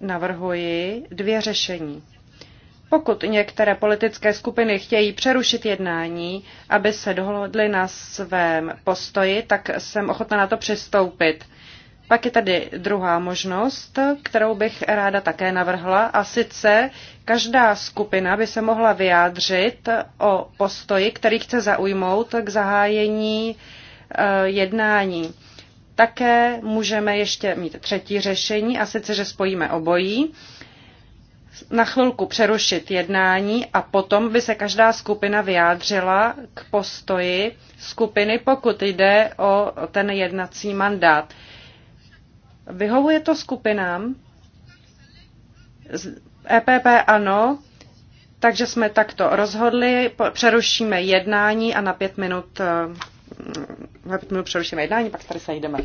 Navrhuji dvě řešení. Pokud některé politické skupiny chtějí přerušit jednání, aby se dohodly na svém postoji, tak jsem ochotna na to přistoupit. Pak je tady druhá možnost, kterou bych ráda také navrhla, a sice každá skupina by se mohla vyjádřit o postoji, který chce zaujmout k zahájení eh, jednání. Také můžeme ještě mít třetí řešení, a sice, že spojíme obojí, na chvilku přerušit jednání a potom by se každá skupina vyjádřila k postoji skupiny, pokud jde o ten jednací mandát. Vyhovuje to skupinám? EPP ano, takže jsme takto rozhodli, přerušíme jednání a na pět minut, eh, na pět minut přerušíme jednání, pak tady sejdeme.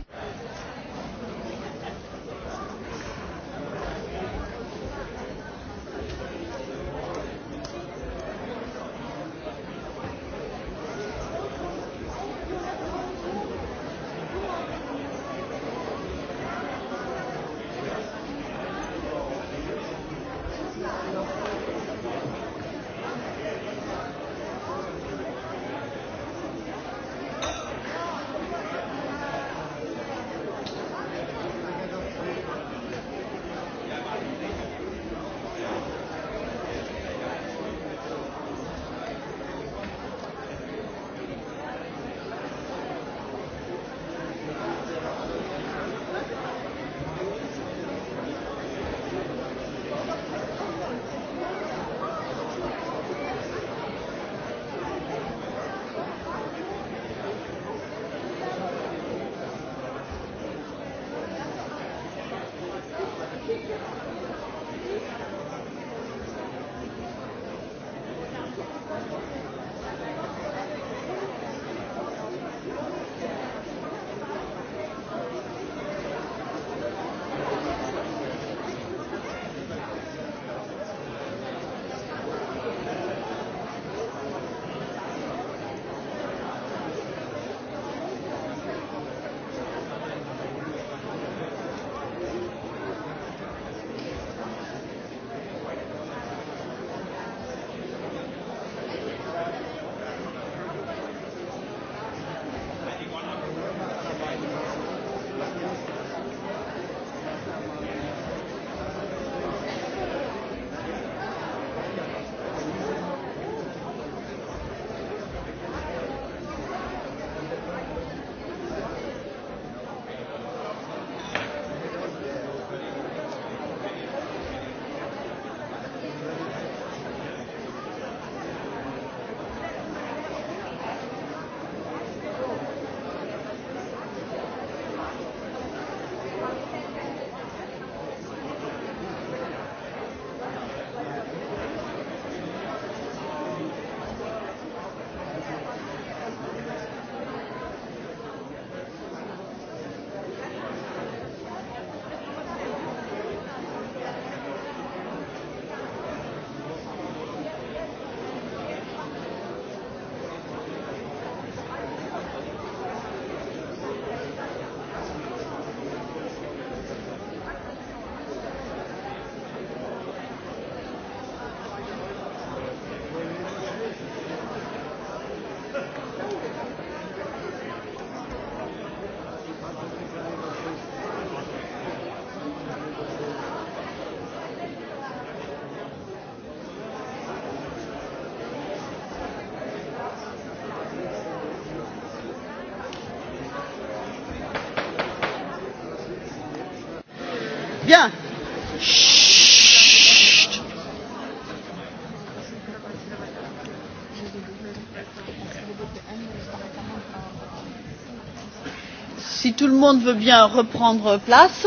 monde veut bien reprendre place.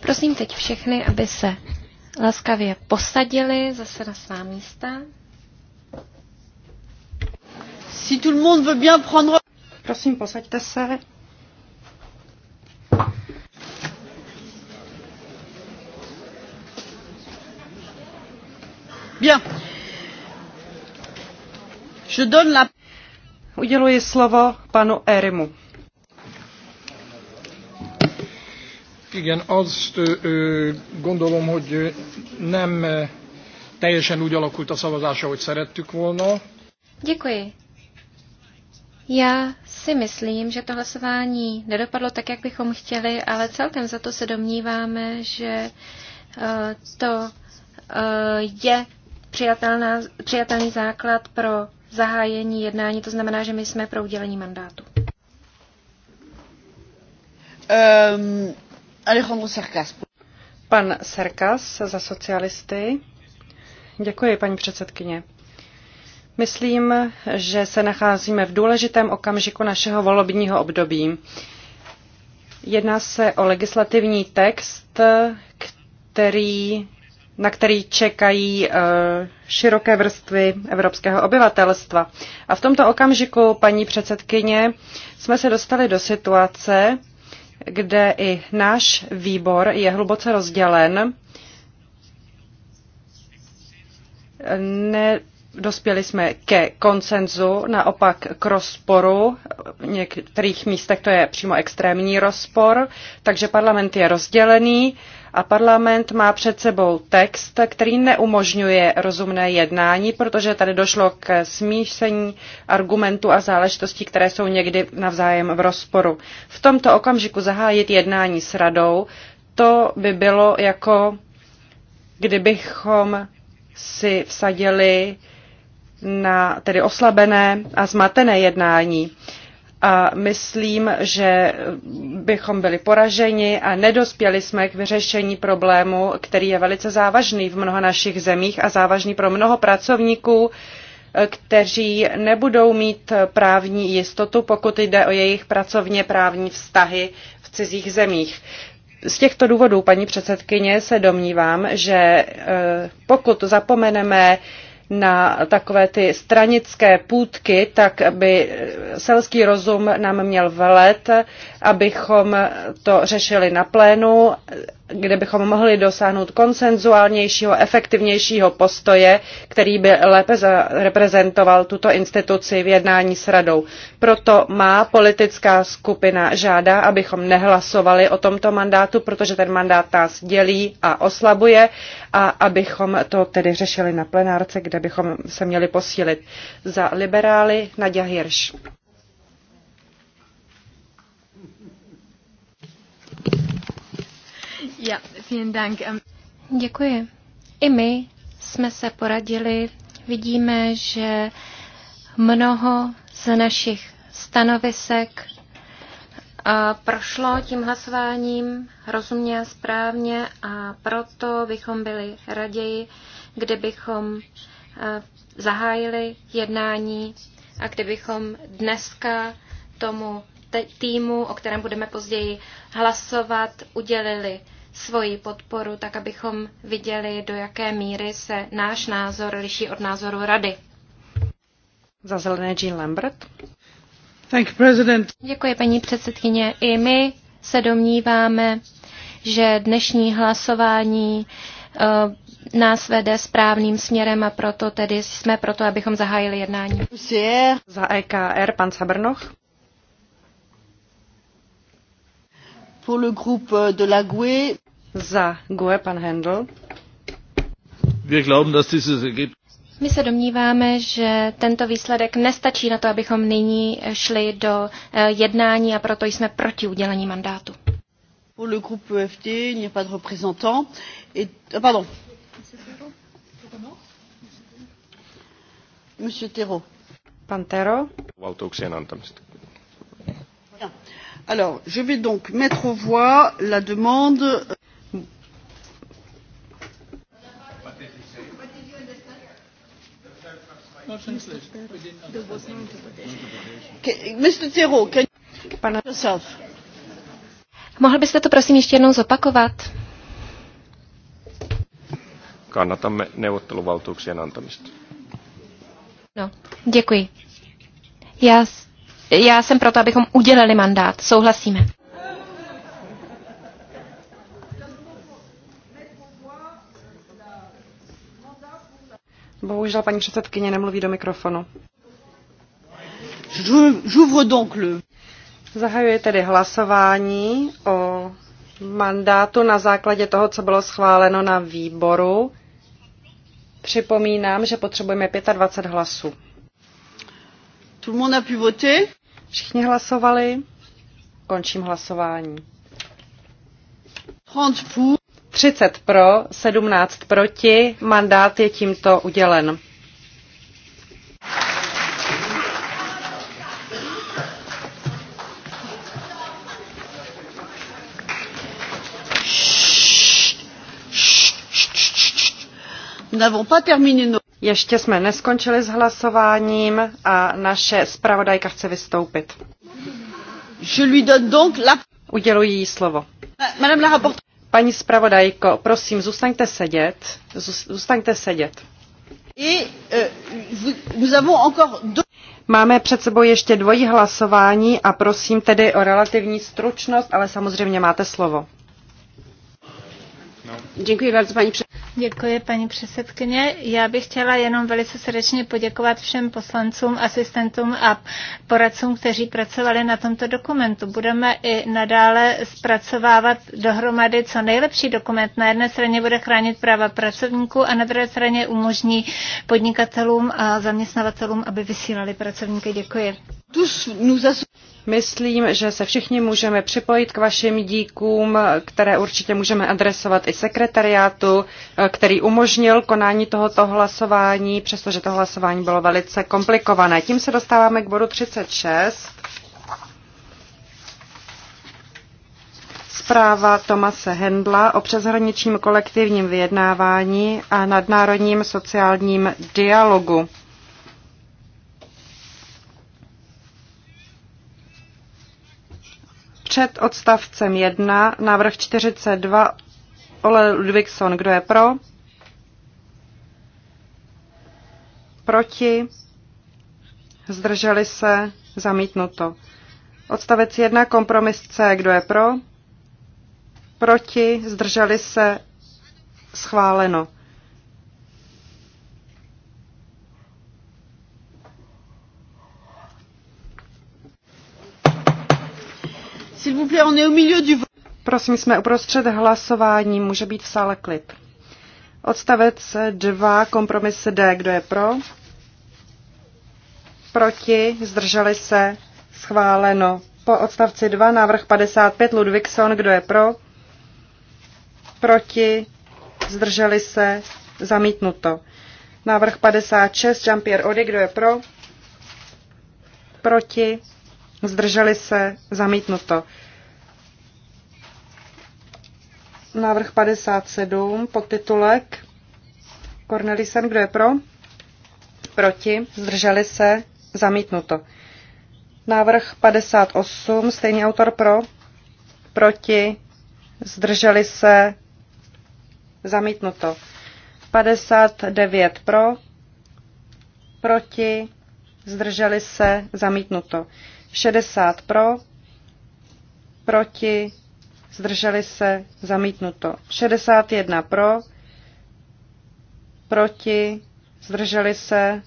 Prosím teď všechny, aby se laskavě posadili zase na svá místa. Si tout le monde veut bien prendre... Prosím, posaďte se. Bien. Je donne la... Uděluji slovo panu Erimu. Igen, azt ö, gondolom, hogy nem teljesen úgy alakult a szavazás, ahogy szerettük volna. Děkuji. Já si myslím, že to hlasování nedopadlo tak, jak bychom chtěli, ale celkem za to se domníváme, že uh, to uh, je přijatelná, přijatelný základ pro zahájení jednání, to znamená, že my jsme pro udělení mandátu. Um, Alejandro Sarkas. Pan Serkas za socialisty. Děkuji, paní předsedkyně. Myslím, že se nacházíme v důležitém okamžiku našeho volebního období. Jedná se o legislativní text, který, na který čekají eh, široké vrstvy evropského obyvatelstva. A v tomto okamžiku, paní předsedkyně, jsme se dostali do situace, kde i náš výbor je hluboce rozdělen. Ne, jsme ke koncenzu, naopak k rozporu. V některých místech to je přímo extrémní rozpor, takže parlament je rozdělený a parlament má před sebou text, který neumožňuje rozumné jednání, protože tady došlo k smíšení argumentů a záležitostí, které jsou někdy navzájem v rozporu. V tomto okamžiku zahájit jednání s radou, to by bylo jako kdybychom si vsadili na tedy oslabené a zmatené jednání a myslím, že bychom byli poraženi a nedospěli jsme k vyřešení problému, který je velice závažný v mnoha našich zemích a závažný pro mnoho pracovníků, kteří nebudou mít právní jistotu, pokud jde o jejich pracovně právní vztahy v cizích zemích. Z těchto důvodů, paní předsedkyně, se domnívám, že eh, pokud zapomeneme na takové ty stranické půdky, tak by selský rozum nám měl velet, abychom to řešili na plénu kde bychom mohli dosáhnout konsenzuálnějšího, efektivnějšího postoje, který by lépe reprezentoval tuto instituci v jednání s radou. Proto má politická skupina žádá, abychom nehlasovali o tomto mandátu, protože ten mandát nás dělí a oslabuje a abychom to tedy řešili na plenárce, kde bychom se měli posílit. Za liberály Nadia Hirsch. Ja, vielen Dank. Ähm, Děkuji. I my jsme se poradili. Vidíme, že mnoho z našich stanovisek prošlo tím hlasováním rozumně a správně a proto bychom byli raději, kdybychom zahájili jednání a kdybychom dneska tomu týmu, o kterém budeme později hlasovat, udělili svoji podporu, tak abychom viděli, do jaké míry se náš názor liší od názoru Rady. Za zelené Jean Lambert. Thank you, President. Děkuji, paní předsedkyně. I my se domníváme, že dnešní hlasování eh, nás vede správným směrem a proto tedy jsme proto, abychom zahájili jednání. Za EKR pan Sabrnoch. Pour le groupe euh, de la GUE. Za GUE pan Hendl. Wir glauben, dass dieses Ergebnis my se domníváme, že tento výsledek nestačí na to, abychom nyní šli do eh, jednání a proto jsme proti udělení mandátu. Pour le groupe EFT, il n'y a pas de représentant. Et, ah, pardon. Monsieur Tero. Pantero. Valtuuksien antamista. Alors, je vais donc mettre aux voix la demande. Mohl byste to prosím ještě jednou zopakovat? Kannatamme neuvotteluvaltuuksien antamista. No, děkuji. Já já jsem proto, abychom udělali mandát. Souhlasíme. Bohužel paní předsedkyně nemluví do mikrofonu. Zahajuje tedy hlasování o mandátu na základě toho, co bylo schváleno na výboru. Připomínám, že potřebujeme 25 hlasů. Tout le monde a pu voter? Všichni hlasovali. Končím hlasování. 30 pro, 17 proti. Mandát je tímto udělen. Nous n'avons pas terminé nos... Ještě jsme neskončili s hlasováním a naše zpravodajka chce vystoupit. Je lui donne donc la... Uděluji jí slovo. Madame la rapport... Paní zpravodajko, prosím, zůstaňte sedět. Zůstaňte sedět. Et, uh, nous avons encore deux... Máme před sebou ještě dvojí hlasování a prosím tedy o relativní stručnost, ale samozřejmě máte slovo. No. Děkuji bardzo, paní předsedající. Děkuji, paní předsedkyně. Já bych chtěla jenom velice srdečně poděkovat všem poslancům, asistentům a poradcům, kteří pracovali na tomto dokumentu. Budeme i nadále zpracovávat dohromady co nejlepší dokument. Na jedné straně bude chránit práva pracovníků a na druhé straně umožní podnikatelům a zaměstnavatelům, aby vysílali pracovníky. Děkuji. Myslím, že se všichni můžeme připojit k vašim díkům, které určitě můžeme adresovat i sekretariátu, eh, který umožnil konání tohoto hlasování, přestože to hlasování bylo velice komplikované. Tím se dostáváme k bodu 36. Zpráva Tomase Hendla o přeshraničním kolektivním vyjednávání a nadnárodním sociálním dialogu. před odstavcem 1, návrh 42, Ole Ludvigson, kdo je pro? Proti? Zdrželi se? Zamítnuto. Odstavec 1, kompromis C, kdo je pro? Proti? Zdrželi se? Schváleno. S'il vous plaît, on est au milieu du... Prosím, jsme uprostřed hlasování, může být v sále klid. Odstavec 2, kompromis D, kdo je pro? Proti, zdrželi se, schváleno. Po odstavci 2, návrh 55, Ludvigson, kdo je pro? Proti, zdrželi se, zamítnuto. Návrh 56, Jean-Pierre Ody, kdo je pro? Proti, zdrželi se, zamítnuto. Návrh 57, podtitulek. Cornelisen, kdo je pro? Proti, zdrželi se, zamítnuto. Návrh 58, stejný autor pro, proti, zdrželi se, zamítnuto. 59 pro, proti, zdrželi se, zamítnuto. 60 pro, proti, zdrželi se, zamítnuto. 61 pro, proti, zdrželi se,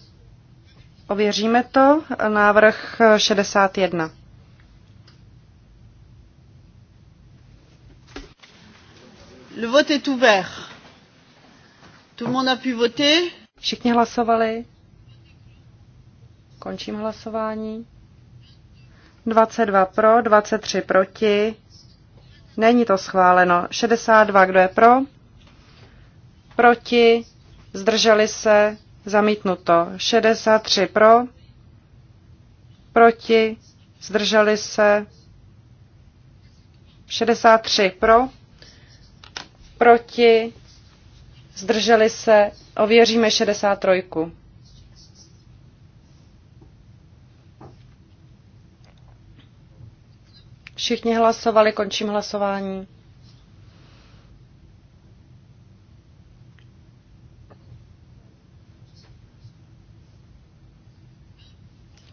ověříme to, návrh 61. Le vote est ouvert. Tout le monde a pu voter. Všichni hlasovali. Končím hlasování. 22 pro, 23 proti. Není to schváleno. 62, kdo je pro? Proti. Zdrželi se. Zamítnuto. 63 pro. Proti. Zdrželi se. 63 pro. Proti. Zdrželi se. Ověříme 63. Všichni hlasovali, končím hlasování.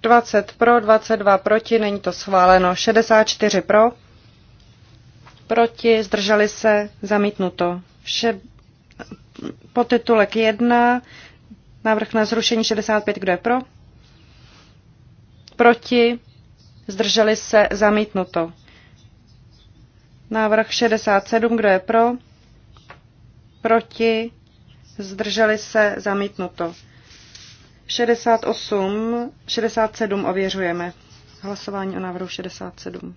Dvacet pro, 22 proti, není to schváleno. 64 pro, proti, zdrželi se, zamítnuto. Vše, titulek jedna. návrh na zrušení 65, kdo je pro? Proti, zdrželi se, zamítnuto. Návrh 67, kdo je pro? Proti? Zdrželi se? Zamítnuto. 68, 67 ověřujeme. Hlasování o návrhu 67.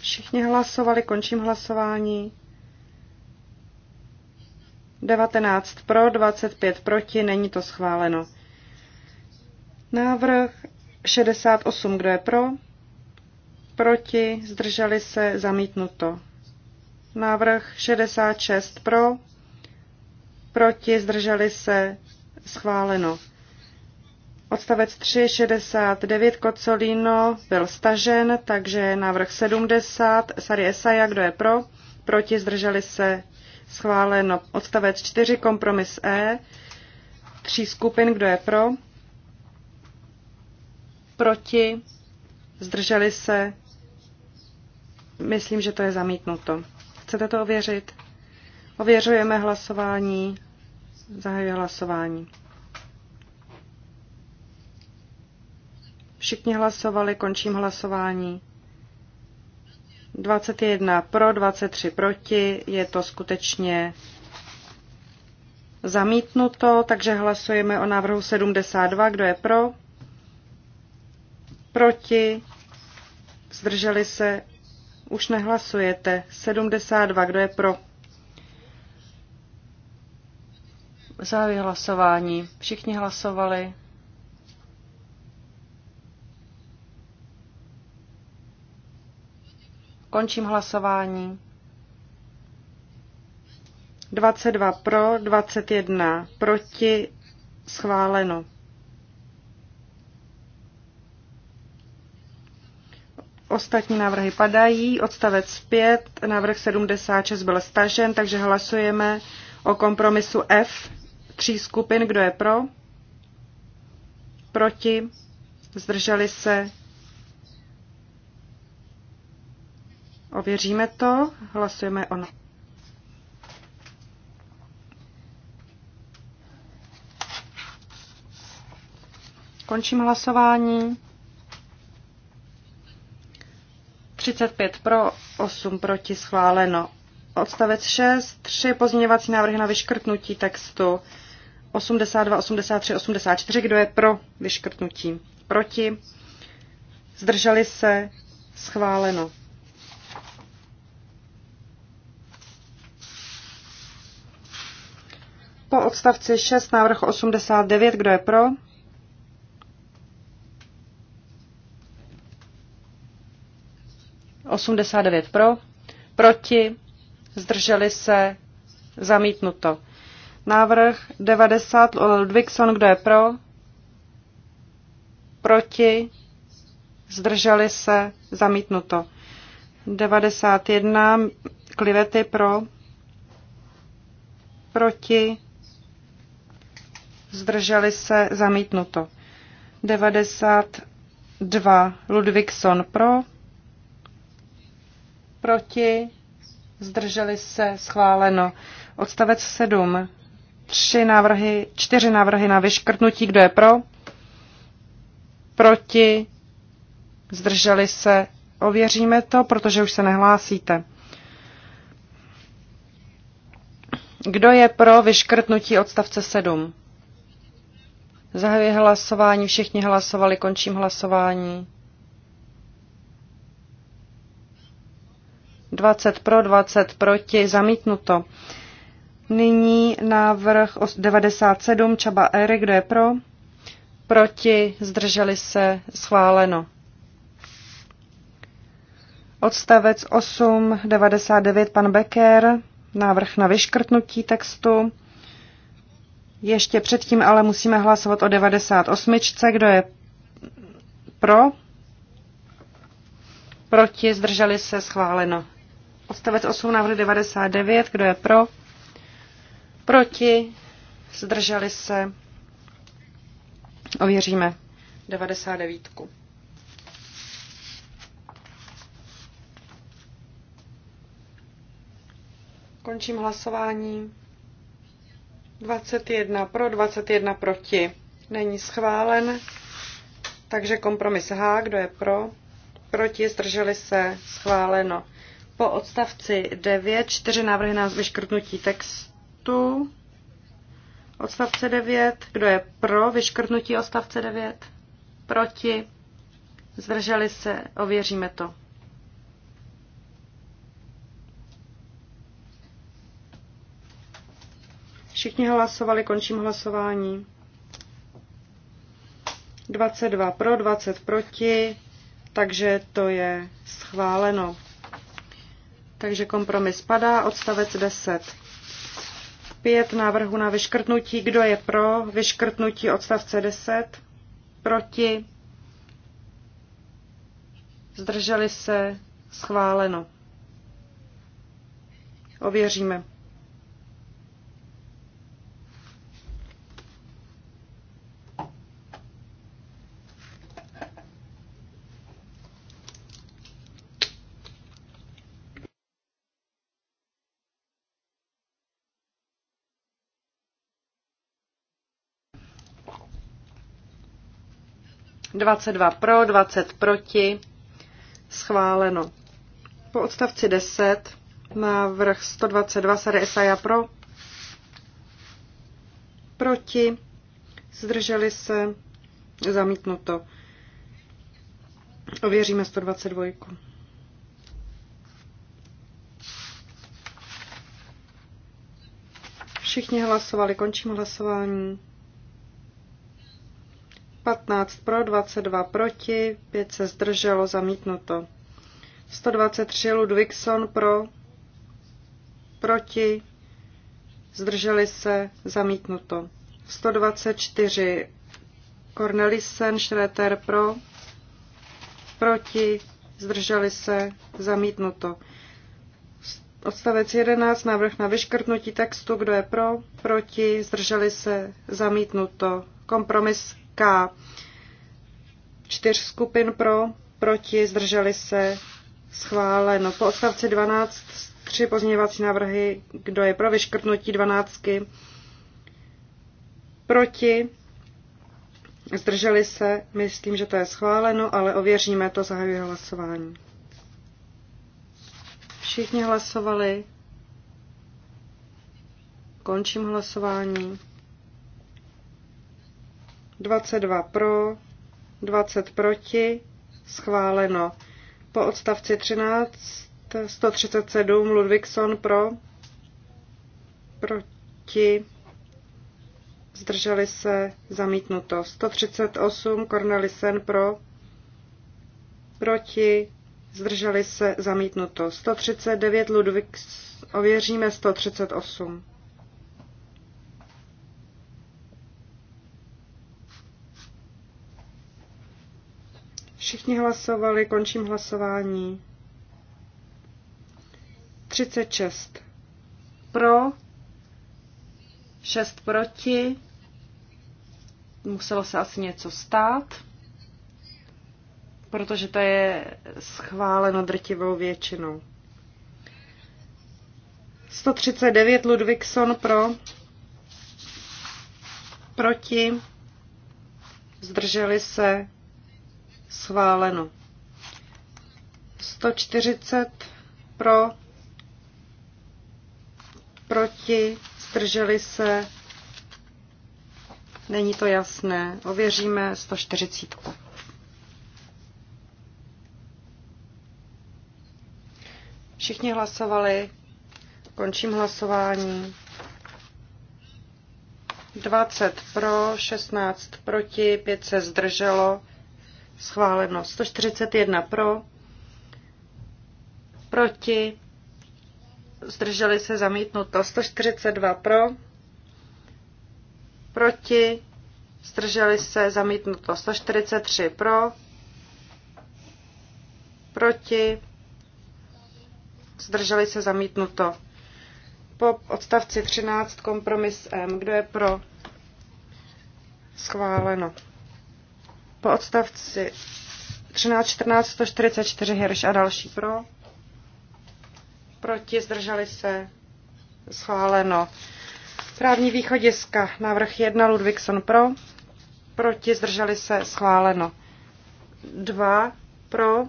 Všichni hlasovali, končím hlasování. 19 pro, 25 proti, není to schváleno. Návrh 68, kdo je pro? Proti, zdrželi se, zamítnuto. Návrh 66 pro, proti, zdrželi se, schváleno. Odstavec 3, 69, Kocolino byl stažen, takže návrh 70, Sari Esaja, kdo je pro, proti, zdrželi se, schváleno. Odstavec 4, kompromis E, tří skupin, kdo je pro, proti, zdrželi se, myslím, že to je zamítnuto. Chcete to ověřit? Ověřujeme hlasování, zahajuje hlasování. Všichni hlasovali, končím hlasování. 21 pro, 23 proti, je to skutečně zamítnuto, takže hlasujeme o návrhu 72, kdo je pro, proti, zdrželi se, už nehlasujete. 72, kdo je pro? Zahajuji hlasování. Všichni hlasovali. Končím hlasování. 22 pro, 21 proti, schváleno. Ostatní návrhy padají. Odstavec 5, návrh 76 byl stažen, takže hlasujeme o kompromisu F tří skupin. Kdo je pro? Proti? Zdrželi se? Ověříme to. Hlasujeme o. Končím hlasování. 35 pro, 8 proti schváleno. Odstavec 6, 3 pozměňovací návrhy na vyškrtnutí textu 82, 83, 84. Kdo je pro vyškrtnutí? Proti? Zdrželi se? Schváleno. Po odstavci 6 návrh 89. Kdo je pro? 89 pro, proti, zdrželi se, zamítnuto. Návrh 90 Ludvigson, eh, kdo je pro, proti, zdrželi se, zamítnuto. 91 klivety pro, proti, zdrželi se, zamítnuto. 92 Ludvigson pro, proti, zdrželi se, schváleno. Odstavec 7, tři návrhy, čtyři návrhy na vyškrtnutí, kdo je pro, proti, zdrželi se, ověříme to, protože už se nehlásíte. Kdo je pro vyškrtnutí odstavce 7? Zahajuji hlasování, všichni hlasovali, končím hlasování. 20 pro, 20 proti, zamítnuto. Nyní návrh 97 Čaba Ery, kdo je pro? Proti, zdrželi se, schváleno. Odstavec 8, 99, pan Becker, návrh na vyškrtnutí textu. Ještě předtím ale musíme hlasovat o 98. Kdo je pro? Proti, zdrželi se, schváleno. Odstavec 8, návrh 99. Kdo je pro? Proti? Zdrželi se? Ověříme 99. Končím hlasování. 21 pro, 21 proti. Není schválen. Takže kompromis H, kdo je pro? Proti, zdrželi se, schváleno. Po odstavci 9 čtyři návrhy na vyškrtnutí textu. Odstavce 9. Kdo je pro vyškrtnutí odstavce 9? Proti? Zdrželi se? Ověříme to. Všichni hlasovali, končím hlasování. 22 pro, 20 proti, takže to je schváleno. Takže kompromis padá, odstavec 10. Pět návrhů na vyškrtnutí. Kdo je pro vyškrtnutí odstavce 10? Proti? Zdrželi se? Schváleno. Ověříme. 22 pro, 20 proti. Schváleno. Po odstavci 10 návrh 122 Sary Esaja pro. Proti. Zdrželi se. Zamítnuto. Ověříme 122. Všichni hlasovali, končím hlasování. 15 pro, 22 proti, 5 se zdrželo, zamítnuto. 123 Ludvigson pro, proti, zdrželi se, zamítnuto. 124 Cornelissen, Schröter pro, proti, zdrželi se, zamítnuto. Odstavec 11, návrh na vyškrtnutí textu, kdo je pro, proti, zdrželi se, zamítnuto. Kompromis k. Čtyř skupin pro, proti, zdrželi se, schváleno. Po odstavci 12 tři pozměňovací návrhy, kdo je pro vyškrtnutí 12, proti, zdrželi se, myslím, že to je schváleno, ale ověříme to, zahajuje hlasování. Všichni hlasovali. Končím hlasování. 22 pro, 20 proti, schváleno. Po odstavci 13 137 Ludvíkson pro, proti, zdrželi se, zamítnuto. 138 Cornelisen pro, proti, zdrželi se, zamítnuto. 139 Ludvík, ověříme 138. Všichni hlasovali, končím hlasování. 36 pro, 6 proti, muselo se asi něco stát, protože to je schváleno drtivou většinou. 139 Ludvigson pro, proti, zdrželi se, schváleno. 140 pro, proti, strželi se, není to jasné, ověříme 140. Všichni hlasovali, končím hlasování. 20 pro, 16 proti, 5 se zdrželo Schváleno. 141 pro. Proti. Zdrželi se zamítnuto. 142 pro. Proti. Zdrželi se zamítnuto. 143 pro. Proti. Zdrželi se zamítnuto. Po odstavci 13 kompromis M. Kdo je pro? Schváleno. Po odstavci 13, 14, 144 Hirš a další pro. Proti zdrželi se schváleno. Právní východiska. Návrh 1 Ludvíkson pro. Proti zdrželi se schváleno. 2 pro.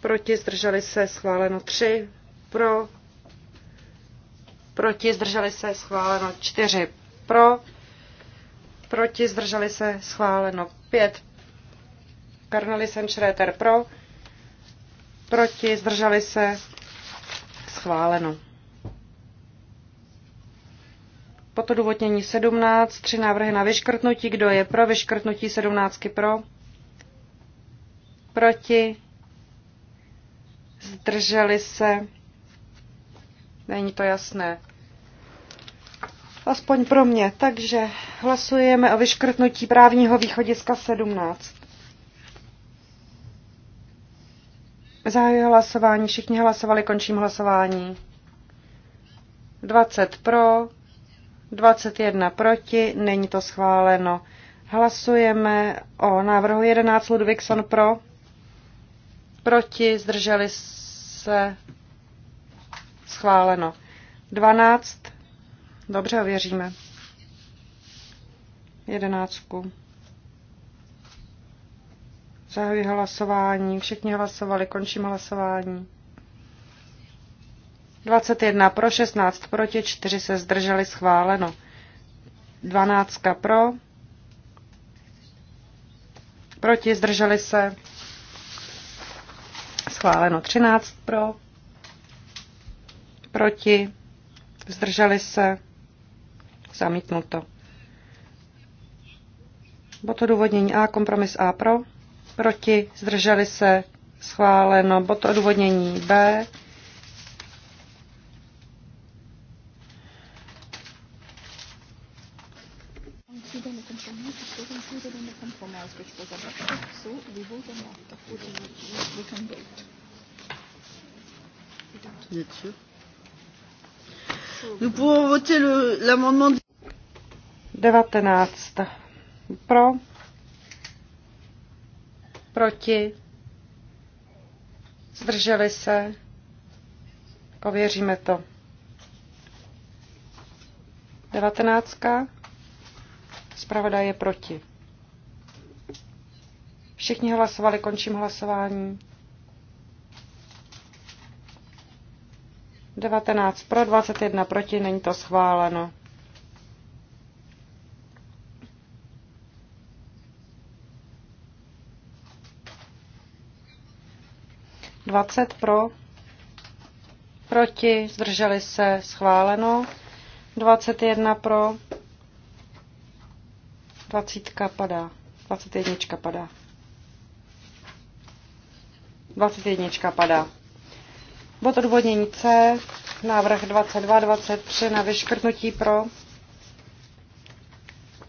Proti zdrželi se schváleno. 3 pro. Proti zdrželi se schváleno. 4 pro. Proti zdrželi se schváleno. 5 jsem Šréter pro, proti, zdrželi se, schváleno. Potom důvodnění 17, tři návrhy na vyškrtnutí, kdo je pro vyškrtnutí 17 pro, proti, zdrželi se, není to jasné. Aspoň pro mě. Takže hlasujeme o vyškrtnutí právního východiska 17. Zahajuji hlasování, všichni hlasovali, končím hlasování. 20 pro, 21 proti, není to schváleno. Hlasujeme o návrhu 11 Ludvigson pro, proti, zdrželi se, schváleno. 12, dobře, ověříme. 11. Zahajuji hlasování. Všichni hlasovali. Končím hlasování. 21 pro, 16 proti, 4 se zdrželi schváleno. 12 pro, proti, zdrželi se schváleno. 13 pro, proti, zdrželi se zamítnuto. to. důvodnění A, kompromis A pro proti, zdrželi se, schváleno. Bod odvodnění B. Nous pouvons voter l'amendement 19 pro, proti, zdrželi se, ověříme to. Devatenáctka, zpravodaj je proti. Všichni hlasovali, končím hlasování. 19 pro, 21 proti, není to schváleno. 20 pro, proti, zdrželi se, schváleno. 21 pro, 20 padá, 21 padá. 21 padá. Bod odvodnění C, návrh 22, 23 na vyškrtnutí pro,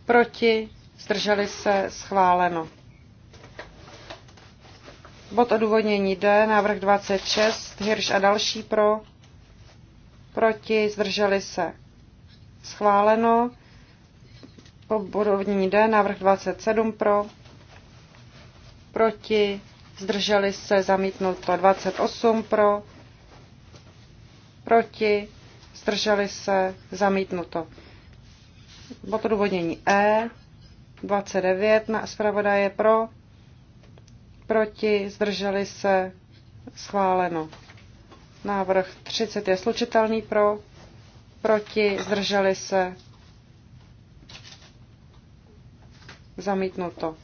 proti, zdrželi se, schváleno. Bod odůvodnění D, návrh 26, Hirš a další pro, proti, zdrželi se. Schváleno. Bod odůvodnění D, návrh 27 pro, proti, zdrželi se, zamítnuto 28 pro, proti, zdrželi se, zamítnuto. Bod odůvodnění E, 29 na zpravodaje pro, proti, zdrželi se, schváleno. Návrh 30 je slučitelný pro, proti, zdrželi se, zamítnuto.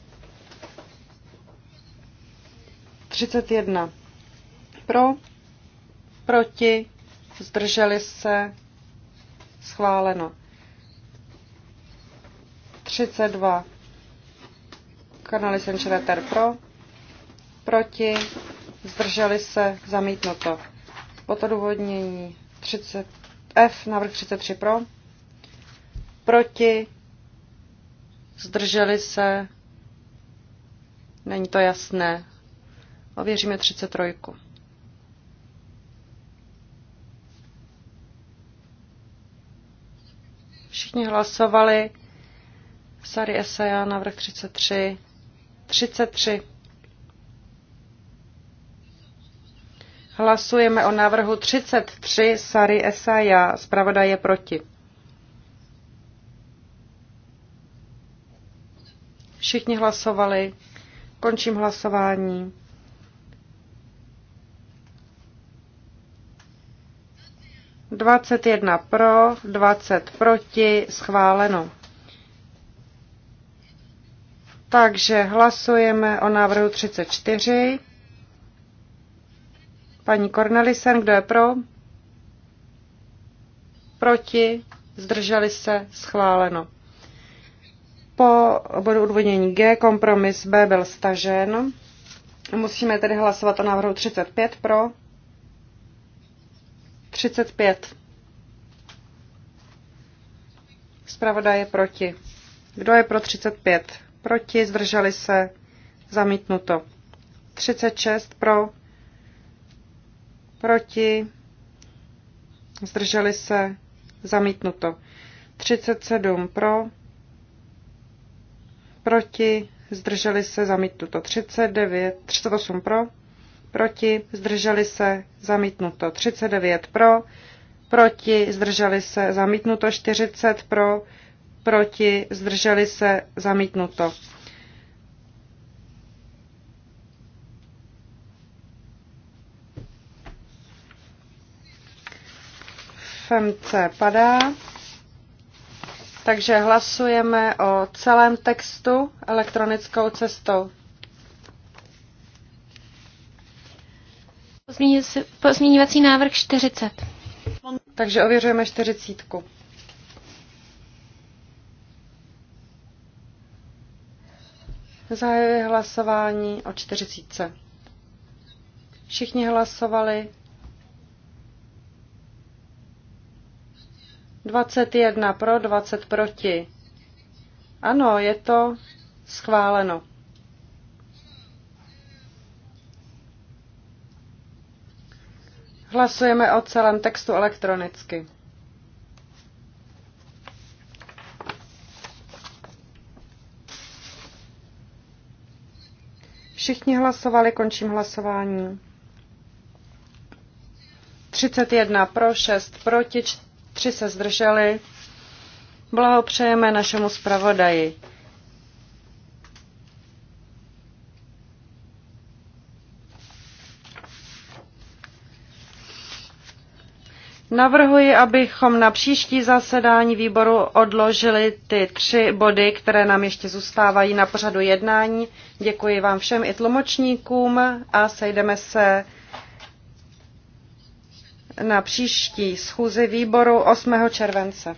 31 pro, proti, zdrželi se, schváleno. 32 Cornelis pro, proti, zdrželi se, zamítnuto. Pod odůvodnění 30, F, návrh 33 pro, proti, zdrželi se, není to jasné, ověříme 33. Všichni hlasovali, Sari Esaja, návrh 33, 33 Hlasujeme o návrhu 33 Sary Esaja. Zpravoda je proti. Všichni hlasovali. Končím hlasování. Dvacet jedna pro, dvacet proti, schváleno. Takže hlasujeme o návrhu 34. Paní Cornelisen, kdo je pro? Proti? Zdrželi se? Schváleno. Po bodu odvodnění G kompromis B byl stažen. Musíme tedy hlasovat o návrhu 35 pro. 35. Zpravodaj je proti. Kdo je pro 35? Proti, zdrželi se, zamítnuto. 36 pro, proti, zdrželi se, zamítnuto. 37 pro, proti, zdrželi se, zamítnuto. 39, 38 pro, proti, zdrželi se, zamítnuto. 39 pro, proti, zdrželi se, zamítnuto. 40 pro, proti, zdrželi se, zamítnuto. FMC padá. Takže hlasujeme o celém textu elektronickou cestou. Pozměňovací návrh 40. Takže ověřujeme 40. Zahajuji hlasování o 40. Všichni hlasovali. 21 pro, 20 proti. Ano, je to schváleno. Hlasujeme o celém textu elektronicky. Všichni hlasovali, končím hlasování. 31 pro, 6 proti, tři se zdrželi. Blahopřejeme našemu zpravodaji. Navrhuji, abychom na příští zasedání výboru odložili ty tři body, které nám ještě zůstávají na pořadu jednání. Děkuji vám všem i tlumočníkům a sejdeme se na příští schůzi výboru 8. července.